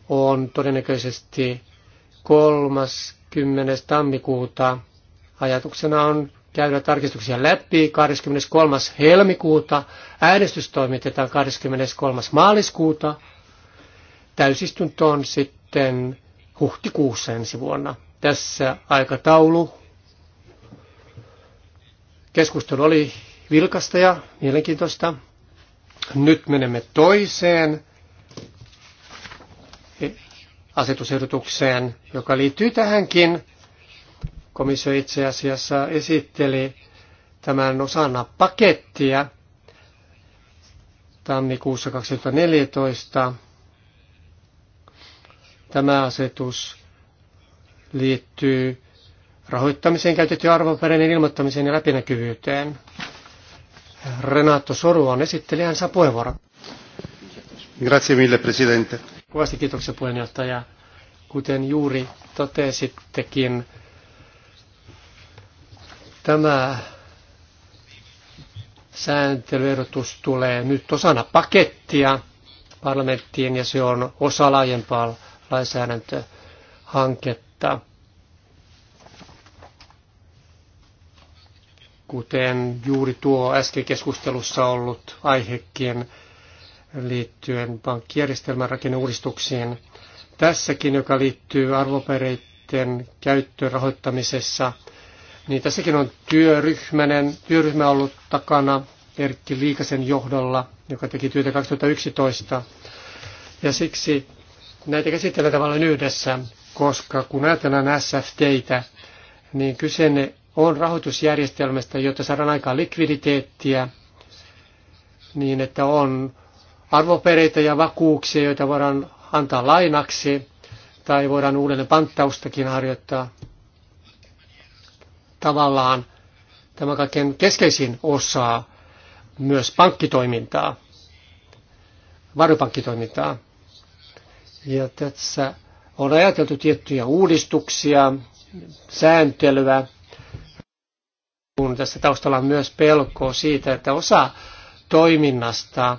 on todennäköisesti 30. tammikuuta. Ajatuksena on käydä tarkistuksia läpi 23. helmikuuta. Äänestys toimitetaan 23. maaliskuuta. Täysistuntoon sitten huhtikuussa ensi vuonna. Tässä aikataulu. Keskustelu oli vilkasta ja mielenkiintoista. Nyt menemme toiseen asetusehdotukseen, joka liittyy tähänkin Komissio itse asiassa esitteli tämän osana pakettia tammikuussa 2014. Tämä asetus liittyy rahoittamiseen käytetty arvopapereiden ilmoittamiseen ja läpinäkyvyyteen. Renato Soru on esittelijänsä puheenvuoro. Grazie mille, presidente. Kovasti kiitoksia puheenjohtaja. Kuten juuri totesittekin, Tämä sääntelyehdotus tulee nyt osana pakettia parlamenttiin ja se on osa laajempaa lainsäädäntöhanketta. Kuten juuri tuo äsken keskustelussa ollut aihekin liittyen pankkijärjestelmän rakenneuudistuksiin. Tässäkin, joka liittyy arvopereiden käyttöön rahoittamisessa – niin tässäkin on työryhmänen, työryhmä ollut takana Erkki Liikasen johdolla, joka teki työtä 2011. Ja siksi näitä käsitellään tavallaan yhdessä, koska kun ajatellaan SFTitä, niin kyse on rahoitusjärjestelmästä, jotta saadaan aikaan likviditeettiä, niin että on arvopereitä ja vakuuksia, joita voidaan antaa lainaksi, tai voidaan uudelleen panttaustakin harjoittaa tavallaan tämä kaiken keskeisin osa myös pankkitoimintaa, varjopankkitoimintaa. Ja tässä on ajateltu tiettyjä uudistuksia, sääntelyä, kun tässä taustalla on myös pelko siitä, että osa toiminnasta,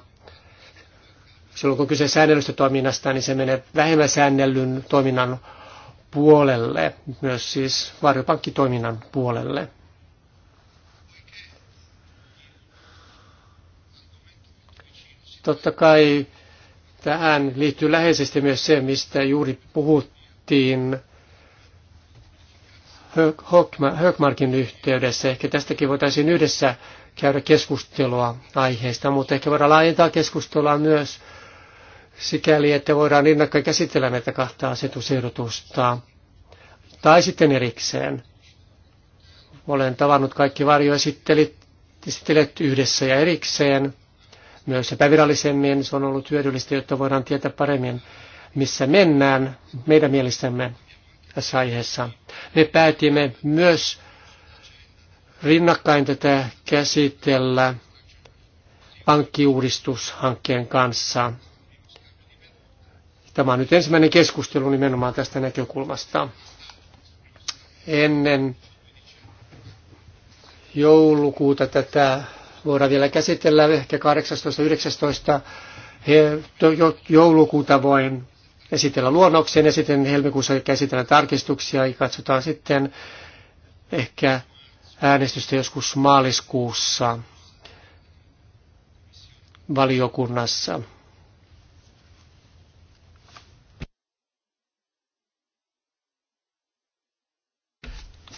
silloin kun kyse säännellystä toiminnasta, niin se menee vähemmän säännellyn toiminnan puolelle, myös siis varjopankkitoiminnan puolelle. Totta kai tähän liittyy läheisesti myös se, mistä juuri puhuttiin Högmarkin yhteydessä. Ehkä tästäkin voitaisiin yhdessä käydä keskustelua aiheesta, mutta ehkä voidaan laajentaa keskustelua myös sikäli, että voidaan rinnakkain käsitellä näitä kahta asetusehdotusta. Tai sitten erikseen. Olen tavannut kaikki varjoesittelijät yhdessä ja erikseen. Myös epävirallisemmin se on ollut hyödyllistä, jotta voidaan tietää paremmin, missä mennään meidän mielestämme tässä aiheessa. Me päätimme myös rinnakkain tätä käsitellä pankkiuudistushankkeen kanssa. Tämä on nyt ensimmäinen keskustelu nimenomaan tästä näkökulmasta. Ennen joulukuuta tätä voidaan vielä käsitellä, ehkä 18-19 joulukuuta voin esitellä luonnoksen ja sitten helmikuussa käsitellään tarkistuksia ja katsotaan sitten ehkä äänestystä joskus maaliskuussa valiokunnassa.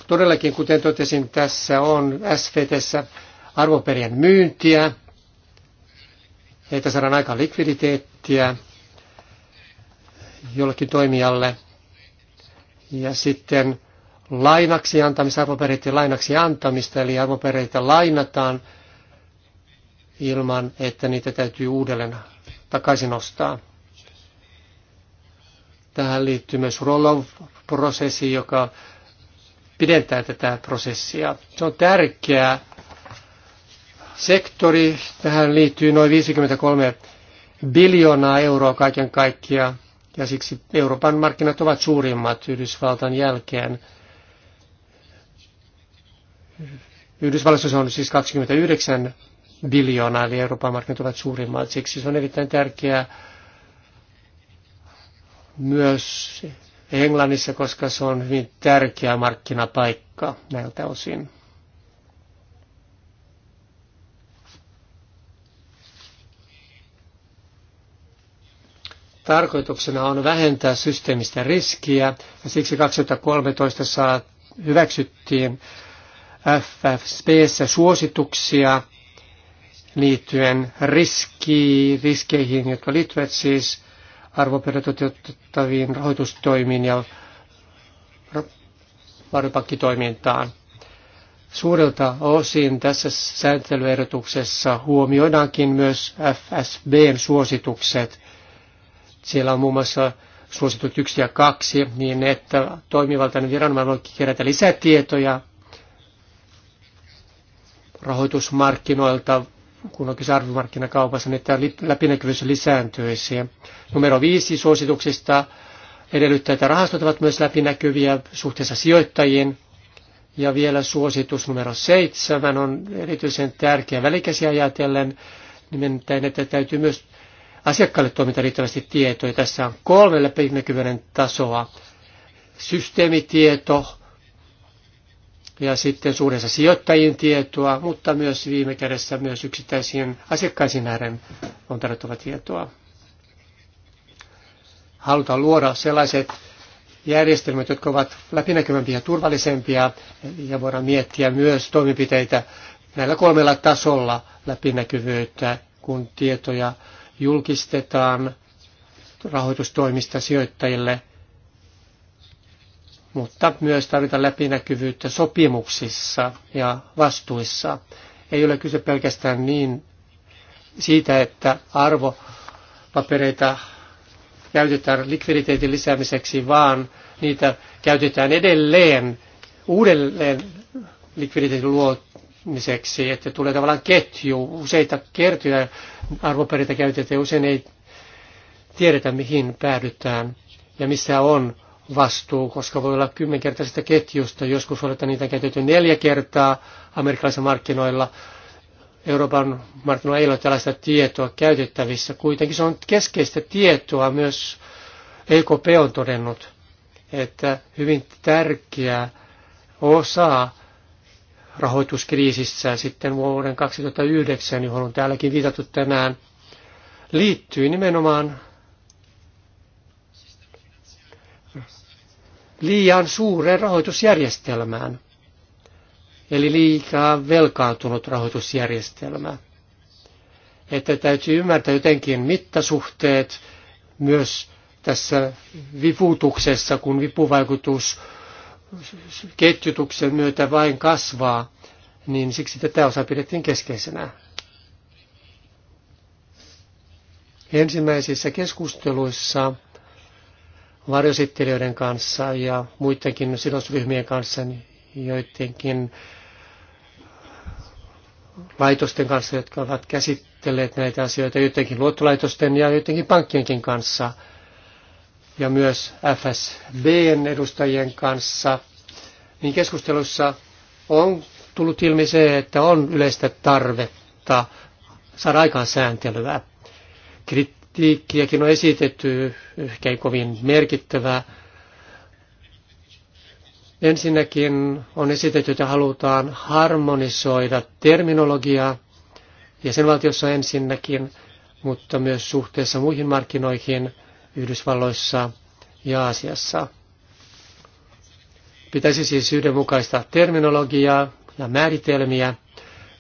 Todellakin, kuten totesin, tässä on SVTssä arvoperien myyntiä, että saadaan aika likviditeettiä jollekin toimijalle. Ja sitten lainaksi antamista, arvopereiden lainaksi antamista, eli arvopereitä lainataan ilman, että niitä täytyy uudelleen takaisin ostaa. Tähän liittyy myös roll-off-prosessi, joka pidentää tätä prosessia. Se on tärkeä sektori. Tähän liittyy noin 53 biljoonaa euroa kaiken kaikkiaan, ja siksi Euroopan markkinat ovat suurimmat Yhdysvaltain jälkeen. Yhdysvalloissa se on siis 29 biljoonaa, eli Euroopan markkinat ovat suurimmat. Siksi se on erittäin tärkeää myös Englannissa, koska se on hyvin tärkeä markkinapaikka näiltä osin. Tarkoituksena on vähentää systeemistä riskiä ja siksi 2013 saa, hyväksyttiin FFSPssä suosituksia liittyen riski, riskeihin, jotka liittyvät siis arvoperä toteuttaviin rahoitustoimiin ja varjopankkitoimintaan. Suurelta osin tässä sääntelyehdotuksessa huomioidaankin myös FSBn suositukset. Siellä on muun muassa suositut 1 ja 2, niin että toimivaltainen viranomainen voi kerätä lisätietoja rahoitusmarkkinoilta kunnollisessa arvomarkkinakaupassa, niin tämä läpinäkyvyys lisääntyisi. Numero viisi suosituksista edellyttää, että rahastot ovat myös läpinäkyviä suhteessa sijoittajiin. Ja vielä suositus numero seitsemän on erityisen tärkeä välikäsiä ajatellen, nimittäin, että täytyy myös asiakkaille toimita riittävästi tietoja. Tässä on kolme läpinäkyvyyden tasoa. Systeemitieto, ja sitten suhdessa sijoittajien tietoa, mutta myös viime kädessä myös yksittäisiin asiakkaisiin nähden on tarjottava tietoa. Halutaan luoda sellaiset järjestelmät, jotka ovat läpinäkyvämpiä ja turvallisempia, ja voidaan miettiä myös toimenpiteitä näillä kolmella tasolla läpinäkyvyyttä, kun tietoja julkistetaan rahoitustoimista sijoittajille mutta myös tarvitaan läpinäkyvyyttä sopimuksissa ja vastuissa. Ei ole kyse pelkästään niin siitä, että arvopapereita käytetään likviditeetin lisäämiseksi, vaan niitä käytetään edelleen uudelleen likviditeetin luomiseksi, että tulee tavallaan ketju, useita kertoja arvopapereita käytetään, usein ei tiedetä mihin päädytään ja missä on vastuu, koska voi olla kymmenkertaisesta ketjusta. Joskus olet niitä käytetty neljä kertaa amerikkalaisilla markkinoilla. Euroopan markkinoilla ei ole tällaista tietoa käytettävissä. Kuitenkin se on keskeistä tietoa myös EKP on todennut, että hyvin tärkeä osa rahoituskriisissä sitten vuoden 2009, johon on täälläkin viitattu tänään, liittyy nimenomaan liian suureen rahoitusjärjestelmään, eli liikaa velkaantunut rahoitusjärjestelmä. Että täytyy ymmärtää jotenkin mittasuhteet myös tässä viputuksessa, kun vipuvaikutus ketjutuksen myötä vain kasvaa, niin siksi tätä osaa pidettiin keskeisenä. Ensimmäisissä keskusteluissa varjosittelijöiden kanssa ja muidenkin sidosryhmien kanssa, joidenkin laitosten kanssa, jotka ovat käsitelleet näitä asioita, joidenkin luottolaitosten ja joidenkin pankkienkin kanssa ja myös FSBn edustajien kanssa, niin keskustelussa on tullut ilmi se, että on yleistä tarvetta saada aikaan sääntelyä kritiikkiäkin on esitetty, ehkä ei kovin merkittävää. Ensinnäkin on esitetty, että halutaan harmonisoida terminologiaa jäsenvaltiossa ensinnäkin, mutta myös suhteessa muihin markkinoihin Yhdysvalloissa ja Aasiassa. Pitäisi siis yhdenmukaista terminologiaa ja määritelmiä.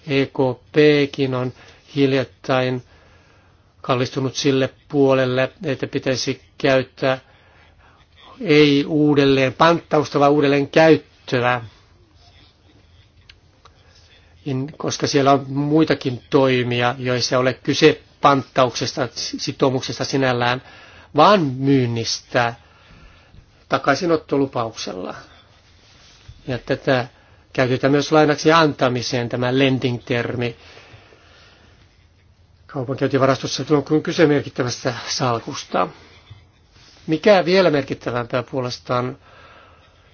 EKPkin on hiljattain kallistunut sille puolelle, että pitäisi käyttää ei uudelleen panttausta, vaan uudelleen käyttöä, koska siellä on muitakin toimia, joissa ei ole kyse panttauksesta, sitoumuksesta sinällään, vaan myynnistä takaisinottolupauksella. Ja tätä käytetään myös lainaksi antamiseen tämä lending-termi, kaupankäyntivarastossa tuon kuin kyse merkittävästä salkusta. Mikä vielä merkittävämpää puolestaan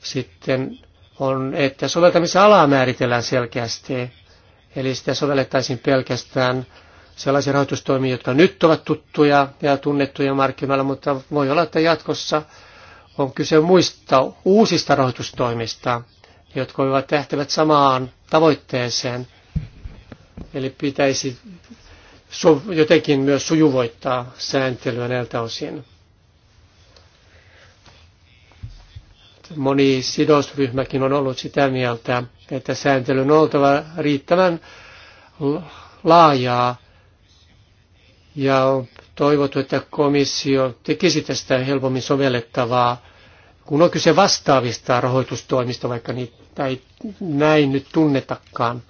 sitten on, että soveltamisalaa määritellään selkeästi, eli sitä sovellettaisiin pelkästään sellaisia rahoitustoimia, jotka nyt ovat tuttuja ja tunnettuja markkinoilla, mutta voi olla, että jatkossa on kyse muista uusista rahoitustoimista, jotka ovat tähtävät samaan tavoitteeseen. Eli pitäisi jotenkin myös sujuvoittaa sääntelyä näiltä osin. Moni sidosryhmäkin on ollut sitä mieltä, että sääntelyn on oltava riittävän laajaa ja on toivottu, että komissio tekisi tästä helpommin sovellettavaa, kun on kyse vastaavista rahoitustoimista, vaikka niitä ei näin nyt tunnetakaan.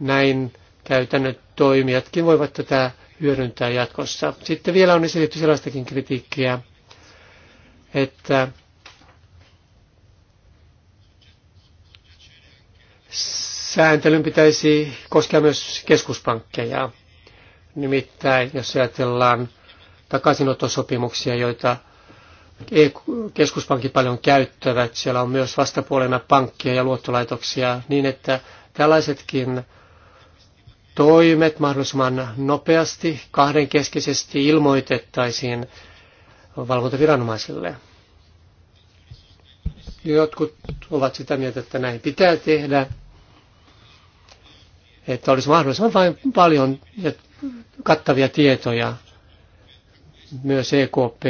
Näin käytännöt toimijatkin voivat tätä hyödyntää jatkossa. Sitten vielä on esitetty sellaistakin kritiikkiä, että sääntelyn pitäisi koskea myös keskuspankkeja. Nimittäin, jos ajatellaan takaisinottosopimuksia, joita keskuspankki paljon käyttävät, siellä on myös vastapuolena pankkia ja luottolaitoksia, niin että tällaisetkin toimet mahdollisimman nopeasti kahdenkeskisesti ilmoitettaisiin valvontaviranomaisille. Jotkut ovat sitä mieltä, että näin pitää tehdä, että olisi mahdollisimman vain paljon kattavia tietoja. Myös EKP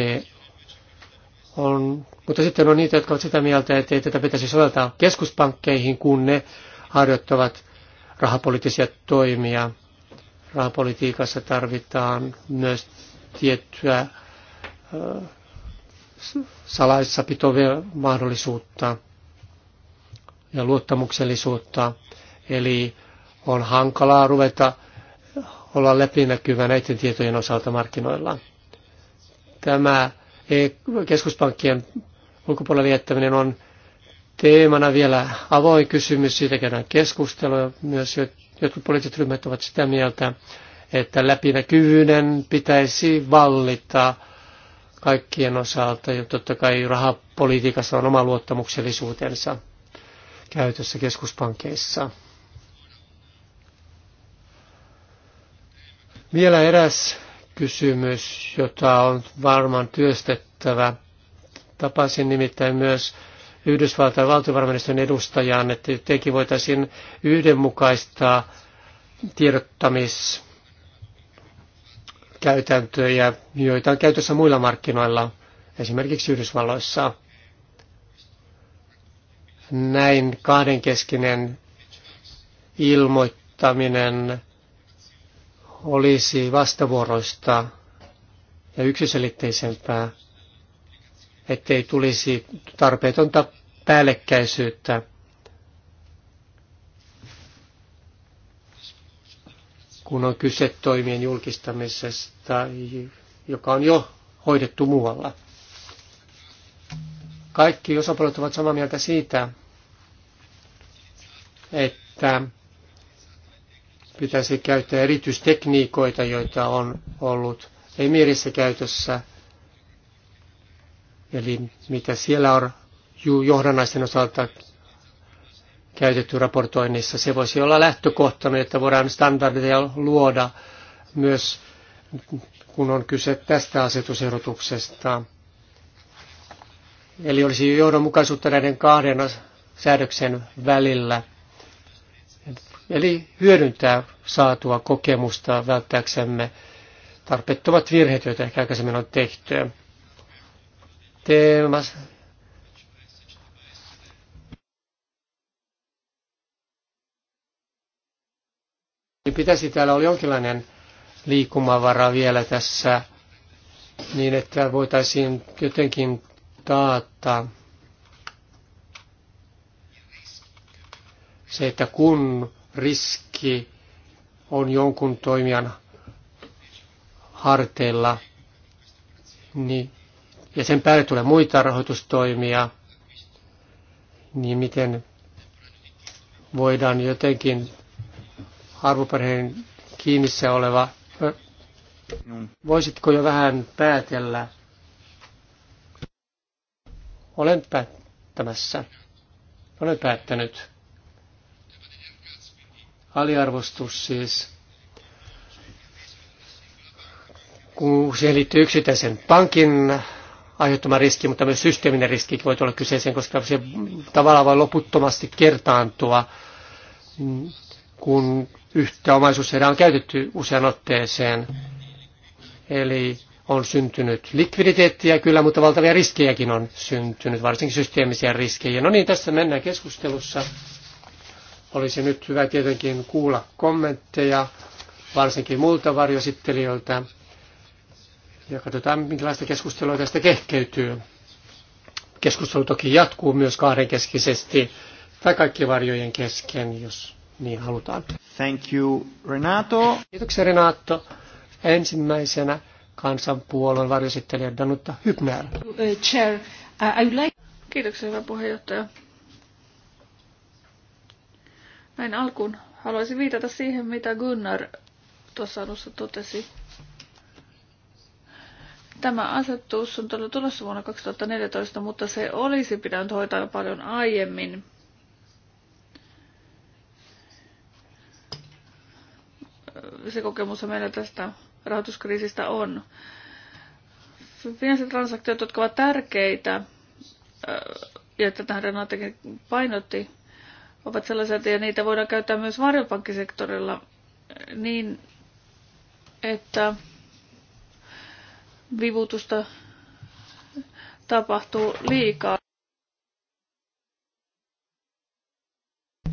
on, mutta sitten on niitä, jotka ovat sitä mieltä, että ei tätä pitäisi soveltaa keskuspankkeihin, kun ne harjoittavat rahapoliittisia toimia. Rahapolitiikassa tarvitaan myös tiettyä salaissapitovia mahdollisuutta ja luottamuksellisuutta. Eli on hankalaa ruveta olla läpinäkyvä näiden tietojen osalta markkinoilla. Tämä e-, keskuspankkien ulkopuolelle jättäminen on teemana vielä avoin kysymys, siitä käydään keskustelua. Myös jotkut poliittiset ryhmät ovat sitä mieltä, että läpinäkyvyyden pitäisi vallita kaikkien osalta, ja totta kai rahapolitiikassa on oma luottamuksellisuutensa käytössä keskuspankeissa. Vielä eräs kysymys, jota on varmaan työstettävä. Tapasin nimittäin myös Yhdysvaltain valtiovarainministeriön edustajaan, että jotenkin voitaisiin yhdenmukaistaa tiedottamiskäytäntöjä, joita on käytössä muilla markkinoilla, esimerkiksi Yhdysvalloissa. Näin kahdenkeskinen ilmoittaminen olisi vastavuoroista ja yksiselitteisempää ettei tulisi tarpeetonta päällekkäisyyttä. kun on kyse toimien julkistamisesta, joka on jo hoidettu muualla. Kaikki osapuolet ovat samaa mieltä siitä, että pitäisi käyttää erityistekniikoita, joita on ollut Emirissä käytössä – Eli mitä siellä on johdannaisten osalta käytetty raportoinnissa, se voisi olla lähtökohtana, että voidaan standardeja luoda myös, kun on kyse tästä asetusehdotuksesta. Eli olisi johdonmukaisuutta näiden kahden säädöksen välillä. Eli hyödyntää saatua kokemusta välttääksemme tarpeettomat virheet, joita ehkä aikaisemmin on tehty teemasta. Niin pitäisi täällä olla jonkinlainen liikkumavara vielä tässä, niin että voitaisiin jotenkin taata se, että kun riski on jonkun toimijan harteilla, niin ja sen päälle tulee muita rahoitustoimia, niin miten voidaan jotenkin arvoperheen kiinnissä oleva. Voisitko jo vähän päätellä? Olen päättämässä. Olen päättänyt. Aliarvostus siis. Kun siihen liittyy yksittäisen pankin aiheuttama riski, mutta myös systeeminen riski voi olla kyseeseen, koska se tavallaan voi loputtomasti kertaantua, kun yhtä omaisuuserää on käytetty usean otteeseen. Eli on syntynyt likviditeettiä kyllä, mutta valtavia riskejäkin on syntynyt, varsinkin systeemisiä riskejä. No niin, tässä mennään keskustelussa. Olisi nyt hyvä tietenkin kuulla kommentteja, varsinkin muilta varjosittelijöiltä. Ja katsotaan, minkälaista keskustelua tästä kehkeytyy. Keskustelu toki jatkuu myös kahdenkeskisesti tai kaikkien varjojen kesken, jos niin halutaan. Thank you, Renato. Kiitoksia, Renato. Ensimmäisenä kansanpuolueen varjosittelijä Danutta Hybner. Uh, chair, uh, I would like... Kiitoksia, hyvä puheenjohtaja. Näin alkuun haluaisin viitata siihen, mitä Gunnar tuossa alussa totesi Tämä asetus on tullut tulossa vuonna 2014, mutta se olisi pitänyt hoitaa paljon aiemmin. Se kokemus meillä tästä rahoituskriisistä on. Finanssitransaktiot, jotka ovat tärkeitä, äh, ja tähän Renatakin painotti, ovat sellaisia, että niitä voidaan käyttää myös varjopankkisektorilla niin, että vivutusta tapahtuu liikaa.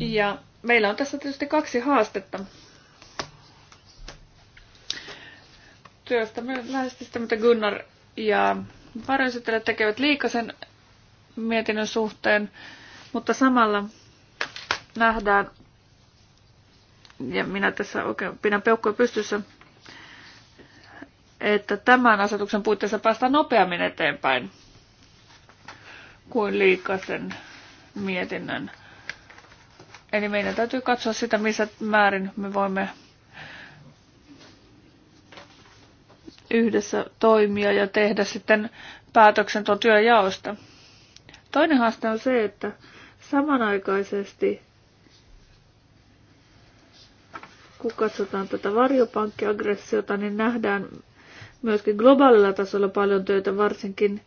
Ja meillä on tässä tietysti kaksi haastetta. työstä. läheisesti sitä, mitä Gunnar ja varjoesittelijät tekevät liikasen mietinnön suhteen, mutta samalla nähdään, ja minä tässä oikein pidän peukkoja pystyssä, että tämän asetuksen puitteissa päästään nopeammin eteenpäin kuin liikasen mietinnön. Eli meidän täytyy katsoa sitä, missä määrin me voimme yhdessä toimia ja tehdä sitten päätöksen tuon työjaosta. Toinen haaste on se, että samanaikaisesti kun katsotaan tätä varjopankkiaggressiota, niin nähdään myöskin globaalilla tasolla paljon töitä, varsinkin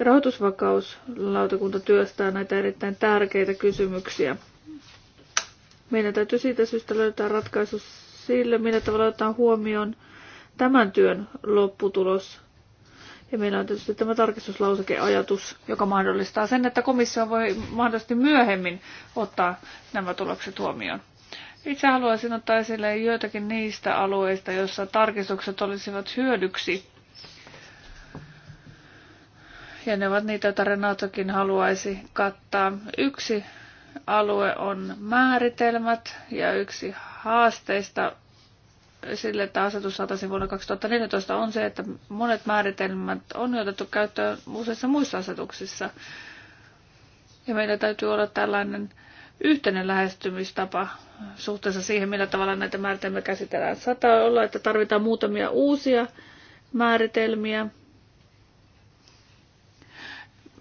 rahoitusvakauslautakunta työstää näitä erittäin tärkeitä kysymyksiä. Meidän täytyy siitä syystä löytää ratkaisu sille, millä tavalla otetaan huomioon tämän työn lopputulos. Ja meillä on tietysti tämä tarkistuslausekeajatus, joka mahdollistaa sen, että komissio voi mahdollisesti myöhemmin ottaa nämä tulokset huomioon. Itse haluaisin ottaa esille joitakin niistä alueista, joissa tarkistukset olisivat hyödyksi. Ja ne ovat niitä, joita Renatokin haluaisi kattaa. Yksi alue on määritelmät ja yksi haasteista sille, että asetus saataisiin vuonna 2014 on se, että monet määritelmät on jo otettu käyttöön useissa muissa asetuksissa. Ja meillä täytyy olla tällainen Yhtenä lähestymistapa suhteessa siihen, millä tavalla näitä määritelmiä käsitellään. Saattaa olla, että tarvitaan muutamia uusia määritelmiä,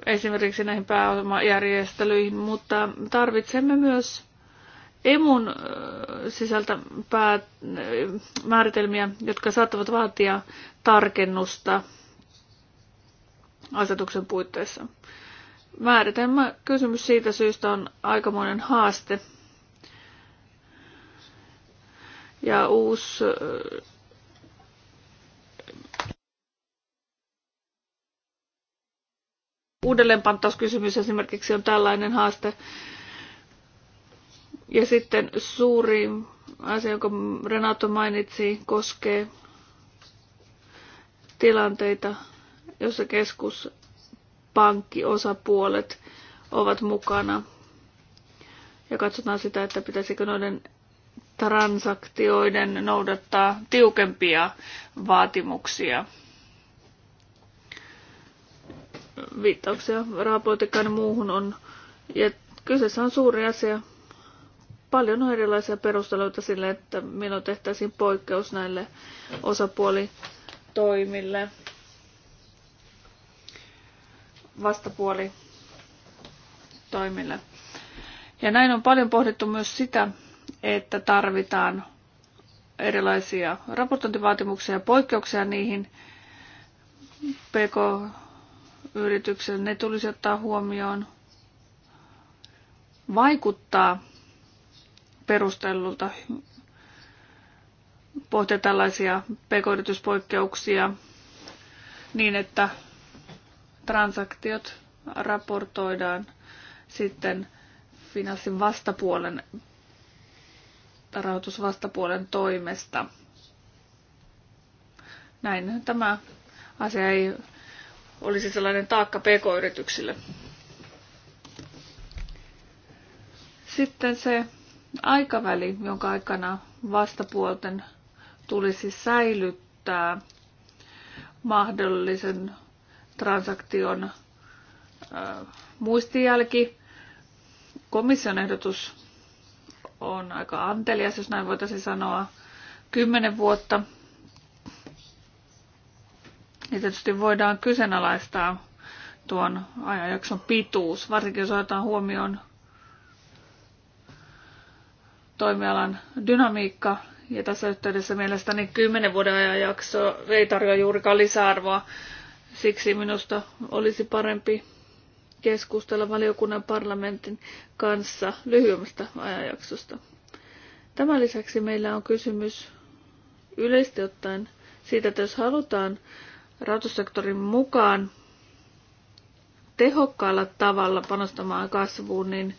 esimerkiksi näihin pääomajärjestelyihin, mutta tarvitsemme myös emun sisältä pää, määritelmiä, jotka saattavat vaatia tarkennusta asetuksen puitteissa määritelmä kysymys siitä syystä on aikamoinen haaste. Ja uusi äh, uudelleenpanttauskysymys esimerkiksi on tällainen haaste. Ja sitten suuri asia, jonka Renato mainitsi, koskee tilanteita, jossa keskus pankkiosapuolet ovat mukana. Ja katsotaan sitä, että pitäisikö noiden transaktioiden noudattaa tiukempia vaatimuksia. Viittauksia rahapolitiikkaan muuhun on. Ja kyseessä on suuri asia. Paljon on erilaisia perusteluita sille, että minun tehtäisiin poikkeus näille osapuolitoimille vastapuoli toimille. Ja näin on paljon pohdittu myös sitä, että tarvitaan erilaisia raportointivaatimuksia ja poikkeuksia niihin. PK-yrityksen ne tulisi ottaa huomioon. Vaikuttaa perustellulta pohtia tällaisia pk-yrityspoikkeuksia niin, että transaktiot raportoidaan sitten finanssin vastapuolen, rahoitusvastapuolen toimesta. Näin tämä asia ei olisi sellainen taakka pk-yrityksille. Sitten se aikaväli, jonka aikana vastapuolten tulisi säilyttää mahdollisen transaktion äh, muistijälki. Komission ehdotus on aika antelias, jos näin voitaisiin sanoa, kymmenen vuotta. Ja tietysti voidaan kyseenalaistaa tuon ajanjakson pituus, varsinkin jos otetaan huomioon toimialan dynamiikka. Ja tässä yhteydessä mielestäni kymmenen vuoden ajanjakso ei tarjoa juurikaan lisäarvoa Siksi minusta olisi parempi keskustella valiokunnan parlamentin kanssa lyhyemmästä ajanjaksosta. Tämän lisäksi meillä on kysymys yleisesti ottaen siitä, että jos halutaan rahoitussektorin mukaan tehokkaalla tavalla panostamaan kasvuun, niin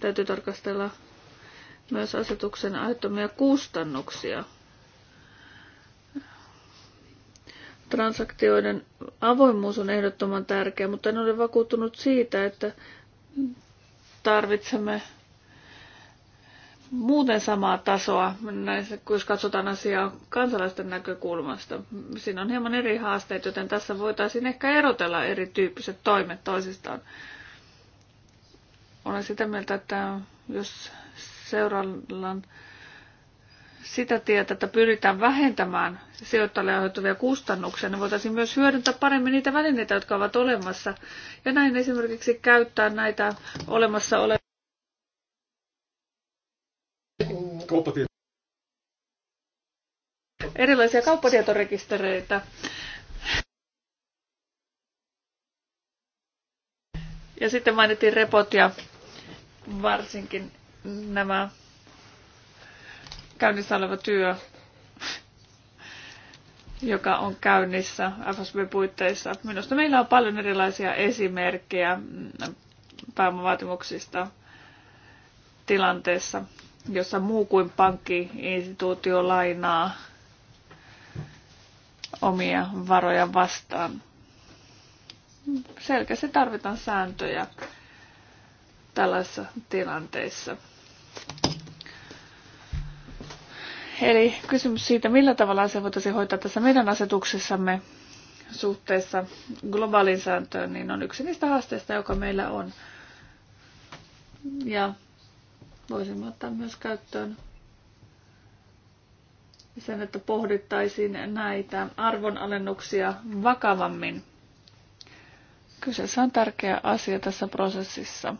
täytyy tarkastella myös asetuksen aiheuttamia kustannuksia – transaktioiden avoimuus on ehdottoman tärkeä, mutta en ole vakuuttunut siitä, että tarvitsemme muuten samaa tasoa, näissä, jos katsotaan asiaa kansalaisten näkökulmasta. Siinä on hieman eri haasteet, joten tässä voitaisiin ehkä erotella erityyppiset toimet toisistaan. Olen sitä mieltä, että jos seurallan sitä tietä, että pyritään vähentämään sijoittajalle aiheutuvia kustannuksia, niin voitaisiin myös hyödyntää paremmin niitä välineitä, jotka ovat olemassa. Ja näin esimerkiksi käyttää näitä olemassa olevia erilaisia kauppatietorekistereitä. Ja sitten mainittiin repot ja varsinkin nämä käynnissä oleva työ, joka on käynnissä FSB-puitteissa. Minusta meillä on paljon erilaisia esimerkkejä mm, pääomavaatimuksista tilanteessa, jossa muu kuin pankkiinstituutio lainaa omia varoja vastaan. Selkeästi tarvitaan sääntöjä tällaisissa tilanteissa. Eli kysymys siitä, millä tavalla se voitaisiin hoitaa tässä meidän asetuksessamme suhteessa globaalin sääntöön, niin on yksi niistä haasteista, joka meillä on. Ja voisimme ottaa myös käyttöön sen, että pohdittaisiin näitä arvonalennuksia vakavammin. Kyseessä on tärkeä asia tässä prosessissa.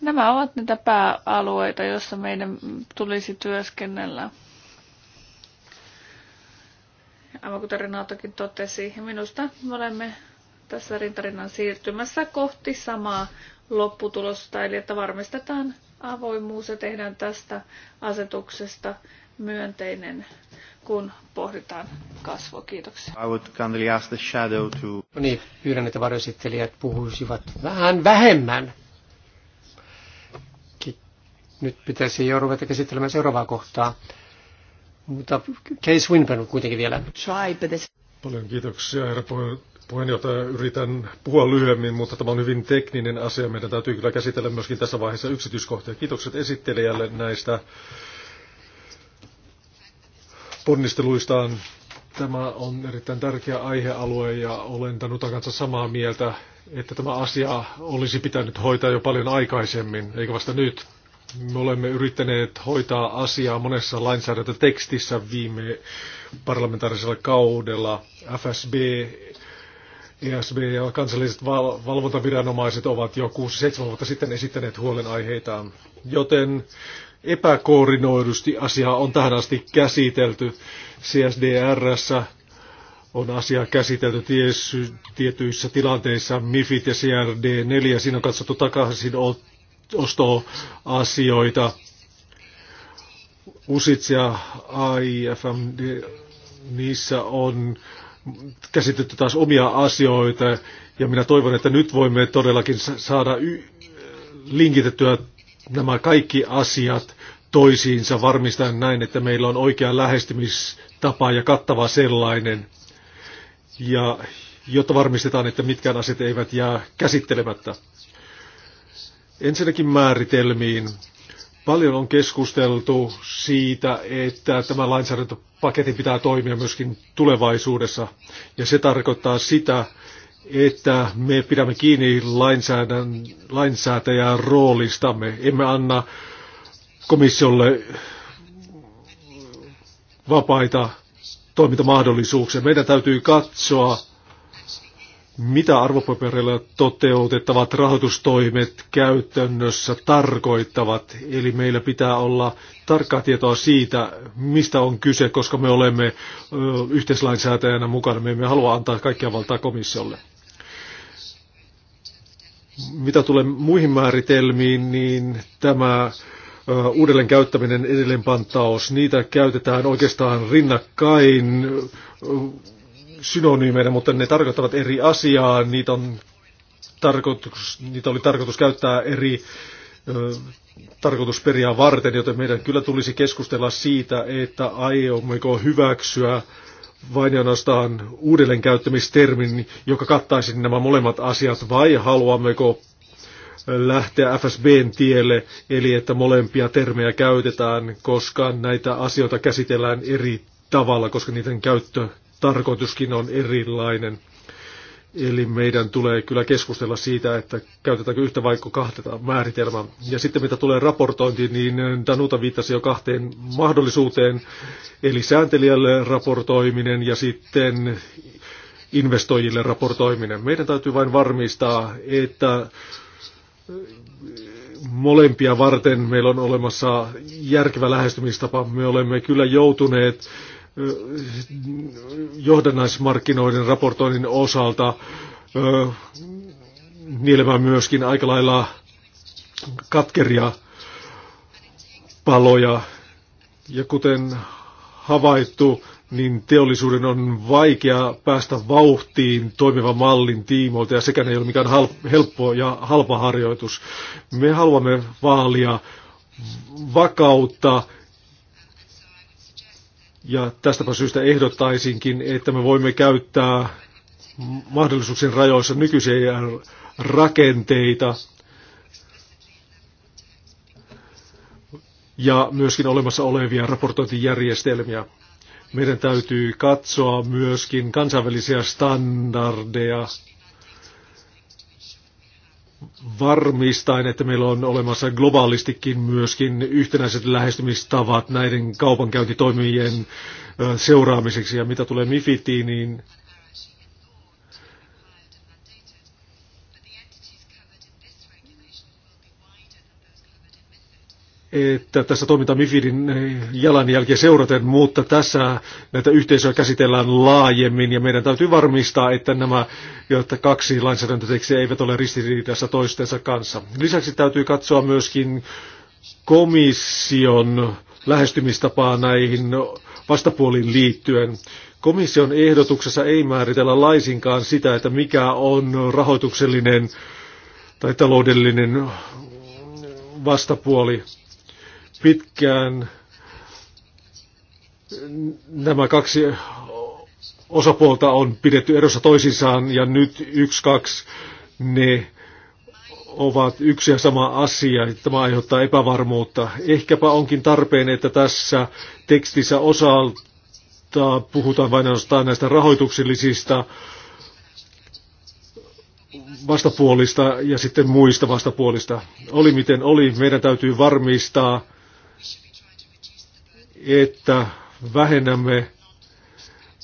Nämä ovat niitä pääalueita, joissa meidän tulisi työskennellä. Aivan kuten Renatokin totesi, minusta me olemme tässä rintarinnan siirtymässä kohti samaa lopputulosta, eli että varmistetaan avoimuus ja tehdään tästä asetuksesta myönteinen, kun pohditaan kasvua. Kiitoksia. I would kindly ask the shadow to... No niin, pyydän, että varjoesittelijät puhuisivat vähän vähemmän. Nyt pitäisi jo ruveta käsittelemään seuraavaa kohtaa. Mutta Case Winpen kuitenkin vielä. Paljon kiitoksia, herra puheenjohtaja. Yritän puhua lyhyemmin, mutta tämä on hyvin tekninen asia. Meidän täytyy kyllä käsitellä myöskin tässä vaiheessa yksityiskohtia. Kiitokset esittelijälle näistä ponnisteluistaan. Tämä on erittäin tärkeä aihealue ja olen Danutan kanssa samaa mieltä, että tämä asia olisi pitänyt hoitaa jo paljon aikaisemmin, eikä vasta nyt. Me olemme yrittäneet hoitaa asiaa monessa lainsäädäntötekstissä viime parlamentaarisella kaudella. FSB, ESB ja kansalliset val- valvontaviranomaiset ovat jo 6-7 vuotta sitten esittäneet huolenaiheitaan, joten epäkoordinoidusti asiaa on tähän asti käsitelty. CSDR on asiaa käsitelty tietyissä tilanteissa. MIFIT ja CRD4, siinä on katsottu takaisin ostoasioita. USITS ja AIFM, niin niissä on käsitetty taas omia asioita ja minä toivon, että nyt voimme todellakin saada linkitettyä nämä kaikki asiat toisiinsa varmistaen näin, että meillä on oikea lähestymistapa ja kattava sellainen. Ja jotta varmistetaan, että mitkään asiat eivät jää käsittelemättä. Ensinnäkin määritelmiin. Paljon on keskusteltu siitä, että tämä lainsäädäntöpaketti pitää toimia myöskin tulevaisuudessa. Ja se tarkoittaa sitä, että me pidämme kiinni lainsäätäjän roolistamme. Emme anna komissiolle vapaita toimintamahdollisuuksia. Meidän täytyy katsoa mitä arvopapereilla toteutettavat rahoitustoimet käytännössä tarkoittavat. Eli meillä pitää olla tarkkaa tietoa siitä, mistä on kyse, koska me olemme yhteislainsäätäjänä mukana. Me emme halua antaa kaikkia valtaa komissiolle. Mitä tulee muihin määritelmiin, niin tämä uudelleen käyttäminen, edelleenpantaus, niitä käytetään oikeastaan rinnakkain synonyymeina, mutta ne tarkoittavat eri asiaa. Niitä, on tarkoitus, niitä oli tarkoitus käyttää eri tarkoitusperiaan varten, joten meidän kyllä tulisi keskustella siitä, että aiommeko hyväksyä vain ja ainoastaan uudelleenkäyttämistermin, joka kattaisi nämä molemmat asiat, vai haluammeko lähteä FSBn tielle, eli että molempia termejä käytetään, koska näitä asioita käsitellään eri tavalla, koska niiden käyttö tarkoituskin on erilainen. Eli meidän tulee kyllä keskustella siitä, että käytetäänkö yhtä vaikka kahta määritelmää. Ja sitten mitä tulee raportointiin, niin Danuta viittasi jo kahteen mahdollisuuteen, eli sääntelijälle raportoiminen ja sitten investoijille raportoiminen. Meidän täytyy vain varmistaa, että molempia varten meillä on olemassa järkevä lähestymistapa. Me olemme kyllä joutuneet johdannaismarkkinoiden raportoinnin osalta nielemään myöskin aika lailla katkeria paloja. Ja kuten havaittu, niin teollisuuden on vaikea päästä vauhtiin toimivan mallin tiimoilta ja sekään ei ole mikään helppo ja halpa harjoitus. Me haluamme vaalia vakautta ja tästäpä syystä ehdottaisinkin, että me voimme käyttää mahdollisuuksien rajoissa nykyisiä rakenteita ja myöskin olemassa olevia raportointijärjestelmiä. Meidän täytyy katsoa myöskin kansainvälisiä standardeja varmistaen, että meillä on olemassa globaalistikin myöskin yhtenäiset lähestymistavat näiden kaupankäyntitoimijien seuraamiseksi. Ja mitä tulee MIFITiin, niin että tässä toiminta MIFIDin eh, jalanjälkiä seuraten, mutta tässä näitä yhteisöjä käsitellään laajemmin ja meidän täytyy varmistaa, että nämä jotta kaksi lainsäädäntötekstiä eivät ole ristiriidassa toistensa kanssa. Lisäksi täytyy katsoa myöskin komission lähestymistapaa näihin vastapuoliin liittyen. Komission ehdotuksessa ei määritellä laisinkaan sitä, että mikä on rahoituksellinen tai taloudellinen vastapuoli pitkään nämä kaksi osapuolta on pidetty erossa toisissaan ja nyt yksi, kaksi, ne ovat yksi ja sama asia. Tämä aiheuttaa epävarmuutta. Ehkäpä onkin tarpeen, että tässä tekstissä osalta puhutaan vain ainoastaan näistä rahoituksellisista vastapuolista ja sitten muista vastapuolista. Oli miten oli, meidän täytyy varmistaa, että vähennämme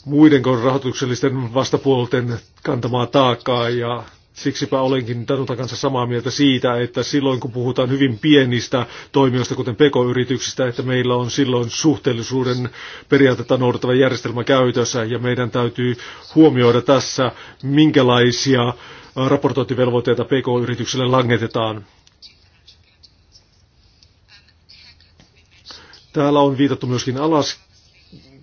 muiden kuin rahoituksellisten vastapuolten kantamaa taakkaa ja siksipä olenkin Danutan kanssa samaa mieltä siitä, että silloin kun puhutaan hyvin pienistä toimijoista, kuten pekoyrityksistä, että meillä on silloin suhteellisuuden periaatetta noudattava järjestelmä käytössä ja meidän täytyy huomioida tässä, minkälaisia raportointivelvoitteita pk-yritykselle langetetaan. Täällä on viitattu myöskin alas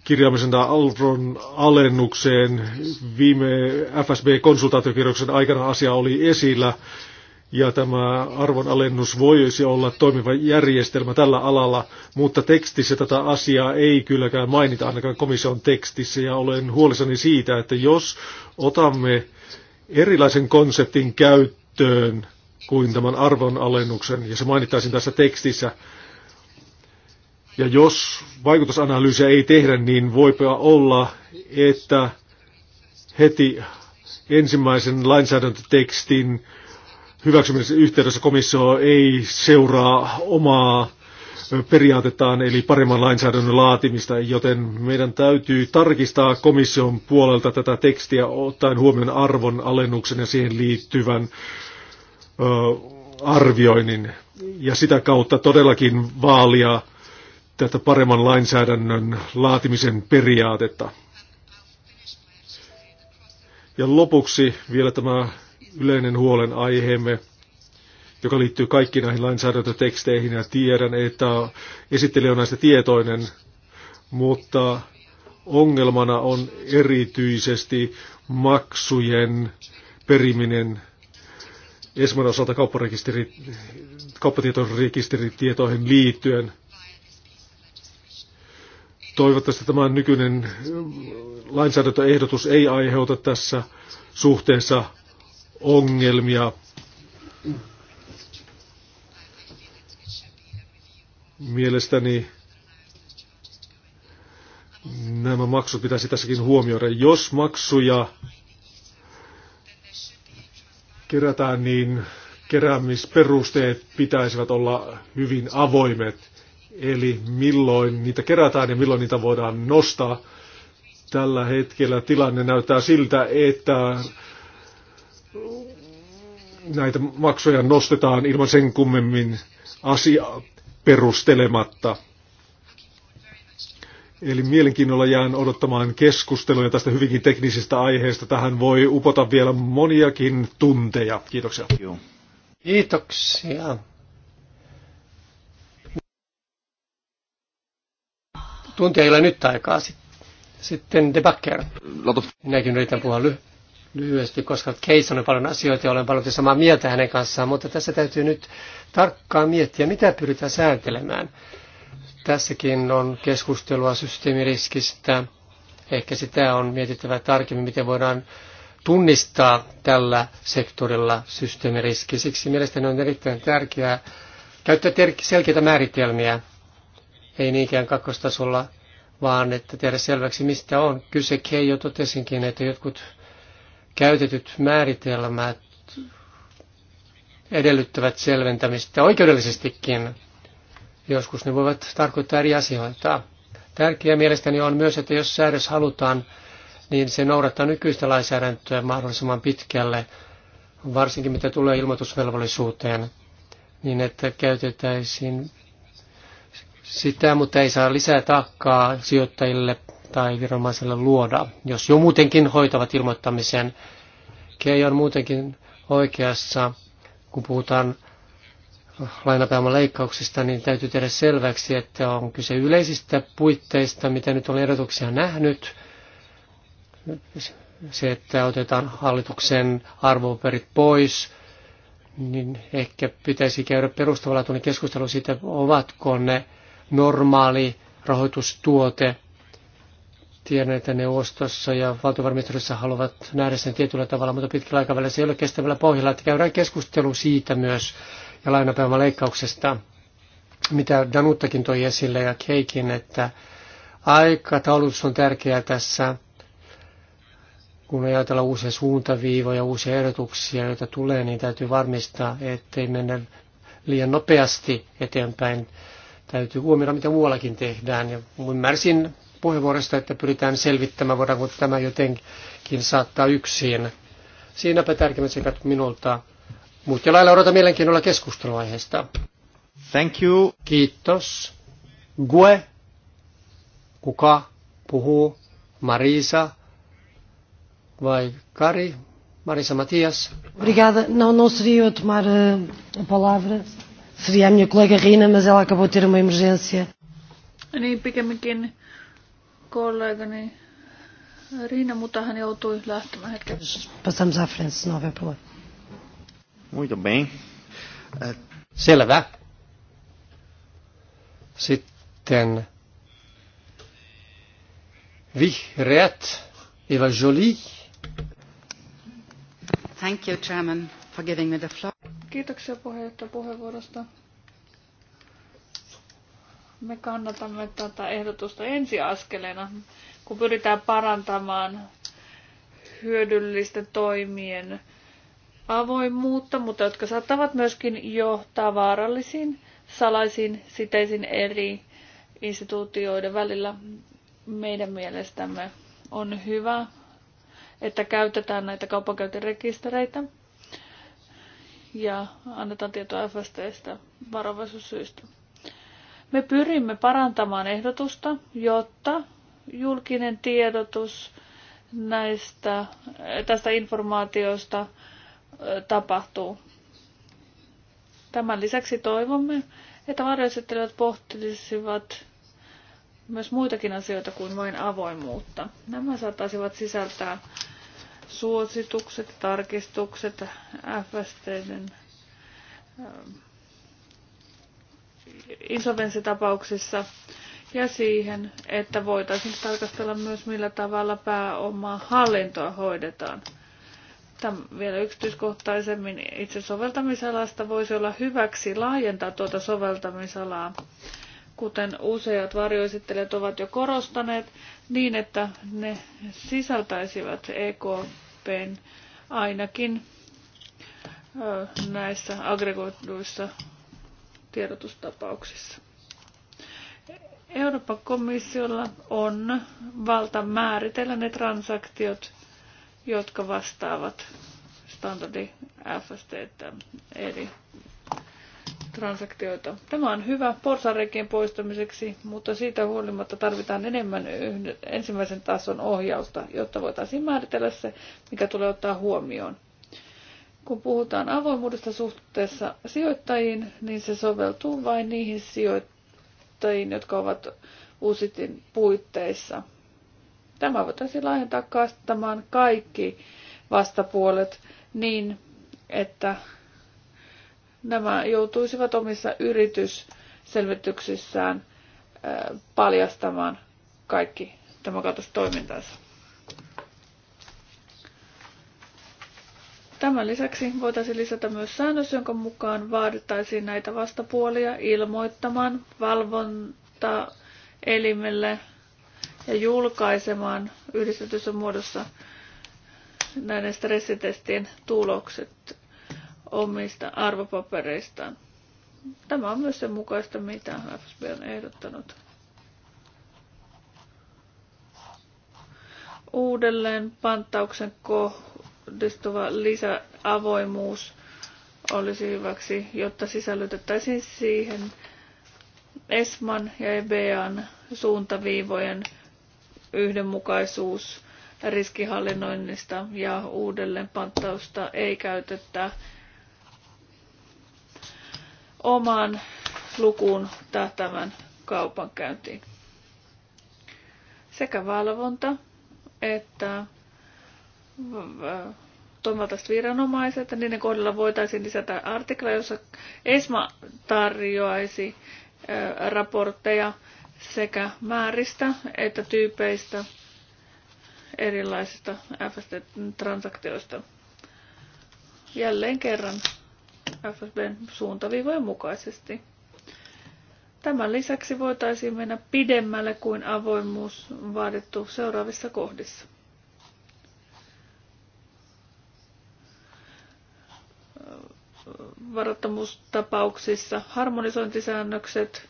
kirjaamisen tai Alron alennukseen. Viime FSB-konsultaatiokirjoksen aikana asia oli esillä ja tämä alennus voisi olla toimiva järjestelmä tällä alalla, mutta tekstissä tätä asiaa ei kylläkään mainita ainakaan komission tekstissä ja olen huolissani siitä, että jos otamme erilaisen konseptin käyttöön kuin tämän alennuksen, ja se mainittaisiin tässä tekstissä, ja jos vaikutusanalyysiä ei tehdä, niin voipa olla, että heti ensimmäisen lainsäädäntötekstin hyväksymisen yhteydessä komissio ei seuraa omaa periaatettaan, eli paremman lainsäädännön laatimista, joten meidän täytyy tarkistaa komission puolelta tätä tekstiä ottaen huomioon arvon alennuksen ja siihen liittyvän ö, arvioinnin, ja sitä kautta todellakin vaalia tätä paremman lainsäädännön laatimisen periaatetta. Ja lopuksi vielä tämä yleinen huolen aiheemme, joka liittyy kaikkiin näihin lainsäädäntöteksteihin ja tiedän, että esittelijä on näistä tietoinen, mutta ongelmana on erityisesti maksujen periminen Esman osalta kauppatietorekisteritietoihin liittyen. Toivottavasti tämä nykyinen äh, lainsäädäntöehdotus ei aiheuta tässä suhteessa ongelmia. Mielestäni nämä maksut pitäisi tässäkin huomioida. Jos maksuja kerätään, niin keräämisperusteet pitäisivät olla hyvin avoimet eli milloin niitä kerätään ja milloin niitä voidaan nostaa. Tällä hetkellä tilanne näyttää siltä, että näitä maksuja nostetaan ilman sen kummemmin asiaa perustelematta. Eli mielenkiinnolla jään odottamaan keskusteluja tästä hyvinkin teknisestä aiheesta. Tähän voi upota vielä moniakin tunteja. Kiitoksia. Kiitoksia. tuntia ei ole nyt aikaa. Sitten debakker. Minäkin yritän puhua lyhyesti lyhyesti, koska Keis on paljon asioita ja olen paljon samaa mieltä hänen kanssaan, mutta tässä täytyy nyt tarkkaan miettiä, mitä pyritään sääntelemään. Tässäkin on keskustelua systeemiriskistä. Ehkä sitä on mietittävä tarkemmin, miten voidaan tunnistaa tällä sektorilla systeemiriski. Siksi mielestäni on erittäin tärkeää käyttää selkeitä määritelmiä ei niinkään kakkostasolla, vaan että tehdä selväksi, mistä on kyse. Kei jo totesinkin, että jotkut käytetyt määritelmät edellyttävät selventämistä oikeudellisestikin. Joskus ne voivat tarkoittaa eri asioita. Tärkeää mielestäni on myös, että jos säädös halutaan, niin se noudattaa nykyistä lainsäädäntöä mahdollisimman pitkälle, varsinkin mitä tulee ilmoitusvelvollisuuteen, niin että käytettäisiin sitä, mutta ei saa lisää taakkaa sijoittajille tai viranomaiselle luoda, jos jo muutenkin hoitavat ilmoittamisen. Kei on muutenkin oikeassa, kun puhutaan lainapääoman leikkauksista, niin täytyy tehdä selväksi, että on kyse yleisistä puitteista, mitä nyt olen erotuksia nähnyt. Se, että otetaan hallituksen arvoperit pois, niin ehkä pitäisi käydä perustavalla tuonne keskustelu siitä, ovatko ne normaali rahoitustuote. Tiedän, että neuvostossa ja valtiovarmistossa haluavat nähdä sen tietyllä tavalla, mutta pitkällä aikavälillä se ei ole kestävällä pohjalla. Että käydään keskustelu siitä myös ja leikkauksesta, mitä Danuttakin toi esille ja Keikin, että aikataulutus on tärkeää tässä, kun ajatellaan uusia suuntaviivoja, uusia ehdotuksia, joita tulee, niin täytyy varmistaa, ettei mennä liian nopeasti eteenpäin Täytyy huomioida, mitä muuallakin tehdään. Ja ymmärsin puheenvuorosta, että pyritään selvittämään, voidaanko tämä jotenkin saattaa yksin. Siinäpä tärkeimmät sekä minulta. Muut lailla odotan mielenkiinnolla keskustelua aiheesta. Thank you. Kiitos. Gue. Kuka puhuu? Marisa vai Kari? Marisa Matias. Obrigada. Não, não seria eu tomar eh, a palavra. Seria a minha colega Rina, mas ela acabou de ter uma emergência. Niin, pikemminkin kollegani Rina, mutta hän joutui lähtemään hetkeksi. Passamos à frente, se não houver problema. Muito bem. Selvä. Sitten vihreät, Eva Jolie. Thank you, Chairman, for giving me the floor. Kiitoksia puheenjohtaja puheenvuorosta. Me kannatamme tätä ehdotusta ensiaskeleena, kun pyritään parantamaan hyödyllisten toimien avoimuutta, mutta jotka saattavat myöskin johtaa vaarallisiin salaisiin siteisiin eri instituutioiden välillä. Meidän mielestämme on hyvä, että käytetään näitä kaupankäyntirekistereitä ja annetaan tietoa FSTstä varovaisuussyistä. Me pyrimme parantamaan ehdotusta, jotta julkinen tiedotus näistä, tästä informaatiosta tapahtuu. Tämän lisäksi toivomme, että varjoesittelijät pohtisivat myös muitakin asioita kuin vain avoimuutta. Nämä saattaisivat sisältää suositukset, tarkistukset, FSTiden ähm, insolvenssitapauksissa ja siihen, että voitaisiin tarkastella myös millä tavalla pääomaa hallintoa hoidetaan. Tämä vielä yksityiskohtaisemmin itse soveltamisalasta voisi olla hyväksi laajentaa tuota soveltamisalaa, kuten useat varjoesittelijät ovat jo korostaneet niin, että ne sisältäisivät EKPn ainakin näissä aggregoiduissa tiedotustapauksissa. Euroopan komissiolla on valta määritellä ne transaktiot, jotka vastaavat standardi FST, eli transaktioita. Tämä on hyvä porsareikien poistamiseksi, mutta siitä huolimatta tarvitaan enemmän yhden, ensimmäisen tason ohjausta, jotta voitaisiin määritellä se, mikä tulee ottaa huomioon. Kun puhutaan avoimuudesta suhteessa sijoittajiin, niin se soveltuu vain niihin sijoittajiin, jotka ovat uusitin puitteissa. Tämä voitaisiin laajentaa kastamaan kaikki vastapuolet niin, että nämä joutuisivat omissa yritysselvityksissään paljastamaan kaikki tämä katostoimintansa. Tämän lisäksi voitaisiin lisätä myös säännös, jonka mukaan vaadittaisiin näitä vastapuolia ilmoittamaan valvontaelimelle ja julkaisemaan yhdistetyssä muodossa näiden stressitestien tulokset omista arvopapereistaan. Tämä on myös se mukaista, mitä FSB on ehdottanut. Uudelleen panttauksen kohdistuva lisäavoimuus olisi hyväksi, jotta sisällytettäisiin siihen ESMAN ja EBAn suuntaviivojen yhdenmukaisuus riskihallinnoinnista ja uudelleen panttausta ei käytetä omaan lukuun tähtävän kaupankäyntiin. Sekä valvonta että toimivaltaiset viranomaiset, niiden kohdalla voitaisiin lisätä artikla, jossa ESMA tarjoaisi raportteja sekä määristä että tyypeistä erilaisista FST-transaktioista. Jälleen kerran FSBn suuntaviivojen mukaisesti. Tämän lisäksi voitaisiin mennä pidemmälle kuin avoimuus vaadittu seuraavissa kohdissa. Varattomuustapauksissa harmonisointisäännökset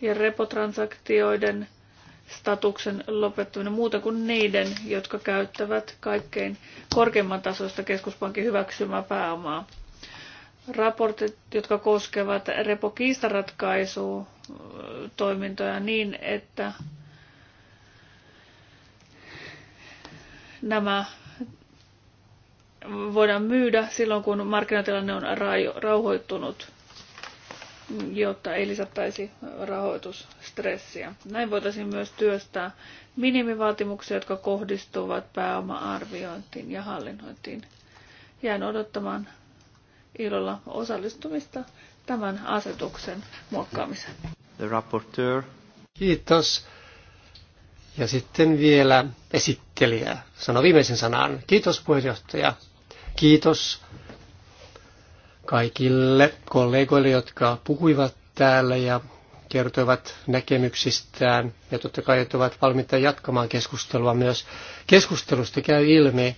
ja repotransaktioiden statuksen lopettaminen muuta kuin niiden, jotka käyttävät kaikkein korkeimman tasoista keskuspankin hyväksymää pääomaa raportit, jotka koskevat repokiistaratkaisua toimintoja niin, että nämä voidaan myydä silloin, kun markkinatilanne on rauhoittunut, jotta ei lisättäisi rahoitusstressiä. Näin voitaisiin myös työstää minimivaatimuksia, jotka kohdistuvat pääoma-arviointiin ja hallinnointiin. Jään odottamaan ilolla osallistumista tämän asetuksen muokkaamiseen. The rapporteur. Kiitos. Ja sitten vielä esittelijä sano viimeisen sanan. Kiitos puheenjohtaja. Kiitos kaikille kollegoille, jotka puhuivat täällä ja kertoivat näkemyksistään ja totta kai että ovat valmiita jatkamaan keskustelua myös. Keskustelusta käy ilmi,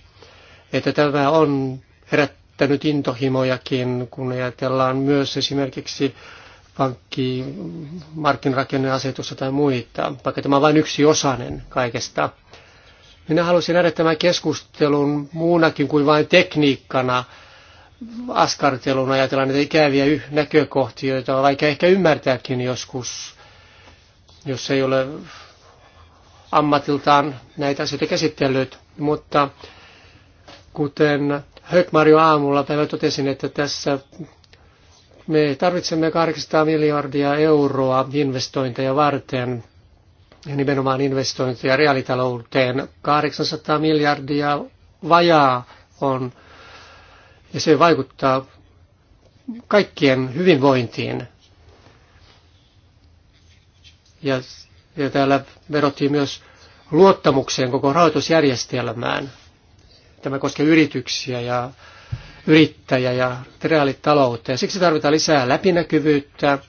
että tämä on herättänyt menettänyt intohimojakin, kun ajatellaan myös esimerkiksi pankki, markkinarakenneasetusta tai muita, vaikka tämä on vain yksi osainen kaikesta. Minä haluaisin nähdä tämän keskustelun muunakin kuin vain tekniikkana, askarteluna ajatellaan näitä ikäviä näkökohtia, joita on vaikea ehkä ymmärtääkin joskus, jos ei ole ammatiltaan näitä asioita käsitellyt. Mutta kuten Hökmarjo aamulla päivä totesin, että tässä me tarvitsemme 800 miljardia euroa investointeja varten, ja nimenomaan investointeja reaalitalouteen. 800 miljardia vajaa on, ja se vaikuttaa kaikkien hyvinvointiin. Ja, ja täällä verottiin myös luottamukseen koko rahoitusjärjestelmään. Tämä koskee yrityksiä ja yrittäjä ja reaalitaloutta. Ja siksi tarvitaan lisää läpinäkyvyyttä,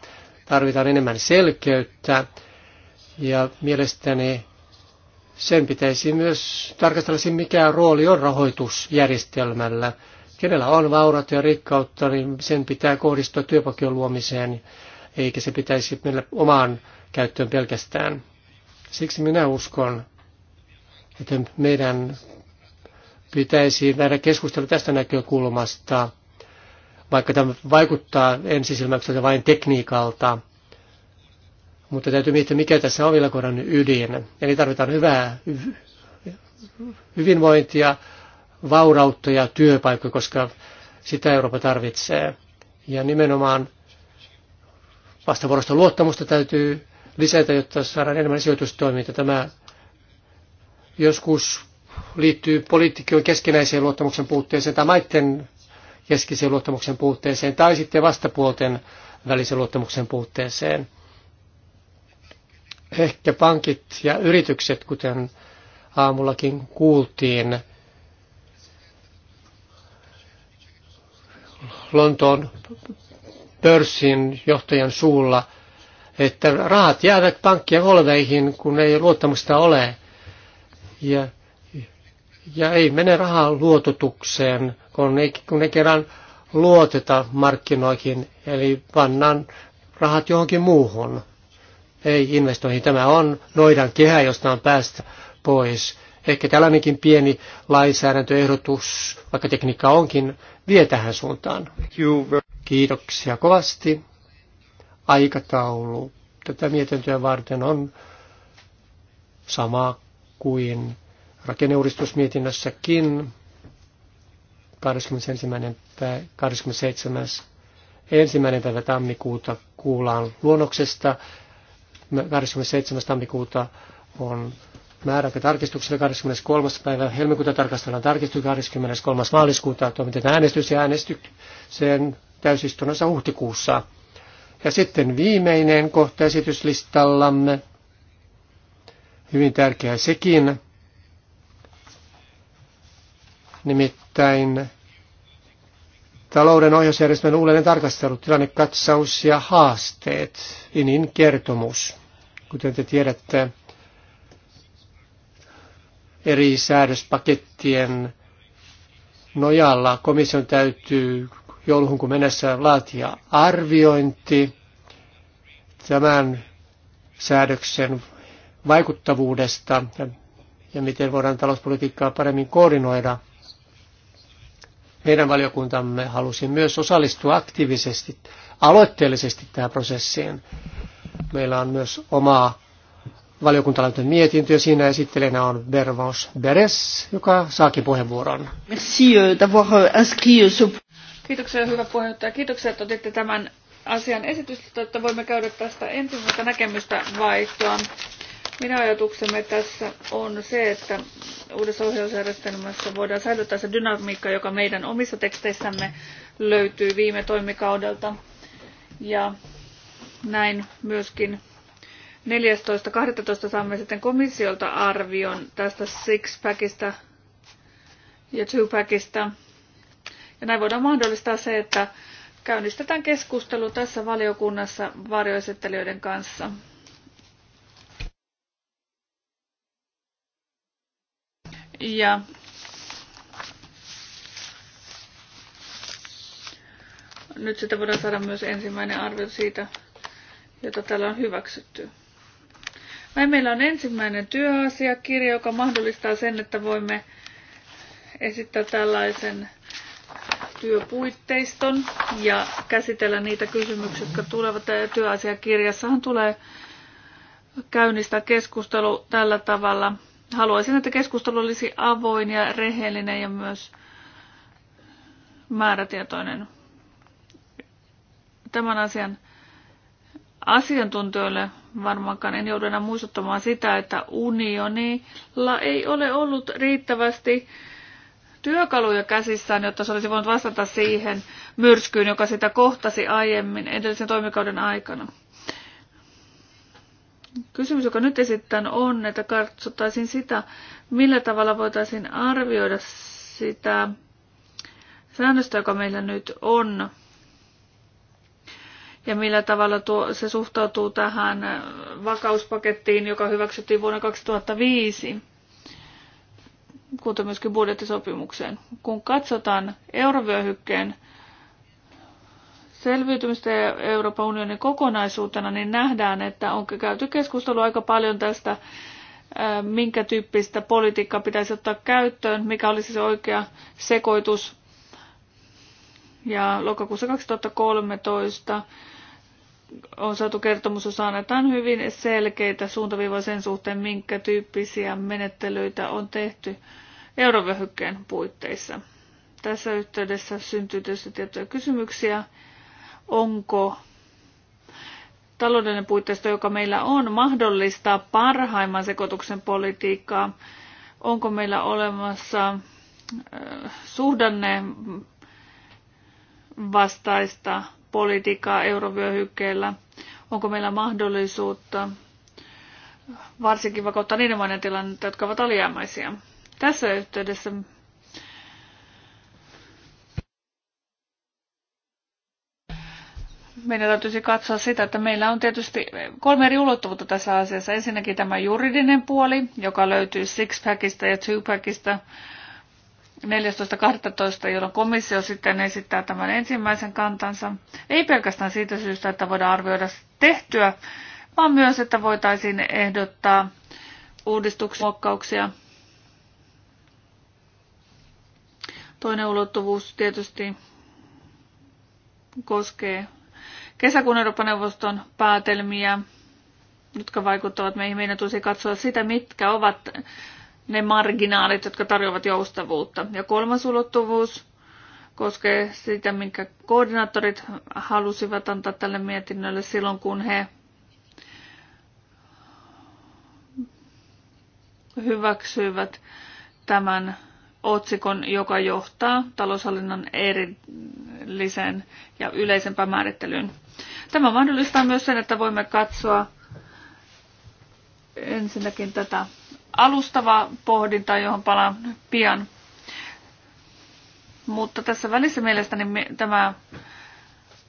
tarvitaan enemmän selkeyttä ja mielestäni sen pitäisi myös tarkastella siinä, mikä rooli on rahoitusjärjestelmällä. Kenellä on vaurat ja rikkautta, niin sen pitää kohdistua työpaikkojen luomiseen, eikä se pitäisi mennä omaan käyttöön pelkästään. Siksi minä uskon, että meidän pitäisi nähdä keskustelu tästä näkökulmasta, vaikka tämä vaikuttaa ensisilmäykseltä vain tekniikalta. Mutta täytyy miettiä, mikä tässä on villakoiran ydin. Eli tarvitaan hyvää hyvinvointia, vaurautta ja työpaikkoja, koska sitä Eurooppa tarvitsee. Ja nimenomaan vastavuorosta luottamusta täytyy lisätä, jotta saadaan enemmän sijoitustoimintaa. Tämä joskus liittyy poliitikkojen keskinäiseen luottamuksen puutteeseen tai maiden keskiseen luottamuksen puutteeseen tai sitten vastapuolten välisen luottamuksen puutteeseen. Ehkä pankit ja yritykset, kuten aamullakin kuultiin, Lontoon pörssin johtajan suulla, että rahat jäävät pankkien holveihin, kun ei luottamusta ole. Ja ja ei mene rahaa luototukseen, kun ei, kun ei kerran luoteta markkinoihin, eli pannaan rahat johonkin muuhun. Ei investoihin. Tämä on noidan kehä, josta on päästä pois. Ehkä tällainenkin pieni lainsäädäntöehdotus, vaikka tekniikka onkin, vie tähän suuntaan. Kiitoksia kovasti. Aikataulu tätä mietintöä varten on sama kuin rakenneuudistusmietinnössäkin 21. 27. päivä tammikuuta kuullaan luonnoksesta. 27. tammikuuta on määräaika tarkistukselle 23. päivä helmikuuta tarkastellaan tarkistus 23. maaliskuuta toimitetaan äänestys ja äänestyksen täysistunnossa huhtikuussa. Ja sitten viimeinen kohta esityslistallamme, hyvin tärkeä sekin, nimittäin talouden ohjausjärjestelmän uudelleen tarkastelu, tilannekatsaus ja haasteet, ININ kertomus. Kuten te tiedätte, eri säädöspakettien nojalla komission täytyy kun mennessä laatia arviointi tämän säädöksen vaikuttavuudesta ja miten voidaan talouspolitiikkaa paremmin koordinoida – meidän valiokuntamme halusi myös osallistua aktiivisesti, aloitteellisesti tähän prosessiin. Meillä on myös oma valiokuntalainen mietintö ja siinä esittelijänä on Bervos Beres, joka saakin puheenvuoron. Euh, euh, euh, Kiitoksia hyvä puheenjohtaja. Kiitoksia, että otitte tämän asian esitystä, että voimme käydä tästä ensimmäistä näkemystä vaihtoa. Minä ajatuksemme tässä on se, että uudessa ohjausjärjestelmässä voidaan säilyttää se dynamiikka, joka meidän omissa teksteissämme löytyy viime toimikaudelta. Ja näin myöskin 14.12. saamme sitten komissiolta arvion tästä six-packista ja two-packista. Ja näin voidaan mahdollistaa se, että käynnistetään keskustelu tässä valiokunnassa varjoesittelijöiden kanssa. Ja nyt sitä voidaan saada myös ensimmäinen arvio siitä, jota täällä on hyväksytty. Näin meillä on ensimmäinen työasiakirja, joka mahdollistaa sen, että voimme esittää tällaisen työpuitteiston ja käsitellä niitä kysymyksiä, jotka tulevat. Työasiakirjassahan tulee käynnistää keskustelu tällä tavalla – Haluaisin, että keskustelu olisi avoin ja rehellinen ja myös määrätietoinen. Tämän asian asiantuntijoille varmaankaan en joudu enää muistuttamaan sitä, että unionilla ei ole ollut riittävästi työkaluja käsissään, jotta se olisi voinut vastata siihen myrskyyn, joka sitä kohtasi aiemmin edellisen toimikauden aikana. Kysymys, joka nyt esittän, on, että katsottaisiin sitä, millä tavalla voitaisiin arvioida sitä säännöstä, joka meillä nyt on, ja millä tavalla tuo, se suhtautuu tähän vakauspakettiin, joka hyväksyttiin vuonna 2005, kuten myöskin budjettisopimukseen. Kun katsotaan eurovyöhykkeen selviytymistä Euroopan unionin kokonaisuutena, niin nähdään, että on käyty keskustelua aika paljon tästä, minkä tyyppistä politiikkaa pitäisi ottaa käyttöön, mikä olisi se oikea sekoitus. Ja lokakuussa 2013 on saatu kertomus, jossa annetaan hyvin selkeitä suuntaviivoja sen suhteen, minkä tyyppisiä menettelyitä on tehty eurovyöhykkeen puitteissa. Tässä yhteydessä syntyy tietysti tiettyjä kysymyksiä onko taloudellinen puitteisto, joka meillä on, mahdollista parhaimman sekoituksen politiikkaa? Onko meillä olemassa äh, suhdanne vastaista politiikkaa eurovyöhykkeellä? Onko meillä mahdollisuutta varsinkin vakauttaa niiden maiden tilannetta, jotka ovat alijäämäisiä? Tässä yhteydessä meidän täytyisi katsoa sitä, että meillä on tietysti kolme eri ulottuvuutta tässä asiassa. Ensinnäkin tämä juridinen puoli, joka löytyy Sixpackista ja Twopackista 14.12., jolloin komissio sitten esittää tämän ensimmäisen kantansa. Ei pelkästään siitä syystä, että voidaan arvioida tehtyä, vaan myös, että voitaisiin ehdottaa uudistuksia, muokkauksia. Toinen ulottuvuus tietysti koskee kesäkuun Euroopan neuvoston päätelmiä, jotka vaikuttavat meihin. Meidän tulisi katsoa sitä, mitkä ovat ne marginaalit, jotka tarjoavat joustavuutta. Ja kolmas ulottuvuus koskee sitä, minkä koordinaattorit halusivat antaa tälle mietinnölle silloin, kun he hyväksyivät tämän otsikon, joka johtaa taloushallinnon eri lisään ja yleisempään määrittelyyn. Tämä mahdollistaa myös sen, että voimme katsoa ensinnäkin tätä alustavaa pohdintaa, johon palaan pian. Mutta tässä välissä mielestäni tämä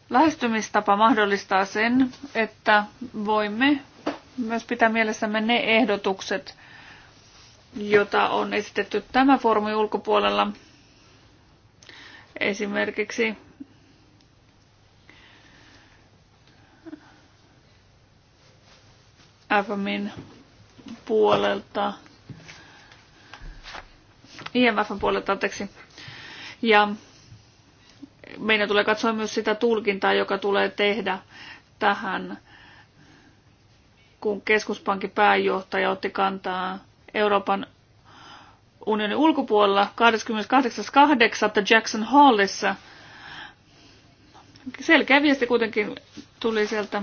lähestymistapa mahdollistaa sen, että voimme myös pitää mielessämme ne ehdotukset, jota on esitetty tämä foorumin ulkopuolella Esimerkiksi FMin puolelta, IMFn puolelta, anteeksi. Ja meidän tulee katsoa myös sitä tulkintaa, joka tulee tehdä tähän, kun keskuspankin pääjohtaja otti kantaa Euroopan unionin ulkopuolella 28.8. Jackson Hallissa. Selkeä viesti kuitenkin tuli sieltä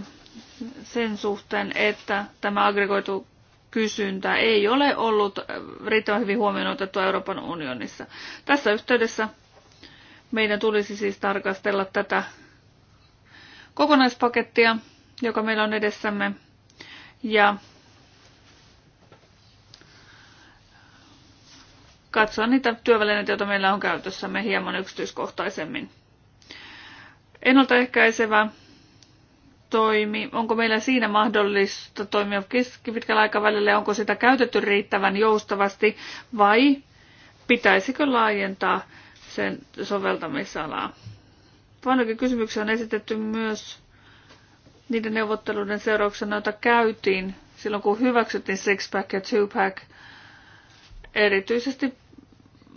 sen suhteen, että tämä aggregoitu kysyntä ei ole ollut riittävän hyvin huomioon otettu Euroopan unionissa. Tässä yhteydessä meidän tulisi siis tarkastella tätä kokonaispakettia, joka meillä on edessämme, ja katsoa niitä työvälineitä, joita meillä on käytössämme hieman yksityiskohtaisemmin. Ennaltaehkäisevä toimi, onko meillä siinä mahdollista toimia keskipitkällä aikavälillä ja onko sitä käytetty riittävän joustavasti vai pitäisikö laajentaa sen soveltamisalaa? Vanhoikin kysymyksiä on esitetty myös niiden neuvotteluiden seurauksena, joita käytiin silloin, kun hyväksyttiin six-pack ja two-pack. Erityisesti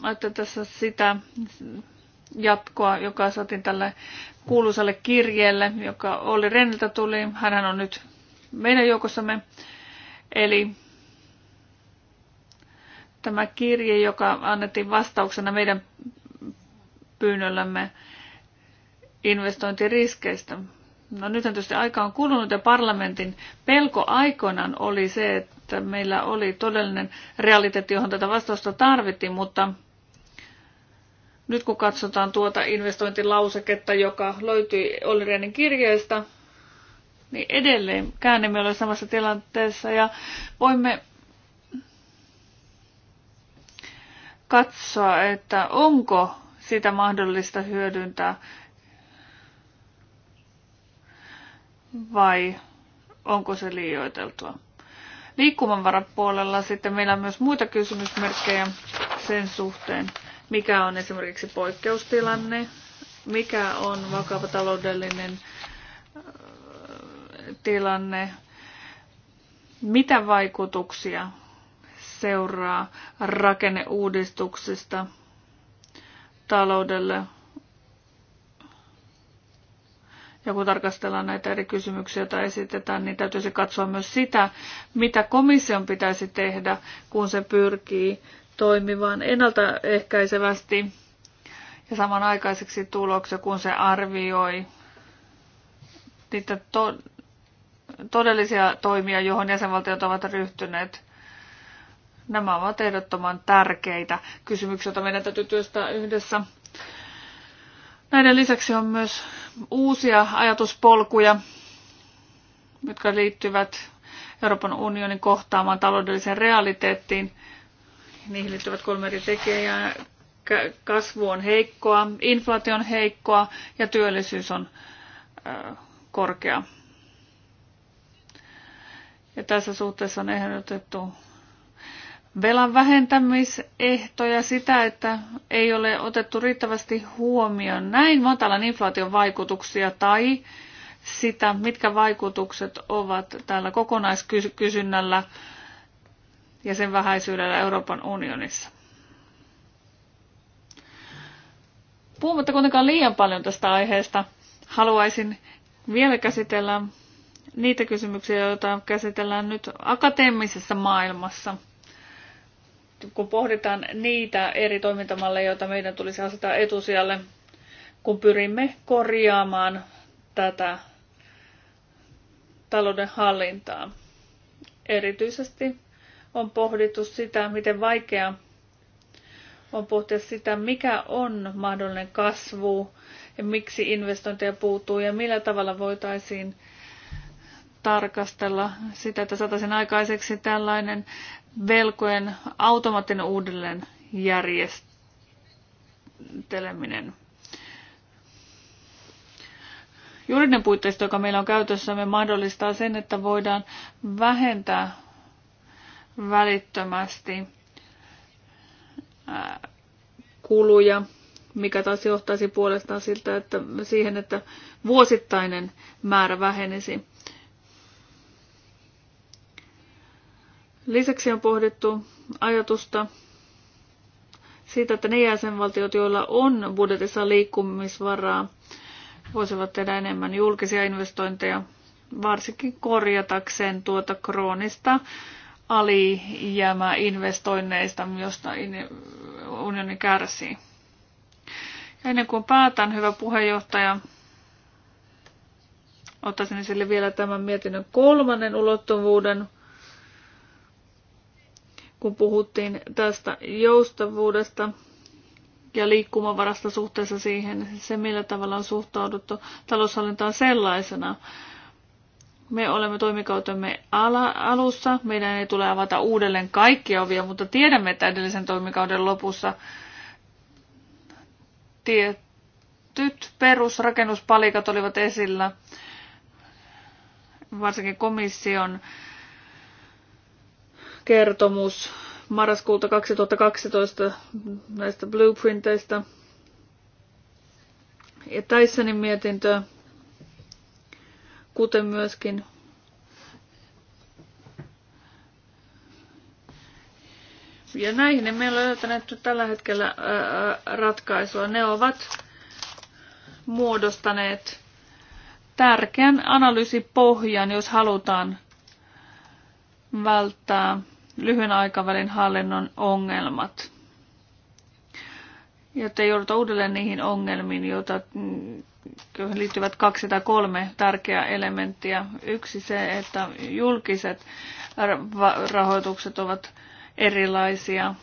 ajattelen tässä sitä jatkoa, joka saatiin tälle kuuluisalle kirjeelle, joka oli Renniltä tuli. Hänhän on nyt meidän joukossamme. Eli tämä kirje, joka annettiin vastauksena meidän pyynnöllämme investointiriskeistä. No nythän tietysti aika on kulunut ja parlamentin pelko aikoinaan oli se, että meillä oli todellinen realiteetti, johon tätä vastausta tarvittiin, mutta nyt kun katsotaan tuota investointilauseketta, joka löytyi Olli kirjeestä, niin edelleen käännemme ole samassa tilanteessa ja voimme katsoa, että onko sitä mahdollista hyödyntää vai onko se liioiteltua. Liikkumanvarapuolella sitten meillä on myös muita kysymysmerkkejä sen suhteen, mikä on esimerkiksi poikkeustilanne, mikä on vakava taloudellinen äh, tilanne, mitä vaikutuksia seuraa rakenneuudistuksista taloudelle. Ja kun tarkastellaan näitä eri kysymyksiä, joita esitetään, niin täytyisi katsoa myös sitä, mitä komission pitäisi tehdä, kun se pyrkii toimivan ennaltaehkäisevästi ja samanaikaiseksi tuloksia, kun se arvioi niitä to- todellisia toimia, johon jäsenvaltiot ovat ryhtyneet. Nämä ovat ehdottoman tärkeitä kysymyksiä, joita meidän täytyy työstää yhdessä. Näiden lisäksi on myös uusia ajatuspolkuja, jotka liittyvät Euroopan unionin kohtaamaan taloudelliseen realiteettiin – Niihin liittyvät kolme eri tekijää. Kasvu on heikkoa, inflaatio on heikkoa ja työllisyys on korkea. Ja tässä suhteessa on ehdotettu velan vähentämisehtoja sitä, että ei ole otettu riittävästi huomioon näin matalan inflaation vaikutuksia tai sitä, mitkä vaikutukset ovat tällä kokonaiskysynnällä ja sen vähäisyydellä Euroopan unionissa. Puhumatta kuitenkaan liian paljon tästä aiheesta, haluaisin vielä käsitellä niitä kysymyksiä, joita käsitellään nyt akateemisessa maailmassa, kun pohditaan niitä eri toimintamalleja, joita meidän tulisi asettaa etusijalle, kun pyrimme korjaamaan tätä talouden hallintaa. Erityisesti on pohdittu sitä, miten vaikea on pohtia sitä, mikä on mahdollinen kasvu ja miksi investointeja puuttuu ja millä tavalla voitaisiin tarkastella sitä, että saataisiin aikaiseksi tällainen velkojen automaattinen uudelleen järjesteleminen. Juridinen puitteisto, joka meillä on käytössämme, mahdollistaa sen, että voidaan vähentää välittömästi kuluja, mikä taas johtaisi puolestaan siltä, että siihen, että vuosittainen määrä vähenisi. Lisäksi on pohdittu ajatusta siitä, että ne jäsenvaltiot, joilla on budjetissa liikkumisvaraa, voisivat tehdä enemmän julkisia investointeja, varsinkin korjatakseen tuota kroonista alijäämää investoinneista, josta unioni kärsii. Ja ennen kuin päätän, hyvä puheenjohtaja, ottaisin esille vielä tämän mietinnön kolmannen ulottuvuuden, kun puhuttiin tästä joustavuudesta ja liikkumavarasta suhteessa siihen, se millä tavalla on suhtauduttu taloushallintaan sellaisena, me olemme toimikautemme ala- alussa. Meidän ei tule avata uudelleen kaikkia ovia, mutta tiedämme, että edellisen toimikauden lopussa tietyt perusrakennuspalikat olivat esillä, varsinkin komission kertomus marraskuulta 2012 näistä blueprinteistä ja Tysonin mietintö kuten myöskin Ja näihin emme ole löytäneet tällä hetkellä ratkaisua. Ne ovat muodostaneet tärkeän analyysipohjan, jos halutaan välttää lyhyen aikavälin hallinnon ongelmat, jotta ei jouduta uudelleen niihin ongelmiin, joita mm, joihin liittyvät kaksi tai kolme tärkeää elementtiä. Yksi se, että julkiset rahoitukset ovat erilaisia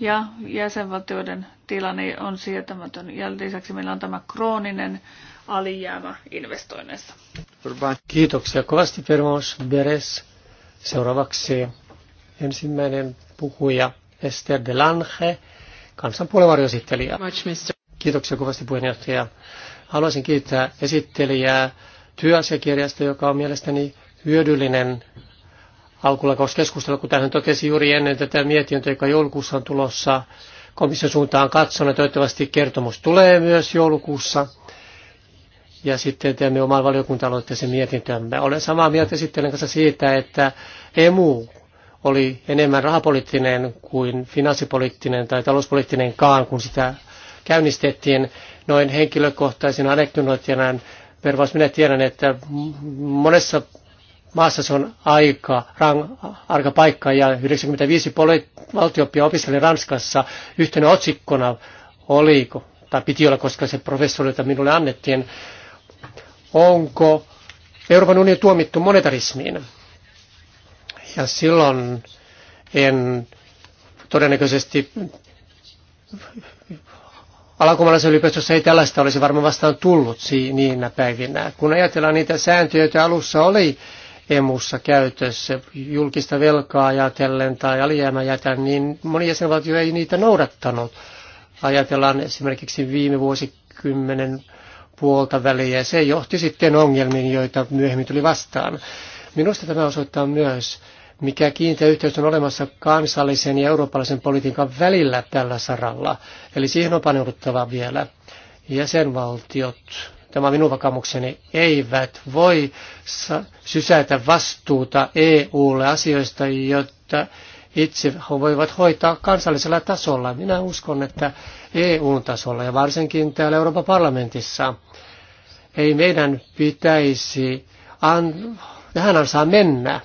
ja jäsenvaltioiden tilanne on sietämätön. Ja lisäksi meillä on tämä krooninen alijäämä investoinneissa. Kiitoksia kovasti Fermos Beres. Seuraavaksi ensimmäinen puhuja Esther Delange, kansanpuolueen Much, Kiitoksia kovasti puheenjohtaja. Haluaisin kiittää esittelijää työasiakirjasta, joka on mielestäni hyödyllinen alkulakauskeskustelu, kun hän totesi juuri ennen tätä mietintöä, joka joulukuussa on tulossa komission suuntaan katson, ja toivottavasti kertomus tulee myös joulukuussa. Ja sitten teemme oman valiokunta sen mietintömme. Olen samaa mieltä esittelen kanssa siitä, että emu oli enemmän rahapoliittinen kuin finanssipoliittinen tai talouspoliittinenkaan, kun sitä käynnistettiin noin henkilökohtaisen anekdonoitina. Pervaus, minä tiedän, että monessa maassa se on aika rang, arka paikka ja 95 valtioppia opiskeli Ranskassa yhtenä otsikkona oliko, tai piti olla, koska se professori jota minulle annettiin, onko Euroopan unioni tuomittu monetarismiin. Ja silloin en todennäköisesti Alankomalaisen yliopistossa ei tällaista olisi varmaan vastaan tullut niinä päivinä. Kun ajatellaan niitä sääntöjä, joita alussa oli emussa käytössä, julkista velkaa ajatellen tai alijäämä jätän, niin moni jäsenvaltio ei niitä noudattanut. Ajatellaan esimerkiksi viime vuosikymmenen puolta väliä se johti sitten ongelmiin, joita myöhemmin tuli vastaan. Minusta tämä osoittaa myös, mikä kiinteä yhteys on olemassa kansallisen ja eurooppalaisen politiikan välillä tällä saralla. Eli siihen on paneuduttava vielä. Jäsenvaltiot, tämä minun vakamukseni, eivät voi sysätä vastuuta EUlle asioista, jotta itse voivat hoitaa kansallisella tasolla. Minä uskon, että EU-tasolla ja varsinkin täällä Euroopan parlamentissa ei meidän pitäisi an- tähän ansaa mennä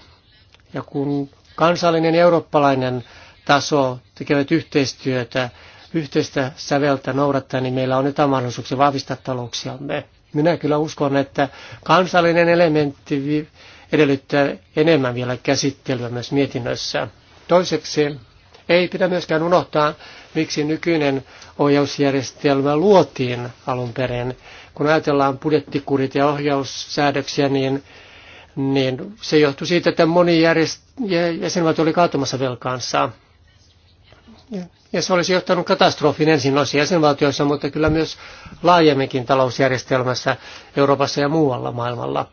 ja kun kansallinen ja eurooppalainen taso tekevät yhteistyötä, yhteistä säveltä noudattaa, niin meillä on nyt mahdollisuuksia vahvistaa talouksiamme. Minä kyllä uskon, että kansallinen elementti edellyttää enemmän vielä käsittelyä myös mietinnössä. Toiseksi ei pidä myöskään unohtaa, miksi nykyinen ohjausjärjestelmä luotiin alun perin. Kun ajatellaan budjettikurit ja ohjaussäädöksiä, niin niin se johtui siitä, että moni järjest- jäsenvaltio oli kaatumassa velkaansa. Ja se olisi johtanut katastrofin ensin noissa jäsenvaltioissa, mutta kyllä myös laajemminkin talousjärjestelmässä Euroopassa ja muualla maailmalla.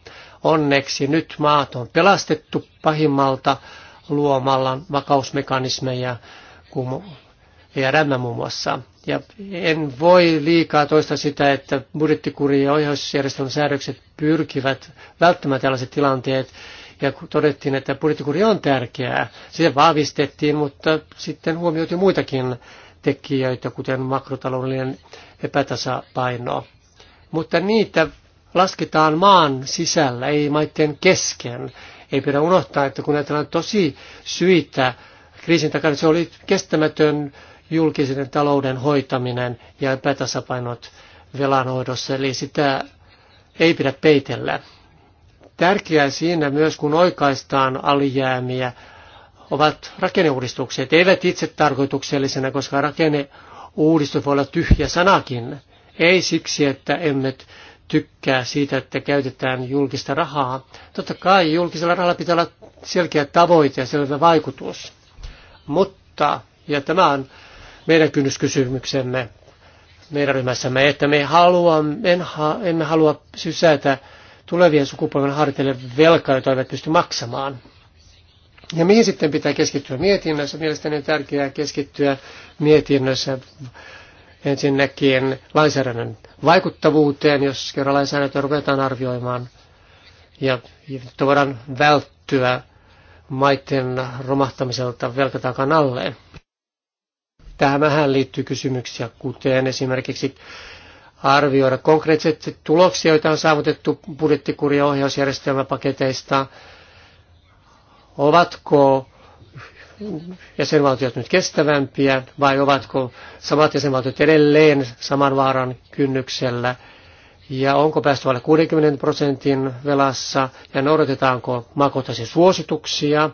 Onneksi nyt maat on pelastettu pahimmalta luomalla vakausmekanismeja, kun ERM muun muassa. Ja en voi liikaa toista sitä, että budjettikuri ja ohjausjärjestelmän säädökset pyrkivät välttämään tällaiset tilanteet. Ja todettiin, että budjettikuri on tärkeää. Sitä vahvistettiin, mutta sitten huomioitiin muitakin tekijöitä, kuten makrotaloudellinen epätasapaino. Mutta niitä lasketaan maan sisällä, ei maiden kesken. Ei pidä unohtaa, että kun ajatellaan tosi syitä kriisin takana, se oli kestämätön julkisen talouden hoitaminen ja epätasapainot velanhoidossa, eli sitä ei pidä peitellä. Tärkeää siinä myös, kun oikaistaan alijäämiä, ovat rakenneuudistukset. Eivät itse tarkoituksellisena, koska rakenneuudistus voi olla tyhjä sanakin. Ei siksi, että emme tykkää siitä, että käytetään julkista rahaa. Totta kai julkisella rahalla pitää olla selkeä tavoite ja selvä vaikutus. Mutta, ja tämä on meidän kynnyskysymyksemme meidän ryhmässämme, että me haluamme, en ha, emme halua sysätä tulevien sukupolven harteille velkaa, jota eivät pysty maksamaan. Ja mihin sitten pitää keskittyä mietinnössä? Mielestäni on tärkeää keskittyä mietinnössä ensinnäkin lainsäädännön vaikuttavuuteen, jos kerran lainsäädäntöä ruvetaan arvioimaan. Ja, ja voidaan välttyä maiden romahtamiselta velkataakan alle tähän liittyy kysymyksiä, kuten esimerkiksi arvioida konkreettiset tuloksia, joita on saavutettu budjettikuri- ja ohjausjärjestelmäpaketeista. Ovatko jäsenvaltiot nyt kestävämpiä vai ovatko samat jäsenvaltiot edelleen saman vaaran kynnyksellä? Ja onko päästy alle 60 prosentin velassa ja noudatetaanko makotasi suosituksia?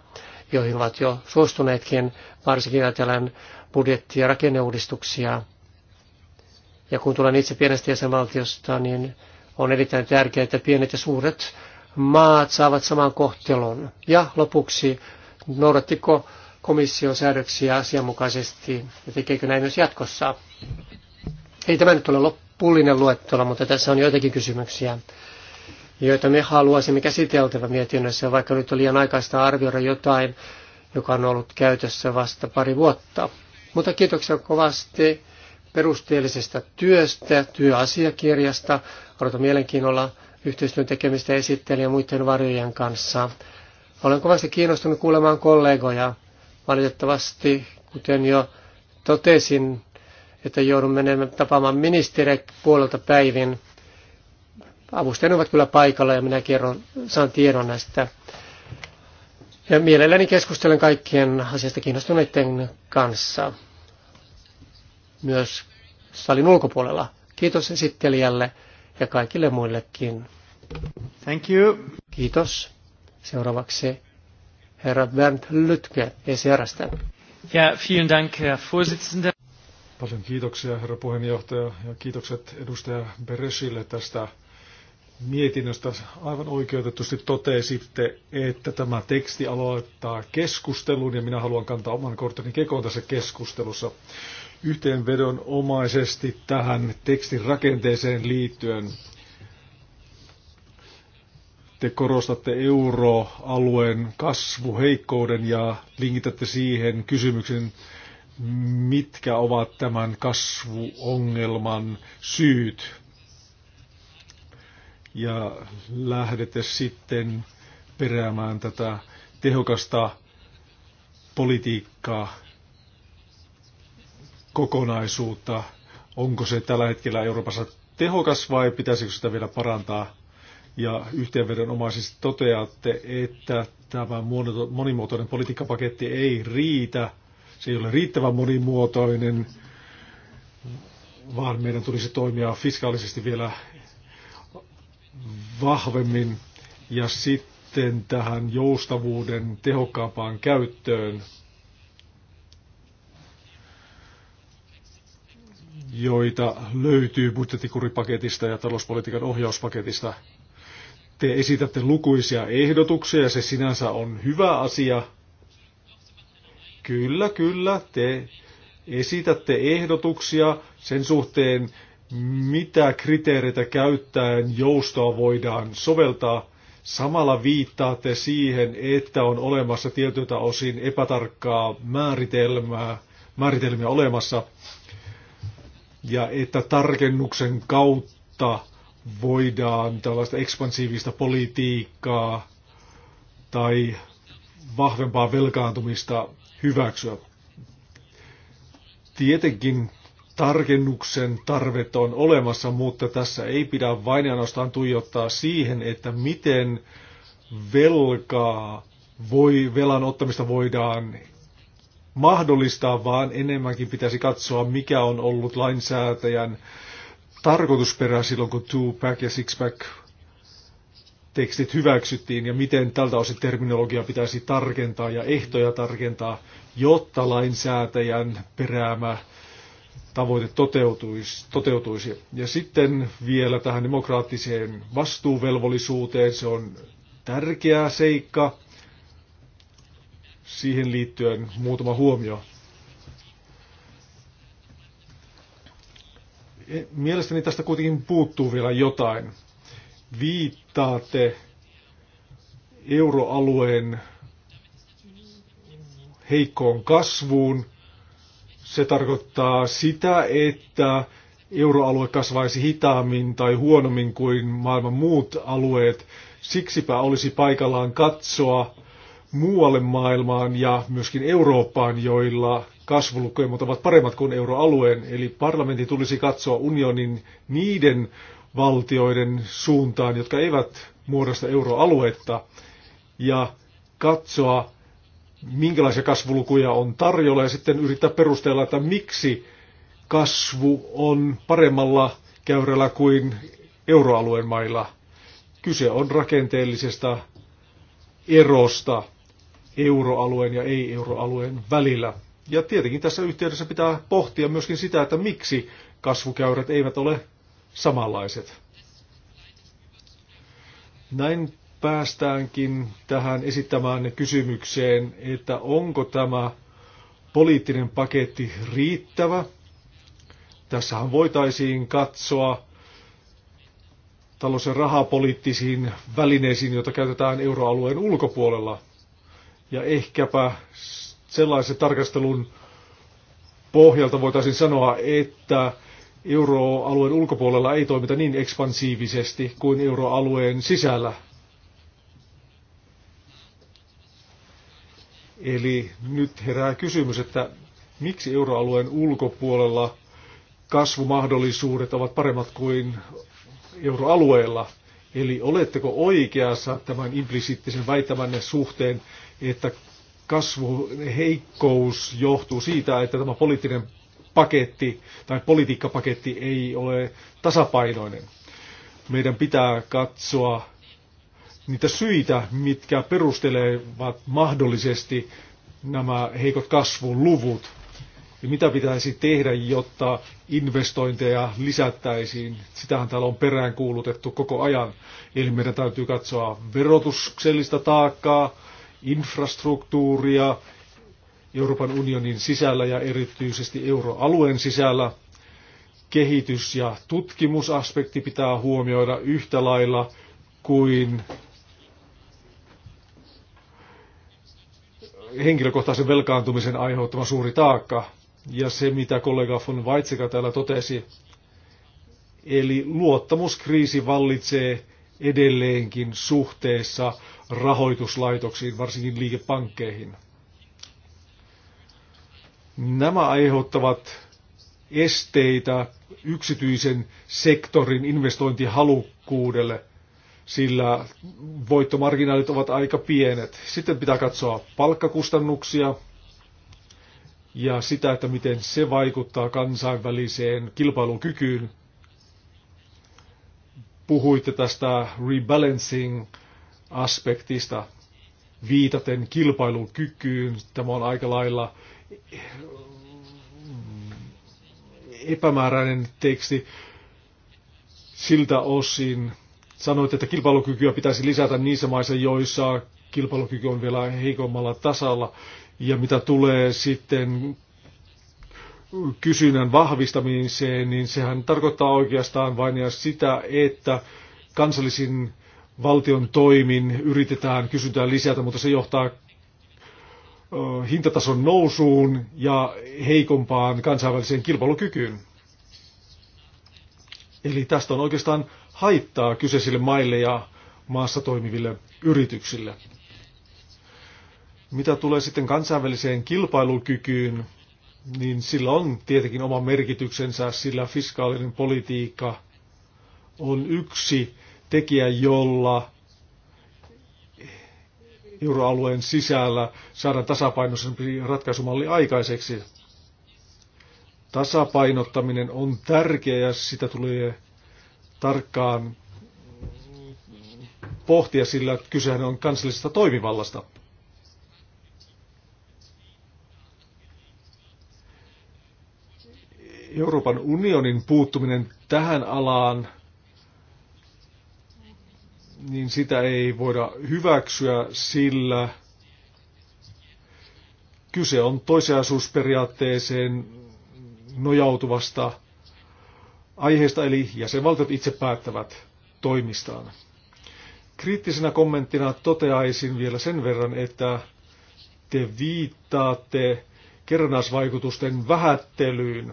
joihin ovat jo suostuneetkin, varsinkin ajatellen budjetti- ja rakenneuudistuksia. Ja kun tulen itse pienestä jäsenvaltiosta, niin on erittäin tärkeää, että pienet ja suuret maat saavat saman kohtelun. Ja lopuksi, noudattiko komission säädöksiä asianmukaisesti ja tekeekö näin myös jatkossa? Ei tämä nyt ole loppuullinen luettelo, mutta tässä on joitakin kysymyksiä, joita me haluaisimme käsiteltävä mietinnössä, vaikka nyt on liian aikaista arvioida jotain, joka on ollut käytössä vasta pari vuotta. Mutta kiitoksia kovasti perusteellisesta työstä, työasiakirjasta. Odotan mielenkiinnolla yhteistyön tekemistä esittelijä muiden varjojen kanssa. Olen kovasti kiinnostunut kuulemaan kollegoja. Valitettavasti, kuten jo totesin, että joudun menemään tapaamaan ministeriä puolelta päivin. Avustajani ovat kyllä paikalla ja minä kerron, saan tiedon näistä. Ja mielelläni keskustelen kaikkien asiasta kiinnostuneiden kanssa myös salin ulkopuolella. Kiitos esittelijälle ja kaikille muillekin. Thank you. Kiitos. Seuraavaksi herra Bernd Lytke ECRstä. Ja, vielen Dank, Herr Vorsitzender. Paljon kiitoksia, herra puheenjohtaja, ja kiitokset edustaja Beresille tästä mietinnöstä aivan oikeutetusti totesitte, että tämä teksti aloittaa keskustelun ja minä haluan kantaa oman korttani kekoon tässä keskustelussa yhteenvedonomaisesti tähän tekstin rakenteeseen liittyen. Te korostatte euroalueen kasvuheikkouden ja linkitätte siihen kysymyksen, mitkä ovat tämän kasvuongelman syyt ja lähdette sitten peräämään tätä tehokasta politiikkaa kokonaisuutta. Onko se tällä hetkellä Euroopassa tehokas vai pitäisikö sitä vielä parantaa? Ja yhteenvedonomaisesti toteatte, että tämä monimuotoinen politiikkapaketti ei riitä. Se ei ole riittävän monimuotoinen, vaan meidän tulisi toimia fiskaalisesti vielä vahvemmin ja sitten tähän joustavuuden tehokkaampaan käyttöön, joita löytyy budjettikuripaketista ja talouspolitiikan ohjauspaketista. Te esitätte lukuisia ehdotuksia se sinänsä on hyvä asia. Kyllä, kyllä, te esitätte ehdotuksia sen suhteen, mitä kriteereitä käyttäen joustoa voidaan soveltaa. Samalla viittaatte siihen, että on olemassa tietyltä osin epätarkkaa määritelmää, määritelmiä olemassa ja että tarkennuksen kautta voidaan tällaista ekspansiivista politiikkaa tai vahvempaa velkaantumista hyväksyä. Tietenkin tarkennuksen tarvet on olemassa, mutta tässä ei pidä vain ainoastaan tuijottaa siihen, että miten velkaa voi, velan ottamista voidaan mahdollistaa, vaan enemmänkin pitäisi katsoa, mikä on ollut lainsäätäjän tarkoitusperä silloin, kun two-pack ja six-pack tekstit hyväksyttiin ja miten tältä osin terminologia pitäisi tarkentaa ja ehtoja tarkentaa, jotta lainsäätäjän peräämä tavoite toteutuisi, toteutuisi. Ja sitten vielä tähän demokraattiseen vastuuvelvollisuuteen. Se on tärkeä seikka. Siihen liittyen muutama huomio. E, mielestäni tästä kuitenkin puuttuu vielä jotain. Viittaatte euroalueen heikkoon kasvuun se tarkoittaa sitä, että euroalue kasvaisi hitaammin tai huonommin kuin maailman muut alueet. Siksipä olisi paikallaan katsoa muualle maailmaan ja myöskin Eurooppaan, joilla kasvulukemat ovat paremmat kuin euroalueen. Eli parlamentti tulisi katsoa unionin niiden valtioiden suuntaan, jotka eivät muodosta euroaluetta, ja katsoa, minkälaisia kasvulukuja on tarjolla ja sitten yrittää perustella, että miksi kasvu on paremmalla käyrällä kuin euroalueen mailla. Kyse on rakenteellisesta erosta euroalueen ja ei-euroalueen välillä. Ja tietenkin tässä yhteydessä pitää pohtia myöskin sitä, että miksi kasvukäyrät eivät ole samanlaiset. Näin päästäänkin tähän esittämään kysymykseen, että onko tämä poliittinen paketti riittävä. Tässähän voitaisiin katsoa ja rahapoliittisiin välineisiin, joita käytetään euroalueen ulkopuolella. Ja ehkäpä sellaisen tarkastelun pohjalta voitaisiin sanoa, että euroalueen ulkopuolella ei toimita niin ekspansiivisesti kuin euroalueen sisällä Eli nyt herää kysymys, että miksi euroalueen ulkopuolella kasvumahdollisuudet ovat paremmat kuin euroalueella? Eli oletteko oikeassa tämän implisiittisen väittämänne suhteen, että kasvu heikkous johtuu siitä, että tämä poliittinen paketti tai politiikkapaketti ei ole tasapainoinen. Meidän pitää katsoa niitä syitä, mitkä perustelevat mahdollisesti nämä heikot kasvuluvut. luvut. Ja mitä pitäisi tehdä, jotta investointeja lisättäisiin? Sitähän täällä on peräänkuulutettu koko ajan. Eli meidän täytyy katsoa verotuksellista taakkaa, infrastruktuuria Euroopan unionin sisällä ja erityisesti euroalueen sisällä. Kehitys- ja tutkimusaspekti pitää huomioida yhtä lailla kuin henkilökohtaisen velkaantumisen aiheuttama suuri taakka. Ja se, mitä kollega von Weizsäcker täällä totesi, eli luottamuskriisi vallitsee edelleenkin suhteessa rahoituslaitoksiin, varsinkin liikepankkeihin. Nämä aiheuttavat esteitä yksityisen sektorin investointihalukkuudelle – sillä voittomarginaalit ovat aika pienet. Sitten pitää katsoa palkkakustannuksia ja sitä, että miten se vaikuttaa kansainväliseen kilpailukykyyn. Puhuitte tästä rebalancing-aspektista viitaten kilpailukykyyn. Tämä on aika lailla mm, epämääräinen teksti siltä osin, Sanoit, että kilpailukykyä pitäisi lisätä niissä maissa, joissa kilpailukyky on vielä heikommalla tasalla. Ja mitä tulee sitten kysynnän vahvistamiseen, niin sehän tarkoittaa oikeastaan vain ja sitä, että kansallisin valtion toimin yritetään kysyntää lisätä, mutta se johtaa hintatason nousuun ja heikompaan kansainväliseen kilpailukykyyn. Eli tästä on oikeastaan haittaa kyseisille maille ja maassa toimiville yrityksille. Mitä tulee sitten kansainväliseen kilpailukykyyn, niin sillä on tietenkin oma merkityksensä, sillä fiskaalinen politiikka on yksi tekijä, jolla euroalueen sisällä saadaan tasapainoisempi ratkaisumalli aikaiseksi. Tasapainottaminen on tärkeä ja sitä tulee tarkkaan pohtia, sillä kysehän on kansallisesta toimivallasta. Euroopan unionin puuttuminen tähän alaan, niin sitä ei voida hyväksyä, sillä kyse on toisiasuusperiaatteeseen nojautuvasta aiheesta, eli jäsenvaltiot itse päättävät toimistaan. Kriittisenä kommenttina toteaisin vielä sen verran, että te viittaatte kerrannaisvaikutusten vähättelyyn.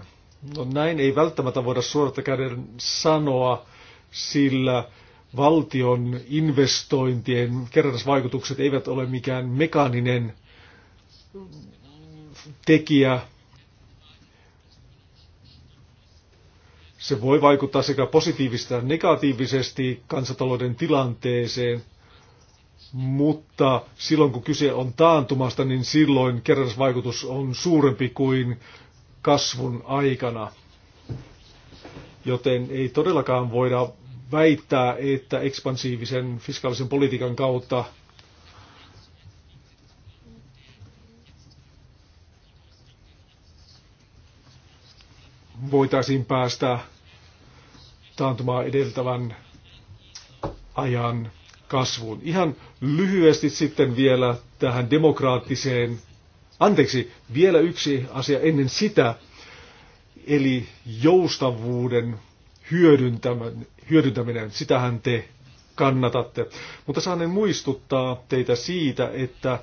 No näin ei välttämättä voida suorata käden sanoa, sillä valtion investointien kerrannaisvaikutukset eivät ole mikään mekaaninen tekijä, Se voi vaikuttaa sekä positiivisesti että negatiivisesti kansantalouden tilanteeseen, mutta silloin kun kyse on taantumasta, niin silloin kerrallisvaikutus on suurempi kuin kasvun aikana. Joten ei todellakaan voida väittää, että ekspansiivisen fiskaalisen politiikan kautta voitaisiin päästä taantumaa edeltävän ajan kasvuun. Ihan lyhyesti sitten vielä tähän demokraattiseen, anteeksi, vielä yksi asia ennen sitä, eli joustavuuden hyödyntäminen, hyödyntäminen sitähän te kannatatte. Mutta saanen muistuttaa teitä siitä, että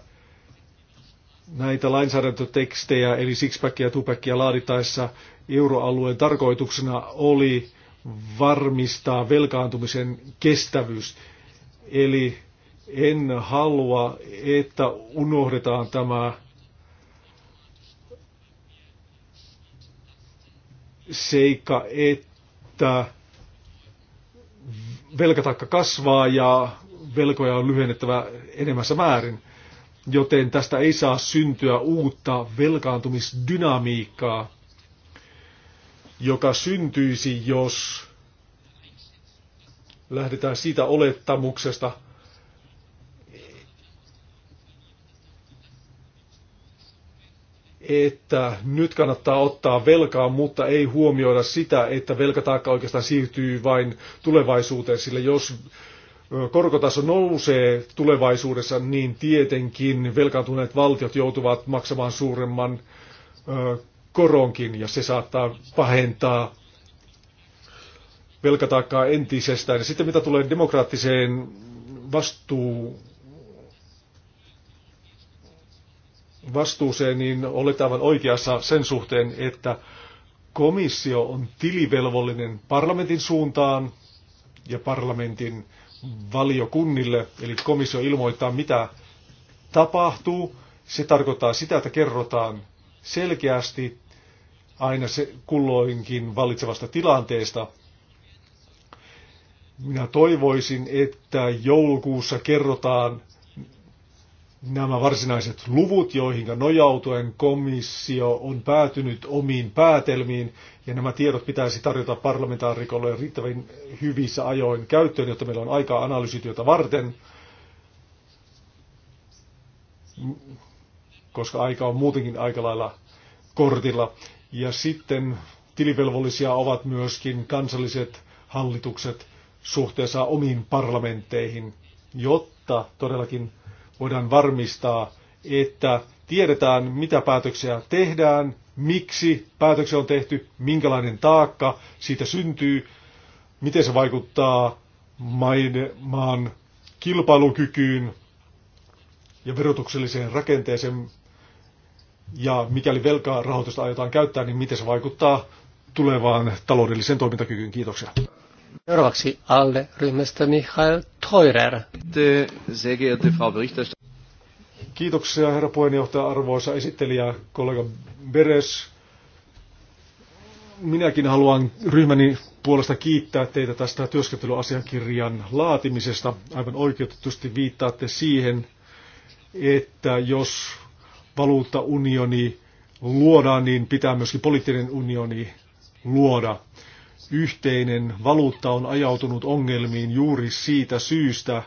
näitä lainsäädäntötekstejä, eli sixpackia ja tupackia laaditaessa euroalueen tarkoituksena oli varmistaa velkaantumisen kestävyys. Eli en halua, että unohdetaan tämä seikka, että velkatakka kasvaa ja velkoja on lyhennettävä enemmässä määrin, joten tästä ei saa syntyä uutta velkaantumisdynamiikkaa joka syntyisi, jos lähdetään siitä olettamuksesta, että nyt kannattaa ottaa velkaa, mutta ei huomioida sitä, että velkataakka oikeastaan siirtyy vain tulevaisuuteen, sillä jos korkotaso nousee tulevaisuudessa, niin tietenkin velkaantuneet valtiot joutuvat maksamaan suuremman koronkin ja se saattaa pahentaa velkataakkaa entisestään. Ja sitten mitä tulee demokraattiseen vastuu, vastuuseen, niin olet aivan oikeassa sen suhteen, että komissio on tilivelvollinen parlamentin suuntaan ja parlamentin valiokunnille, eli komissio ilmoittaa, mitä tapahtuu. Se tarkoittaa sitä, että kerrotaan selkeästi aina se kulloinkin vallitsevasta tilanteesta. Minä toivoisin, että joulukuussa kerrotaan nämä varsinaiset luvut, joihin nojautuen komissio on päätynyt omiin päätelmiin, ja nämä tiedot pitäisi tarjota parlamentaarikolle riittävän hyvissä ajoin käyttöön, jotta meillä on aikaa analyysityötä varten, koska aika on muutenkin aika lailla kortilla. Ja sitten tilivelvollisia ovat myöskin kansalliset hallitukset suhteessa omiin parlamentteihin, jotta todellakin voidaan varmistaa, että tiedetään, mitä päätöksiä tehdään, miksi päätöksiä on tehty, minkälainen taakka siitä syntyy, miten se vaikuttaa maan kilpailukykyyn ja verotukselliseen rakenteeseen, ja mikäli velkaa rahoitusta aiotaan käyttää, niin miten se vaikuttaa tulevaan taloudelliseen toimintakykyyn? Kiitoksia. Seuraavaksi alle ryhmästä Michael Teurer. Kiitoksia herra puheenjohtaja, arvoisa esittelijä, kollega Beres. Minäkin haluan ryhmäni puolesta kiittää teitä tästä työskentelyasiakirjan laatimisesta. Aivan oikeutetusti viittaatte siihen, että jos valuuttaunioni luodaan, niin pitää myöskin poliittinen unioni luoda. Yhteinen valuutta on ajautunut ongelmiin juuri siitä syystä,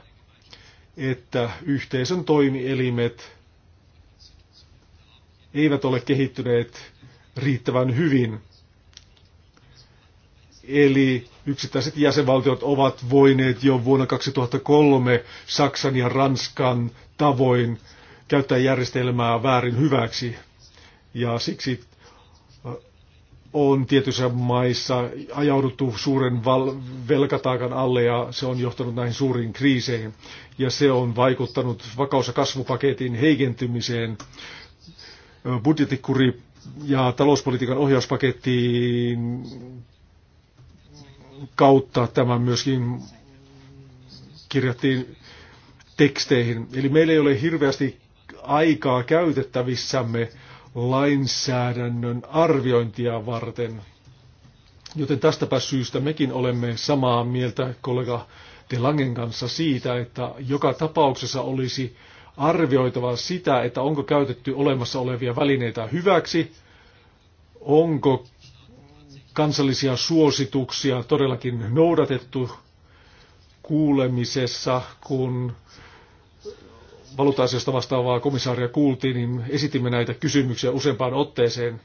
että yhteisön toimielimet eivät ole kehittyneet riittävän hyvin. Eli yksittäiset jäsenvaltiot ovat voineet jo vuonna 2003 Saksan ja Ranskan tavoin käyttää järjestelmää väärin hyväksi. Ja siksi äh, on tietyissä maissa ajauduttu suuren val- velkataakan alle ja se on johtanut näihin suuriin kriiseihin. Ja se on vaikuttanut vakaus- ja kasvupaketin heikentymiseen, äh, Budjetikuri ja talouspolitiikan ohjauspakettiin kautta tämä myöskin kirjattiin teksteihin. Eli meillä ei ole hirveästi aikaa käytettävissämme lainsäädännön arviointia varten. Joten tästäpä syystä mekin olemme samaa mieltä kollega Delangen kanssa siitä, että joka tapauksessa olisi arvioitava sitä, että onko käytetty olemassa olevia välineitä hyväksi, onko kansallisia suosituksia todellakin noudatettu kuulemisessa, kun valuutta-asioista vastaavaa komissaaria kuultiin, niin esitimme näitä kysymyksiä useampaan otteeseen.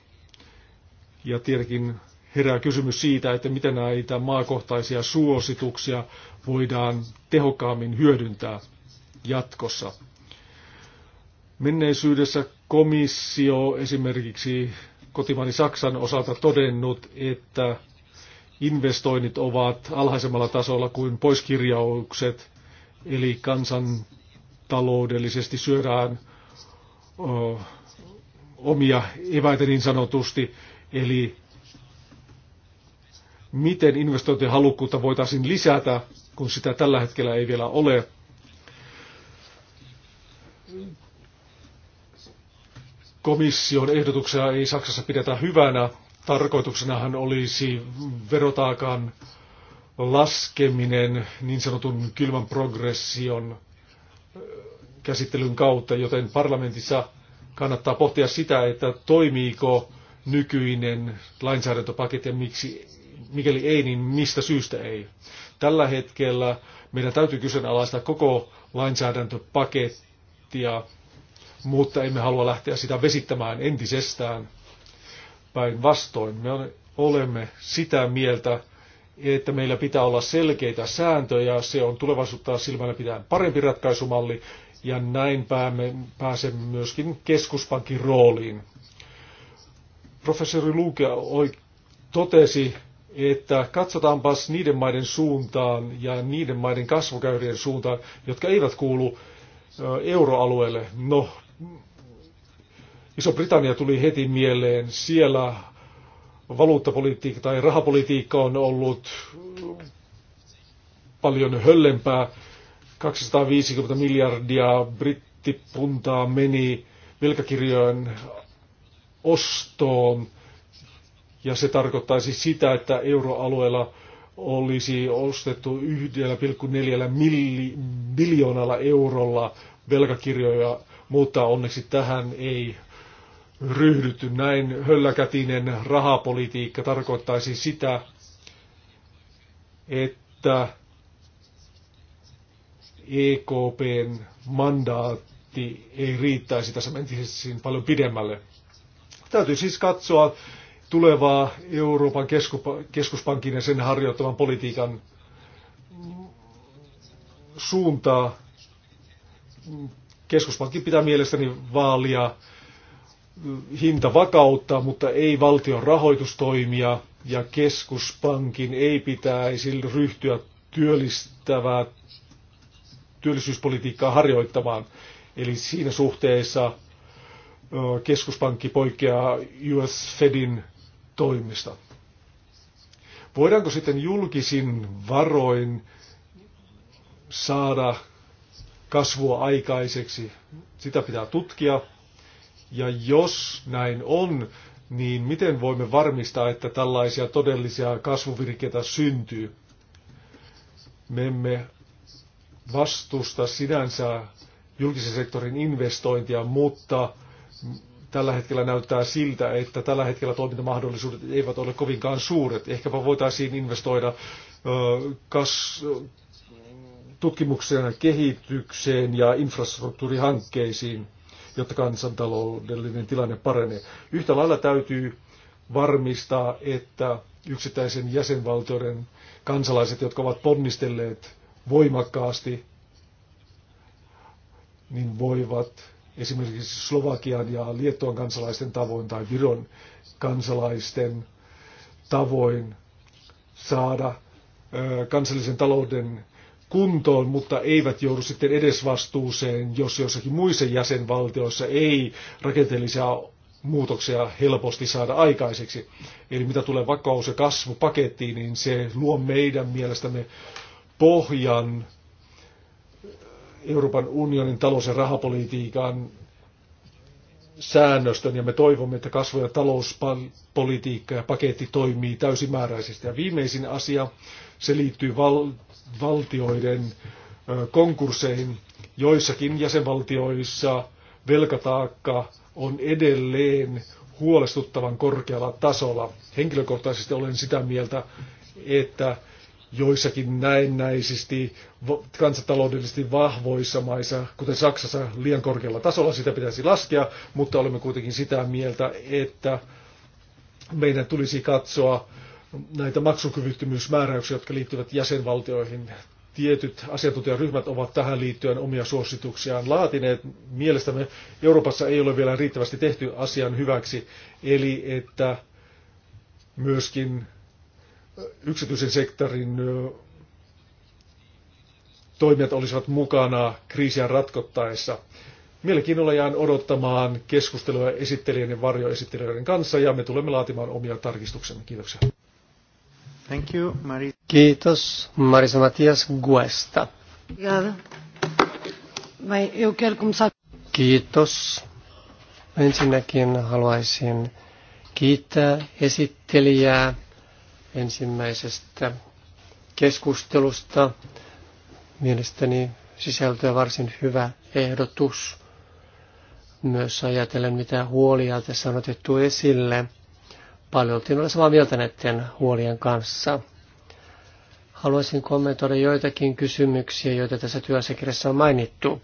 Ja tietenkin herää kysymys siitä, että miten näitä maakohtaisia suosituksia voidaan tehokkaammin hyödyntää jatkossa. Menneisyydessä komissio esimerkiksi kotimaani Saksan osalta todennut, että investoinnit ovat alhaisemmalla tasolla kuin poiskirjaukset, eli kansan taloudellisesti syödään o, omia eväitä niin sanotusti, eli miten investointien halukkuutta voitaisiin lisätä, kun sitä tällä hetkellä ei vielä ole. Komission ehdotuksia ei Saksassa pidetä hyvänä. Tarkoituksenahan olisi verotaakan laskeminen niin sanotun kylmän progression käsittelyn kautta, joten parlamentissa kannattaa pohtia sitä, että toimiiko nykyinen lainsäädäntöpaketti ja miksi, mikäli ei, niin mistä syystä ei. Tällä hetkellä meidän täytyy kyseenalaistaa koko lainsäädäntöpakettia, mutta emme halua lähteä sitä vesittämään entisestään. Päinvastoin me olemme sitä mieltä, että meillä pitää olla selkeitä sääntöjä, se on tulevaisuutta silmällä pitäen parempi ratkaisumalli, ja näin pääsemme myöskin keskuspankin rooliin. Professori Luke totesi, että katsotaanpas niiden maiden suuntaan ja niiden maiden kasvukäyrien suuntaan, jotka eivät kuulu euroalueelle. No, Iso-Britannia tuli heti mieleen. Siellä valuuttapolitiikka tai rahapolitiikka on ollut paljon höllempää 250 miljardia brittipuntaa meni velkakirjojen ostoon, ja se tarkoittaisi sitä, että euroalueella olisi ostettu 1,4 miljoonalla eurolla velkakirjoja, mutta onneksi tähän ei ryhdytty. Näin hölläkätinen rahapolitiikka tarkoittaisi sitä, että EKPn mandaatti ei riittäisi tässä mentisiin paljon pidemmälle. Täytyy siis katsoa tulevaa Euroopan keskuspankin ja sen harjoittavan politiikan suuntaa. Keskuspankin pitää mielestäni vaalia hintavakautta, mutta ei valtion rahoitustoimia ja keskuspankin ei pitäisi ryhtyä työllistävää työllisyyspolitiikkaa harjoittamaan. Eli siinä suhteessa keskuspankki poikkeaa US Fedin toimista. Voidaanko sitten julkisin varoin saada kasvua aikaiseksi? Sitä pitää tutkia. Ja jos näin on, niin miten voimme varmistaa, että tällaisia todellisia kasvuvirkeitä syntyy? Me emme vastusta sinänsä julkisen sektorin investointia, mutta tällä hetkellä näyttää siltä, että tällä hetkellä toimintamahdollisuudet eivät ole kovinkaan suuret. Ehkäpä voitaisiin investoida kas, tutkimukseen ja kehitykseen ja infrastruktuurihankkeisiin, jotta kansantaloudellinen tilanne paranee. Yhtä lailla täytyy varmistaa, että yksittäisen jäsenvaltioiden kansalaiset, jotka ovat ponnistelleet voimakkaasti, niin voivat esimerkiksi Slovakian ja Liettuan kansalaisten tavoin tai Viron kansalaisten tavoin saada kansallisen talouden kuntoon, mutta eivät joudu sitten edesvastuuseen, jos jossakin muissa jäsenvaltioissa ei rakenteellisia muutoksia helposti saada aikaiseksi. Eli mitä tulee vakaus- ja kasvupakettiin, niin se luo meidän mielestämme pohjan Euroopan unionin talous- ja rahapolitiikan säännöstön ja me toivomme, että kasvu- ja talouspolitiikka ja paketti toimii täysimääräisesti. Ja viimeisin asia, se liittyy val- valtioiden konkursseihin. Joissakin jäsenvaltioissa velkataakka on edelleen huolestuttavan korkealla tasolla. Henkilökohtaisesti olen sitä mieltä, että joissakin näennäisesti kansantaloudellisesti vahvoissa maissa, kuten Saksassa, liian korkealla tasolla. Sitä pitäisi laskea, mutta olemme kuitenkin sitä mieltä, että meidän tulisi katsoa näitä maksukyvyttömyysmääräyksiä, jotka liittyvät jäsenvaltioihin. Tietyt asiantuntijaryhmät ovat tähän liittyen omia suosituksiaan laatineet. Mielestämme Euroopassa ei ole vielä riittävästi tehty asian hyväksi, eli että myöskin yksityisen sektorin toimijat olisivat mukana kriisiä ratkottaessa. Mielenkiinnolla jään odottamaan keskustelua esittelijän ja varjoesittelijöiden kanssa ja me tulemme laatimaan omia tarkistuksemme. Kiitoksia. Thank you, Mari. Kiitos Marisa Matias Guesta. Kiitos. Ensinnäkin haluaisin kiittää esittelijää ensimmäisestä keskustelusta. Mielestäni sisältöä varsin hyvä ehdotus. Myös ajatellen, mitä huolia tässä on otettu esille. Paljolti olen samaa mieltä näiden huolien kanssa. Haluaisin kommentoida joitakin kysymyksiä, joita tässä työasiakirjassa on mainittu.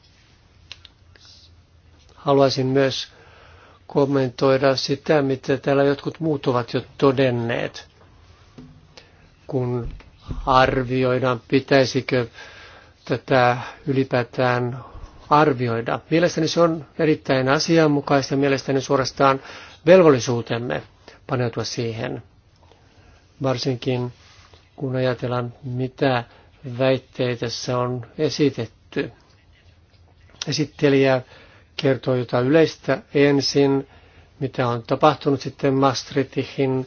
Haluaisin myös kommentoida sitä, mitä täällä jotkut muut ovat jo todenneet kun arvioidaan, pitäisikö tätä ylipäätään arvioida. Mielestäni se on erittäin asianmukaista ja mielestäni suorastaan velvollisuutemme paneutua siihen. Varsinkin kun ajatellaan, mitä väitteitä on esitetty. Esittelijä kertoo jotain yleistä ensin, mitä on tapahtunut sitten Maastrichtin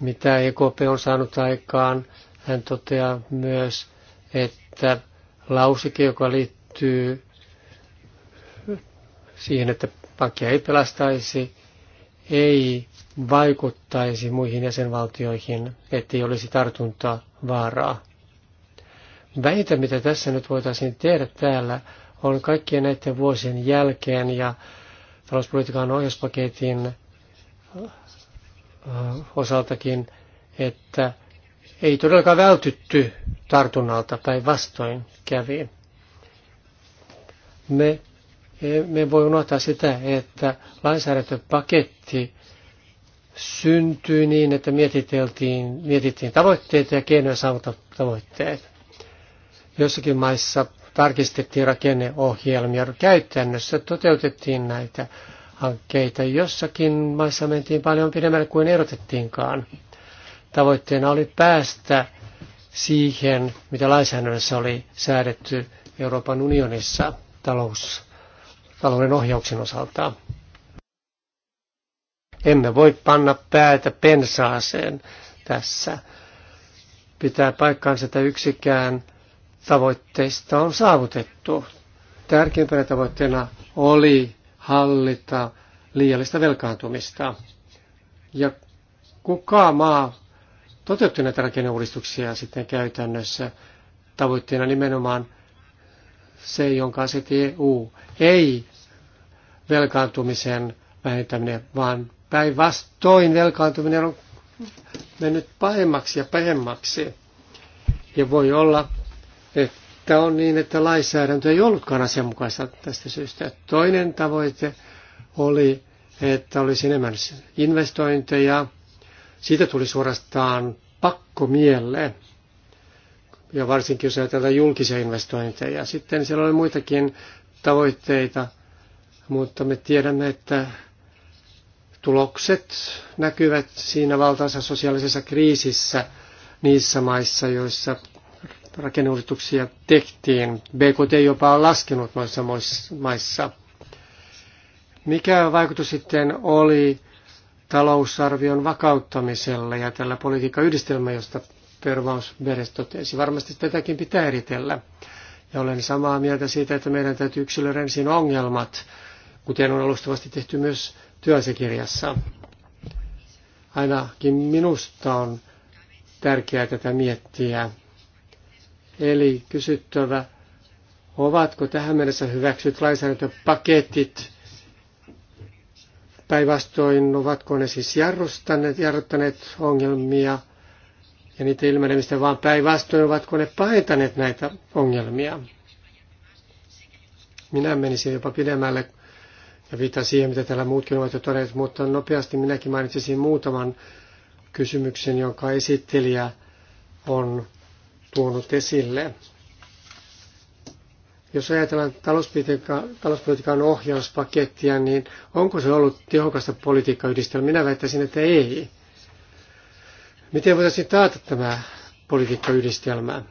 mitä EKP on saanut aikaan. Hän toteaa myös, että lausike, joka liittyy siihen, että pankkia ei pelastaisi, ei vaikuttaisi muihin jäsenvaltioihin, ettei olisi vaaraa. Väitä, mitä tässä nyt voitaisiin tehdä täällä, on kaikkien näiden vuosien jälkeen ja talouspolitiikan ohjauspaketin Äh, osaltakin, että ei todellakaan vältytty tartunnalta, päinvastoin kävi. Me me voi unohtaa sitä, että lainsäädäntöpaketti syntyi niin, että mietiteltiin, mietittiin tavoitteita ja keinoja saavuttaa tavoitteet. Jossakin maissa tarkistettiin rakenneohjelmia, käytännössä toteutettiin näitä hankkeita. Jossakin maissa mentiin paljon pidemmälle kuin erotettiinkaan. Tavoitteena oli päästä siihen, mitä lainsäädännössä oli säädetty Euroopan unionissa talous, talouden ohjauksen osalta. Emme voi panna päätä pensaaseen tässä. Pitää paikkaansa, että yksikään tavoitteista on saavutettu. Tärkeimpänä tavoitteena oli hallita liiallista velkaantumista. Ja kuka maa toteutti näitä rakenneuudistuksia sitten käytännössä tavoitteena nimenomaan se, jonka asetti EU, ei velkaantumisen vähentäminen, vaan päinvastoin velkaantuminen on mennyt pahemmaksi ja pahemmaksi. Ja voi olla, että että on niin, että lainsäädäntö ei ollutkaan asianmukaista tästä syystä. Toinen tavoite oli, että olisi enemmän investointeja. Siitä tuli suorastaan pakko mieleen. Ja varsinkin jos ajatellaan julkisia investointeja. Sitten siellä oli muitakin tavoitteita, mutta me tiedämme, että tulokset näkyvät siinä valtaisessa sosiaalisessa kriisissä niissä maissa, joissa rakenneuudistuksia tehtiin. BKT jopa on laskenut noissa maissa. Mikä vaikutus sitten oli talousarvion vakauttamisella ja tällä politiikkayhdistelmä, josta Pervaus Beres totesi? Varmasti tätäkin pitää eritellä. Ja olen samaa mieltä siitä, että meidän täytyy yksilöidä ensin ongelmat, kuten on alustavasti tehty myös työasiakirjassa. Ainakin minusta on tärkeää tätä miettiä Eli kysyttävä, ovatko tähän mennessä hyväksyt lainsäädäntöpaketit päinvastoin, ovatko ne siis jarruttaneet, jarruttaneet ongelmia ja niitä ilmenemistä, vaan päinvastoin, ovatko ne pahentaneet näitä ongelmia. Minä menisin jopa pidemmälle ja viittaan siihen, mitä täällä muutkin ovat jo todenneet, mutta nopeasti minäkin mainitsisin muutaman kysymyksen, jonka esittelijä on tuonut esille. Jos ajatellaan talouspolitiikan ohjauspakettia, niin onko se ollut tehokasta politiikkayhdistelmää? Minä väittäisin, että ei. Miten voitaisiin taata tämä politiikkayhdistelmä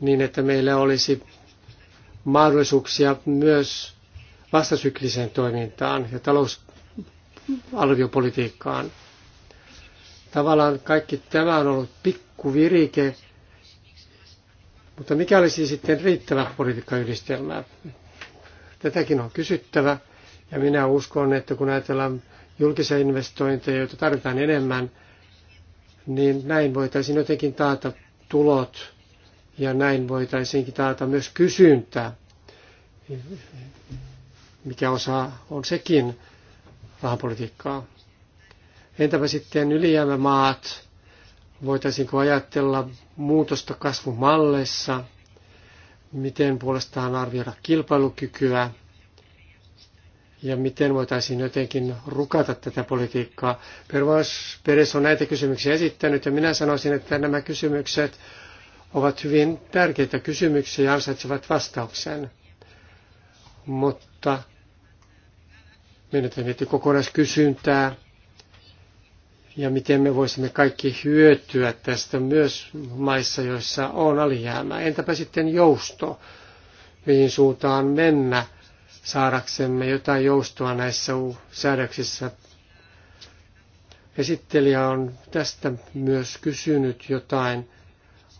niin, että meillä olisi mahdollisuuksia myös vastasykliseen toimintaan ja talousarviopolitiikkaan. Tavallaan kaikki tämä on ollut pikkuvirike mutta mikä olisi sitten riittävä politiikkayhdistelmä? Tätäkin on kysyttävä. Ja minä uskon, että kun ajatellaan julkisia investointeja, joita tarvitaan enemmän, niin näin voitaisiin jotenkin taata tulot ja näin voitaisiinkin taata myös kysyntää, mikä osa on sekin rahapolitiikkaa. Entäpä sitten ylijäämämaat, Voitaisiinko ajatella muutosta kasvumalleissa? Miten puolestaan arvioida kilpailukykyä? Ja miten voitaisiin jotenkin rukata tätä politiikkaa? Peres on näitä kysymyksiä esittänyt ja minä sanoisin, että nämä kysymykset ovat hyvin tärkeitä kysymyksiä ja ansaitsevat vastauksen. Mutta meidän täytyy kokonaiskysyntää, ja miten me voisimme kaikki hyötyä tästä myös maissa, joissa on alijäämä. Entäpä sitten jousto, mihin suuntaan mennä saadaksemme jotain joustoa näissä säädöksissä. Esittelijä on tästä myös kysynyt jotain,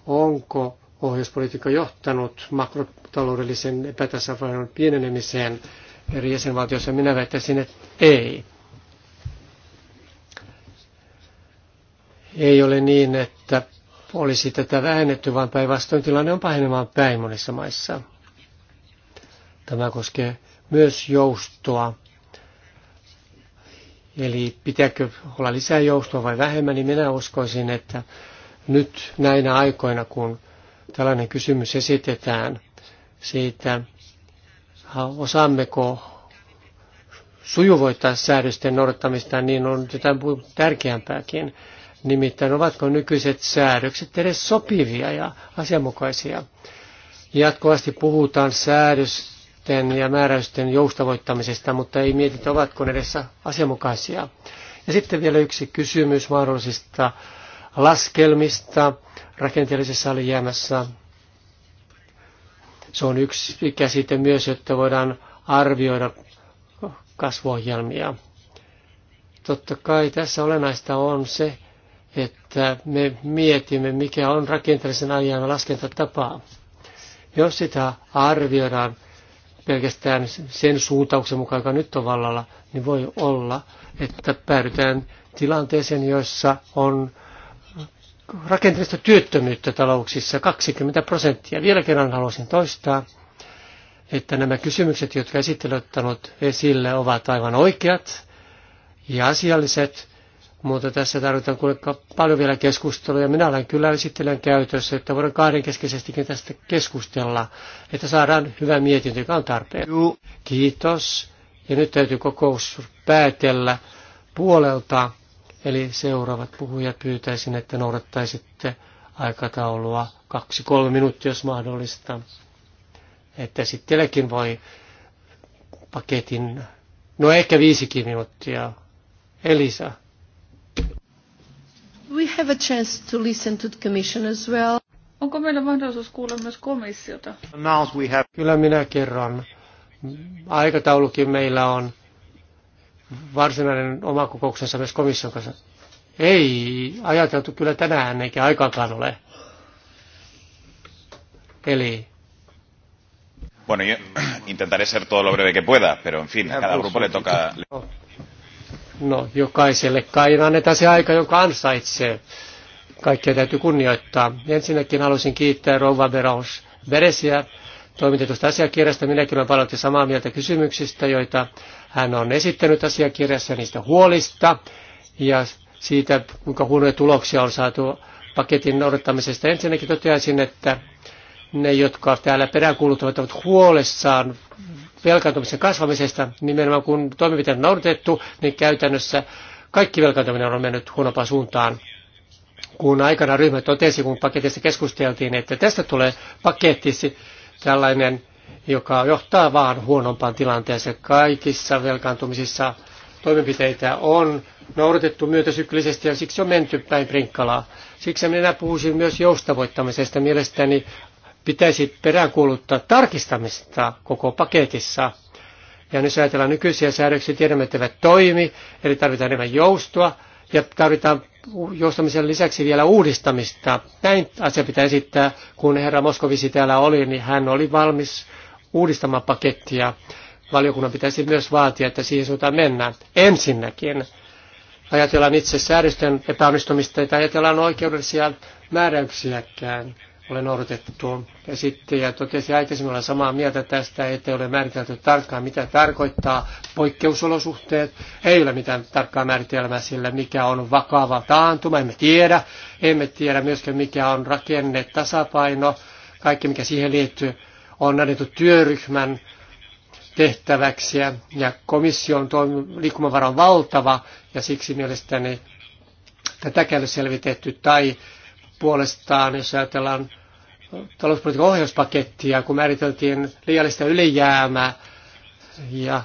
onko ohjauspolitiikka johtanut makrotaloudellisen epätasapainon pienenemiseen eri jäsenvaltioissa. Minä väittäisin, että ei. Ei ole niin, että olisi tätä väännetty, vaan päinvastoin tilanne on pahenemaan päin monissa maissa. Tämä koskee myös joustoa. Eli pitääkö olla lisää joustoa vai vähemmän, niin minä uskoisin, että nyt näinä aikoina, kun tällainen kysymys esitetään siitä, osaammeko sujuvoittaa säädösten noudattamista, niin on jotain tärkeämpääkin. Nimittäin ovatko nykyiset säädökset edes sopivia ja asianmukaisia? Jatkuvasti puhutaan säädösten ja määräysten joustavoittamisesta, mutta ei mietitä, ovatko ne edes asianmukaisia. Ja sitten vielä yksi kysymys mahdollisista laskelmista rakenteellisessa alijäämässä. Se on yksi käsite myös, että voidaan arvioida kasvuohjelmia. Totta kai tässä olennaista on se, että me mietimme, mikä on rakenteellisen alijäämän laskentatapa. Jos sitä arvioidaan pelkästään sen suuntauksen mukaan, joka nyt on vallalla, niin voi olla, että päädytään tilanteeseen, jossa on rakenteellista työttömyyttä talouksissa 20 prosenttia. Vielä kerran haluaisin toistaa, että nämä kysymykset, jotka esittely ottanut esille, ovat aivan oikeat ja asialliset, mutta tässä tarvitaan kuinka paljon vielä keskustelua, ja minä olen kyllä esittelen käytössä, että voidaan kahdenkeskeisestikin tästä keskustella, että saadaan hyvä mietintö, joka on tarpeen. Juu. Kiitos. Ja nyt täytyy kokous päätellä puolelta, eli seuraavat puhujat pyytäisin, että noudattaisitte aikataulua kaksi-kolme minuuttia, jos mahdollista. Että sitten voi paketin, no ehkä viisikin minuuttia. Elisa. We have a chance to listen to the commission as well. Onko meillä mahdollisuus kuulla myös komissiota? We have... Kyllä minä kerron. Aikataulukin meillä on varsinainen oma kokouksensa myös komission kanssa. Ei ajateltu kyllä tänään eikä aikaakaan ole. Eli Bueno, yo intentaré ser todo lo breve que pueda, pero en fin, cada grupo le toca. No. No, jokaiselle kai annetaan se aika, jonka ansaitsee. Kaikkea täytyy kunnioittaa. Ensinnäkin haluaisin kiittää Rouva Verons Veresiä toimitetusta asiakirjasta. Minäkin olen paljon samaa mieltä kysymyksistä, joita hän on esittänyt asiakirjassa, niistä huolista ja siitä, kuinka huonoja tuloksia on saatu paketin noudattamisesta. Ensinnäkin toteaisin, että ne, jotka täällä peräänkuuluttavat, ovat huolessaan velkaantumisen kasvamisesta, nimenomaan kun toimenpiteet on noudatettu, niin käytännössä kaikki velkaantuminen on mennyt huonompaan suuntaan. Kun aikana ryhmä totesi, kun paketista keskusteltiin, että tästä tulee paketti tällainen, joka johtaa vaan huonompaan tilanteeseen. Kaikissa velkaantumisissa toimenpiteitä on noudatettu myötäsyklisesti ja siksi on menty päin prinkkalaa. Siksi minä puhuisin myös joustavoittamisesta. Mielestäni pitäisi peräänkuuluttaa tarkistamista koko paketissa. Ja nyt ajatellaan nykyisiä säädöksiä, tiedämme, että eivät toimi, eli tarvitaan enemmän joustoa ja tarvitaan joustamisen lisäksi vielä uudistamista. Näin asia pitää esittää, kun herra Moskovisi täällä oli, niin hän oli valmis uudistamaan pakettia. Valiokunnan pitäisi myös vaatia, että siihen suuntaan mennään. Ensinnäkin ajatellaan itse säädösten epäonnistumista, tai ajatellaan oikeudellisia määräyksiäkään ole noudatettu. ja totesi aikaisemmin olla samaa mieltä tästä, ettei ole määritelty tarkkaan, mitä tarkoittaa poikkeusolosuhteet. Ei ole mitään tarkkaa määritelmää sillä, mikä on vakava taantuma. Emme tiedä. Emme tiedä myöskään, mikä on rakenne, tasapaino. Kaikki, mikä siihen liittyy, on annettu työryhmän tehtäväksi ja komission liikkumavara on valtava ja siksi mielestäni tätäkään ei selvitetty tai puolestaan, jos ajatellaan talouspolitiikan ohjauspakettia, kun määriteltiin liiallista ylijäämää ja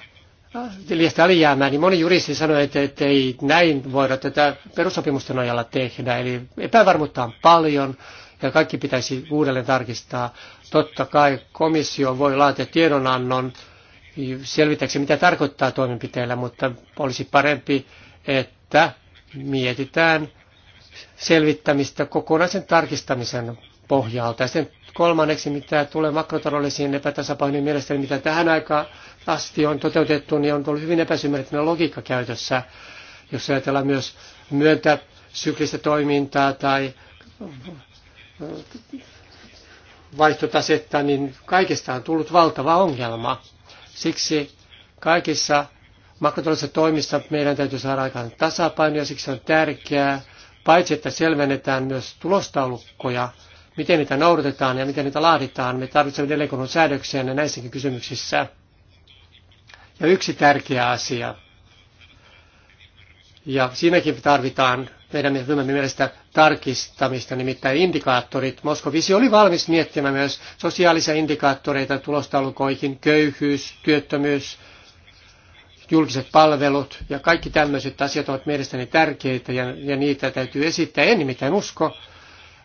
liiallista alijäämää, niin moni juristi sanoi, että, että ei näin voida tätä perussopimusten ajalla tehdä. Eli epävarmuutta on paljon ja kaikki pitäisi uudelleen tarkistaa. Totta kai komissio voi laatia tiedonannon selvitäkseen, mitä tarkoittaa toimenpiteillä, mutta olisi parempi, että mietitään selvittämistä kokonaisen tarkistamisen pohjalta. Ja sitten kolmanneksi, mitä tulee makrotaloudellisiin epätasapainoihin mielestäni, mitä tähän aikaan asti on toteutettu, niin on ollut hyvin epäsymmärrettäinen logiikka käytössä, jos ajatellaan myös myöntä syklistä toimintaa tai vaihtotasetta, niin kaikesta on tullut valtava ongelma. Siksi kaikissa makrotaloudellisissa toimissa meidän täytyy saada aikaan tasapaino ja siksi on tärkeää, paitsi että selvennetään myös tulostaulukkoja, miten niitä noudatetaan ja miten niitä laaditaan. Me tarvitsemme delegoidun säädöksen näissäkin kysymyksissä. Ja yksi tärkeä asia, ja siinäkin tarvitaan meidän ryhmämme mielestä tarkistamista, nimittäin indikaattorit. Moskovisi oli valmis miettimään myös sosiaalisia indikaattoreita tulostaulukoihin, köyhyys, työttömyys, julkiset palvelut ja kaikki tämmöiset asiat ovat mielestäni tärkeitä ja, ja niitä täytyy esittää. En nimittäin usko,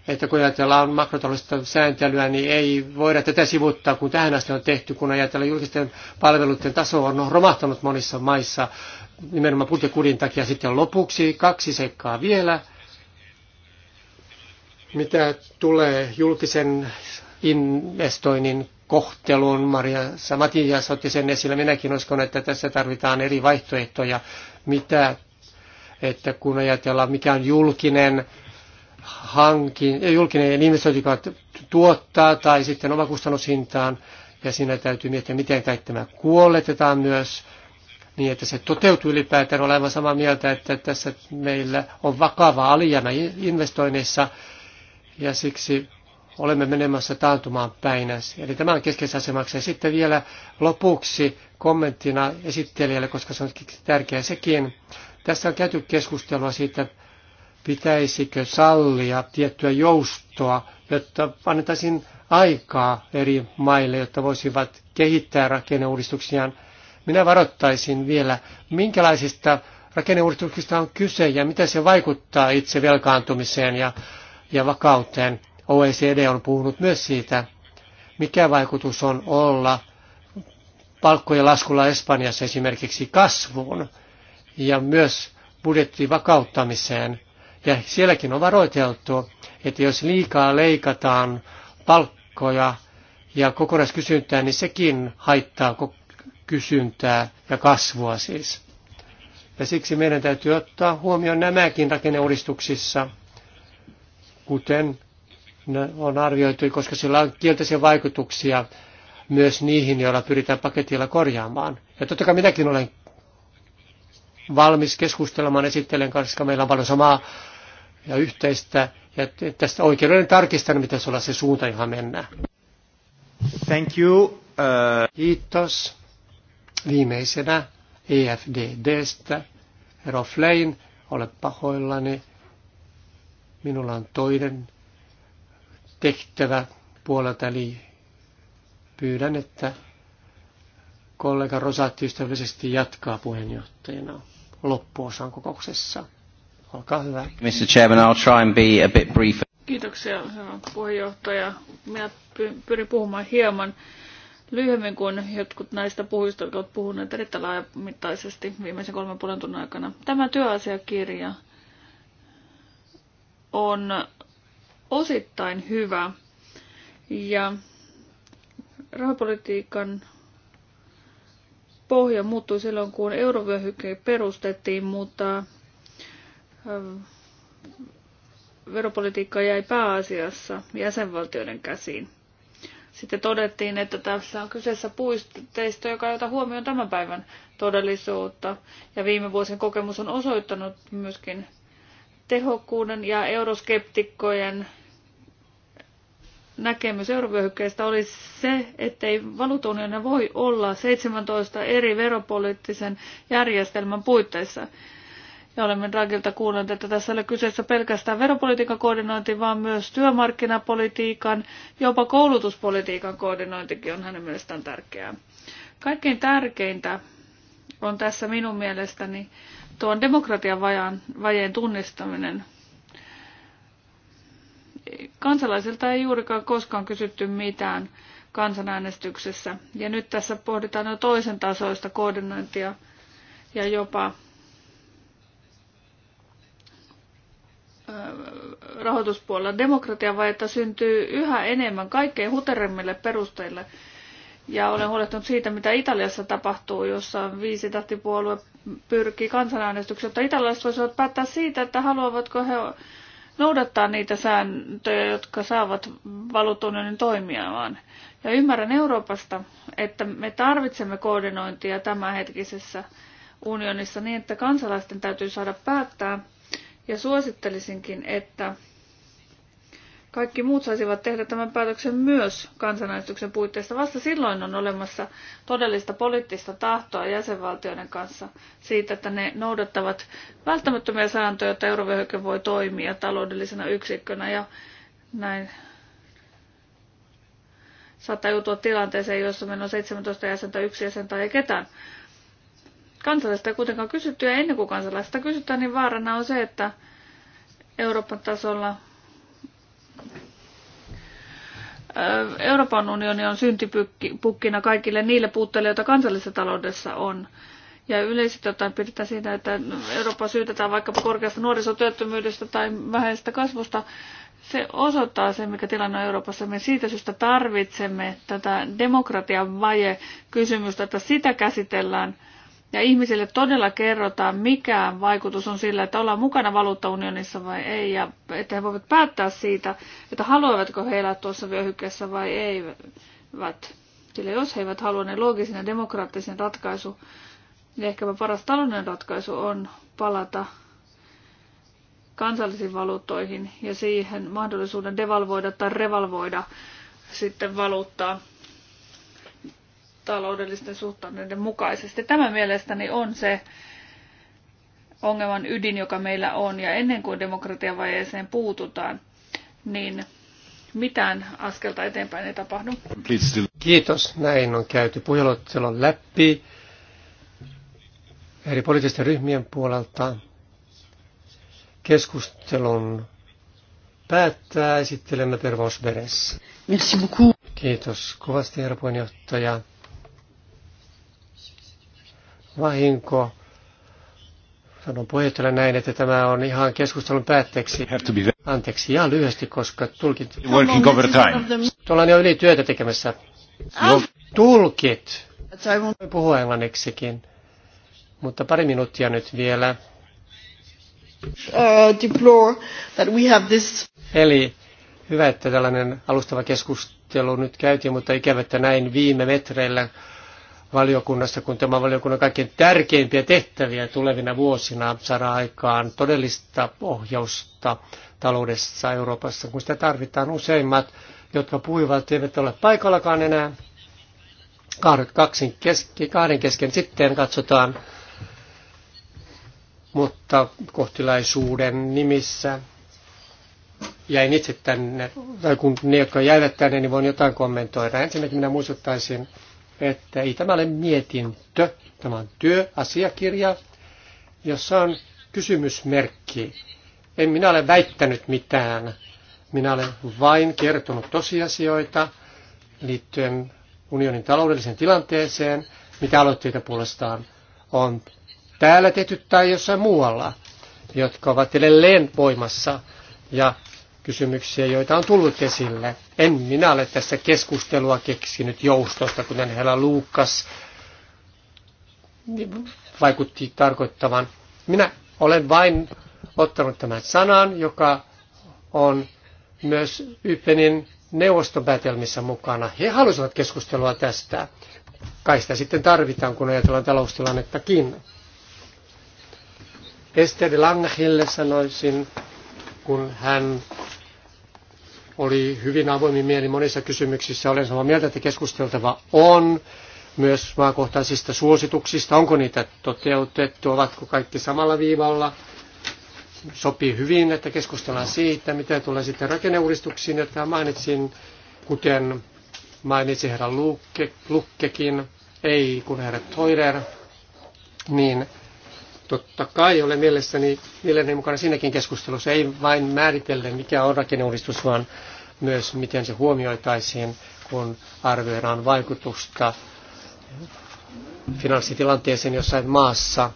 että kun ajatellaan makrotaloudellista sääntelyä, niin ei voida tätä sivuttaa, kun tähän asti on tehty, kun ajatellaan julkisten palveluiden taso on romahtanut monissa maissa nimenomaan putekudin takia. Sitten lopuksi kaksi sekkaa vielä, mitä tulee julkisen investoinnin kohteluun. Maria Samatias otti sen esille. Minäkin uskon, että tässä tarvitaan eri vaihtoehtoja, mitä, että kun ajatellaan mikä on julkinen hankin, julkinen investointi, joka tuottaa tai sitten omakustannushintaan. Ja siinä täytyy miettiä, miten kaikki tämä kuoletetaan myös niin, että se toteutuu ylipäätään. Olen aivan samaa mieltä, että tässä meillä on vakava alijäämä investoinneissa ja siksi olemme menemässä taantumaan päin. Eli tämä on keskeisessä asemassa. Ja sitten vielä lopuksi kommenttina esittelijälle, koska se on tärkeä sekin. Tässä on käyty keskustelua siitä, pitäisikö sallia tiettyä joustoa, jotta annettaisiin aikaa eri maille, jotta voisivat kehittää rakenneuudistuksiaan. Minä varoittaisin vielä, minkälaisista rakenneuudistuksista on kyse ja mitä se vaikuttaa itse velkaantumiseen ja, ja vakauteen. OECD on puhunut myös siitä, mikä vaikutus on olla palkkojen laskulla Espanjassa esimerkiksi kasvuun ja myös budjettivakauttamiseen – ja sielläkin on varoiteltu, että jos liikaa leikataan palkkoja ja kokonaiskysyntää, niin sekin haittaa kysyntää ja kasvua siis. Ja siksi meidän täytyy ottaa huomioon nämäkin rakenneuudistuksissa, kuten on arvioitu, koska sillä on kielteisiä vaikutuksia myös niihin, joilla pyritään paketilla korjaamaan. Ja totta kai minäkin olen valmis keskustelemaan esittelen kanssa, koska meillä on paljon samaa ja yhteistä. Ja tästä oikeuden tarkistaminen pitäisi olla se suunta, johon mennään. Thank you. Uh... Kiitos. Viimeisenä EFDDstä. Herra Flein, ole pahoillani. Minulla on toinen tehtävä puolelta, eli pyydän, että kollega Rosatti ystävällisesti jatkaa puheenjohtajana loppuosan kokouksessa. Olkaa hyvä. Mr. Chairman, I'll try and be a bit brief. Kiitoksia, puheenjohtaja. Minä pyrin puhumaan hieman lyhyemmin kuin jotkut näistä puhujista, jotka ovat puhuneet erittäin laajamittaisesti viimeisen kolmen puolen tunnin aikana. Tämä työasiakirja on osittain hyvä ja rahapolitiikan pohja muuttui silloin, kun eurovyöhyke perustettiin, mutta Ähm, veropolitiikka jäi pääasiassa jäsenvaltioiden käsiin. Sitten todettiin, että tässä on kyseessä puisteisto, joka ei ota huomioon tämän päivän todellisuutta. Ja viime vuosien kokemus on osoittanut myöskin tehokkuuden ja euroskeptikkojen näkemys eurovyöhykkeestä oli se, ettei valuutunionia voi olla 17 eri veropoliittisen järjestelmän puitteissa. Ja olemme Dragilta kuulleet, että tässä ei ole kyseessä pelkästään veropolitiikan koordinointi, vaan myös työmarkkinapolitiikan, jopa koulutuspolitiikan koordinointikin on hänen mielestään tärkeää. Kaikkein tärkeintä on tässä minun mielestäni tuon demokratian vajan, vajeen tunnistaminen. Kansalaisilta ei juurikaan koskaan kysytty mitään kansanäänestyksessä. Ja nyt tässä pohditaan jo toisen tasoista koordinointia ja jopa rahoituspuolella demokratiavajetta syntyy yhä enemmän kaikkein huteremmille perusteille. Ja olen huolehtunut siitä, mitä Italiassa tapahtuu, jossa viisi tahtipuolue pyrkii kansanäänestykseen, jotta italialaiset voisivat päättää siitä, että haluavatko he noudattaa niitä sääntöjä, jotka saavat valuutunionin toimimaan. Ja ymmärrän Euroopasta, että me tarvitsemme koordinointia tämänhetkisessä unionissa niin, että kansalaisten täytyy saada päättää, ja suosittelisinkin, että kaikki muut saisivat tehdä tämän päätöksen myös kansanäänestyksen puitteissa. Vasta silloin on olemassa todellista poliittista tahtoa jäsenvaltioiden kanssa siitä, että ne noudattavat välttämättömiä sääntöjä, että eurovyöhyke voi toimia taloudellisena yksikkönä ja näin saattaa joutua tilanteeseen, jossa meillä on 17 jäsentä, yksi jäsen tai ei ketään kansalaisista ei kuitenkaan kysytty ja ennen kuin kansalaisista kysytään, niin vaarana on se, että Euroopan tasolla Euroopan unioni on syntipukkina kaikille niille puutteille, joita kansallisessa taloudessa on. Ja yleisesti ottaen pidetään siinä, että Eurooppa syytetään vaikkapa korkeasta nuorisotyöttömyydestä tai vähäisestä kasvusta. Se osoittaa sen, mikä tilanne on Euroopassa. Me siitä syystä tarvitsemme tätä demokratian vaje-kysymystä, että sitä käsitellään – ja ihmisille todella kerrotaan, mikä vaikutus on sillä, että ollaan mukana valuuttaunionissa vai ei, ja että he voivat päättää siitä, että haluavatko he elää tuossa vyöhykkeessä vai eivät. Sillä jos he eivät halua, niin loogisen ja demokraattisen ratkaisu, niin ehkäpä paras taloudellinen ratkaisu on palata kansallisiin valuuttoihin ja siihen mahdollisuuden devalvoida tai revalvoida sitten valuuttaa taloudellisten suhteiden mukaisesti. Tämä mielestäni on se ongelman ydin, joka meillä on. Ja ennen kuin demokratiavajeeseen puututaan, niin mitään askelta eteenpäin ei tapahdu. Kiitos. Näin on käyty puhelottelon läpi eri poliittisten ryhmien puolelta. Keskustelun päättää esittelemme Pervos Beres. Kiitos kovasti, herra puheenjohtaja vahinko. Sanon puheenjohtajalle näin, että tämä on ihan keskustelun päätteeksi. Anteeksi, ja lyhyesti, koska tulkit... Working overtime. Ollaan jo yli työtä tekemässä. Ah! Tulkit. Voi puhua englanniksikin. Mutta pari minuuttia nyt vielä. Uh, deplore that we have this... Eli hyvä, että tällainen alustava keskustelu nyt käytiin, mutta ikävä, että näin viime metreillä valiokunnassa, kun tämä valiokunnan kaikkein tärkeimpiä tehtäviä tulevina vuosina saada aikaan todellista ohjausta taloudessa Euroopassa, kun sitä tarvitaan useimmat, jotka puhuivat, eivät ole paikallakaan enää. Kaksin keski, kahden kesken sitten katsotaan, mutta kohtilaisuuden nimissä jäin itse tänne, tai kun ne, jotka jäivät tänne, niin voin jotain kommentoida. Ensinnäkin minä muistuttaisin että ei tämä ole mietintö, tämä on työasiakirja, jossa on kysymysmerkki. En minä ole väittänyt mitään. Minä olen vain kertonut tosiasioita liittyen unionin taloudelliseen tilanteeseen, mitä aloitteita puolestaan on täällä tehty tai jossain muualla, jotka ovat edelleen voimassa ja kysymyksiä, joita on tullut esille. En minä ole tässä keskustelua keksinyt joustosta, kuten Hela Luukas vaikutti tarkoittavan. Minä olen vain ottanut tämän sanan, joka on myös YPENin neuvostopäätelmissä mukana. He halusivat keskustelua tästä. Kai sitä sitten tarvitaan, kun ajatellaan taloustilannettakin. Esteri Langehille sanoisin, kun hän oli hyvin avoimin mieli monissa kysymyksissä. Olen samaa mieltä, että keskusteltava on myös maakohtaisista suosituksista. Onko niitä toteutettu? Ovatko kaikki samalla viivalla? Sopii hyvin, että keskustellaan siitä, mitä tulee sitten rakenneuudistuksiin, jotka mainitsin, kuten mainitsi herra Lukke, Lukkekin, ei kun herra Toiler, niin Totta kai olen mielessäni mielelläni mukana siinäkin keskustelussa, ei vain määritellä mikä on rakenneuudistus, vaan myös miten se huomioitaisiin, kun arvioidaan vaikutusta finanssitilanteeseen jossain maassa.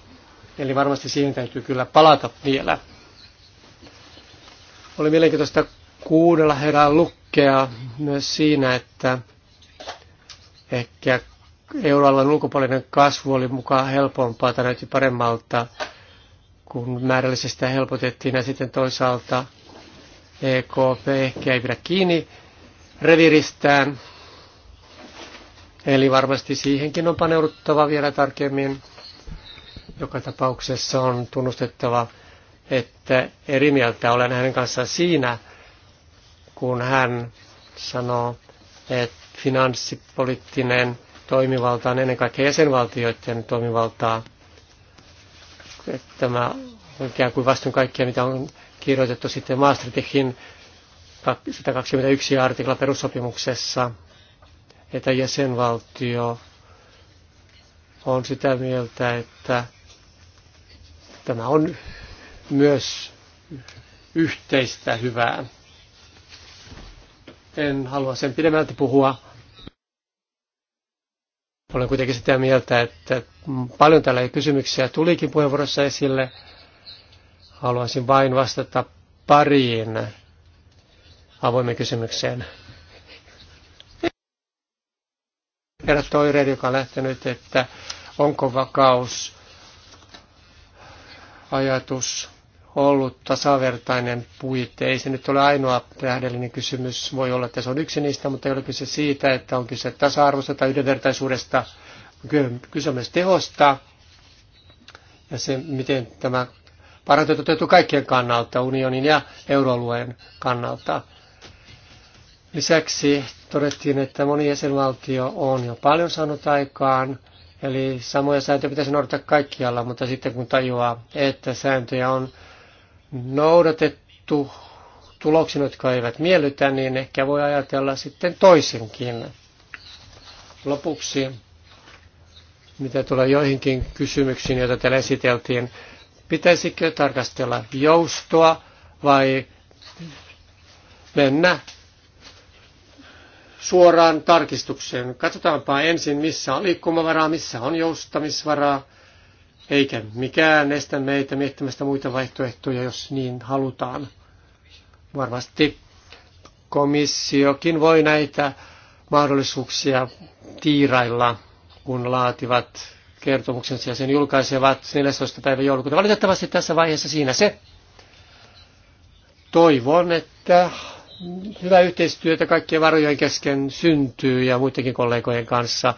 Eli varmasti siihen täytyy kyllä palata vielä. Oli mielenkiintoista kuudella herää lukkea myös siinä, että ehkä euroalueen ulkopuolinen kasvu oli mukaan helpompaa tai näytti paremmalta, kun sitä helpotettiin ja sitten toisaalta EKP ehkä ei pidä kiinni reviristään. Eli varmasti siihenkin on paneuduttava vielä tarkemmin. Joka tapauksessa on tunnustettava, että eri mieltä olen hänen kanssaan siinä, kun hän sanoo, että finanssipoliittinen toimivaltaan, ennen kaikkea jäsenvaltioiden toimivaltaa. Tämä on ikään kuin vastuun kaikkia, mitä on kirjoitettu sitten Maastrichtin 121 artikla perussopimuksessa, että jäsenvaltio on sitä mieltä, että tämä on myös yhteistä hyvää. En halua sen pidemmälti puhua olen kuitenkin sitä mieltä, että paljon tällä kysymyksiä tulikin puheenvuorossa esille. Haluaisin vain vastata pariin avoimen kysymykseen. Herra Toireen, joka on lähtenyt, että onko vakaus ajatus ollut tasavertainen puite. Ei se nyt ole ainoa tähdellinen kysymys. Voi olla, että se on yksi niistä, mutta ei ole kyse siitä, että on kyse tasa-arvosta tai yhdenvertaisuudesta. Kyse on myös tehosta ja se, miten tämä parantaa toteutuu kaikkien kannalta, unionin ja euroalueen kannalta. Lisäksi todettiin, että moni jäsenvaltio on jo paljon saanut aikaan, eli samoja sääntöjä pitäisi noudattaa kaikkialla, mutta sitten kun tajuaa, että sääntöjä on noudatettu tuloksia, jotka eivät miellytä, niin ehkä voi ajatella sitten toisenkin. Lopuksi, mitä tulee joihinkin kysymyksiin, joita täällä esiteltiin, pitäisikö tarkastella joustoa vai mennä suoraan tarkistukseen. Katsotaanpa ensin, missä on liikkumavaraa, missä on joustamisvaraa, eikä mikään estä meitä miettimästä muita vaihtoehtoja, jos niin halutaan. Varmasti komissiokin voi näitä mahdollisuuksia tiirailla, kun laativat kertomuksensa ja sen julkaisevat 14. päivä joulukuuta. Valitettavasti tässä vaiheessa siinä se. Toivon, että hyvää yhteistyötä kaikkien varojen kesken syntyy ja muidenkin kollegojen kanssa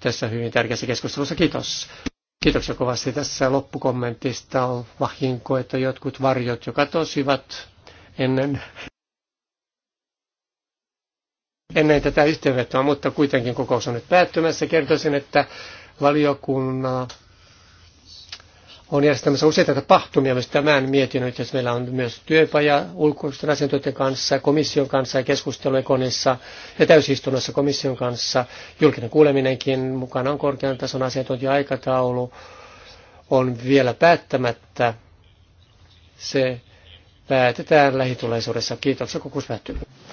tässä hyvin tärkeässä keskustelussa. Kiitos. Kiitoksia kovasti tässä loppukommentista. On vahinko, että jotkut varjot jo katosivat ennen, ennen tätä yhteenvetoa, mutta kuitenkin kokous on nyt päättymässä. Kertoisin, että valiokunnan on järjestämässä useita tapahtumia myös tämän mietinnön yhteydessä. Meillä on myös työpaja ulkoisten asiantuntijoiden kanssa, komission kanssa ja keskustelu ja täysistunnossa komission kanssa. Julkinen kuuleminenkin mukana on korkean tason asiantuntija-aikataulu. On vielä päättämättä. Se päätetään lähitulevaisuudessa. Kiitoksia, kokous päättyy.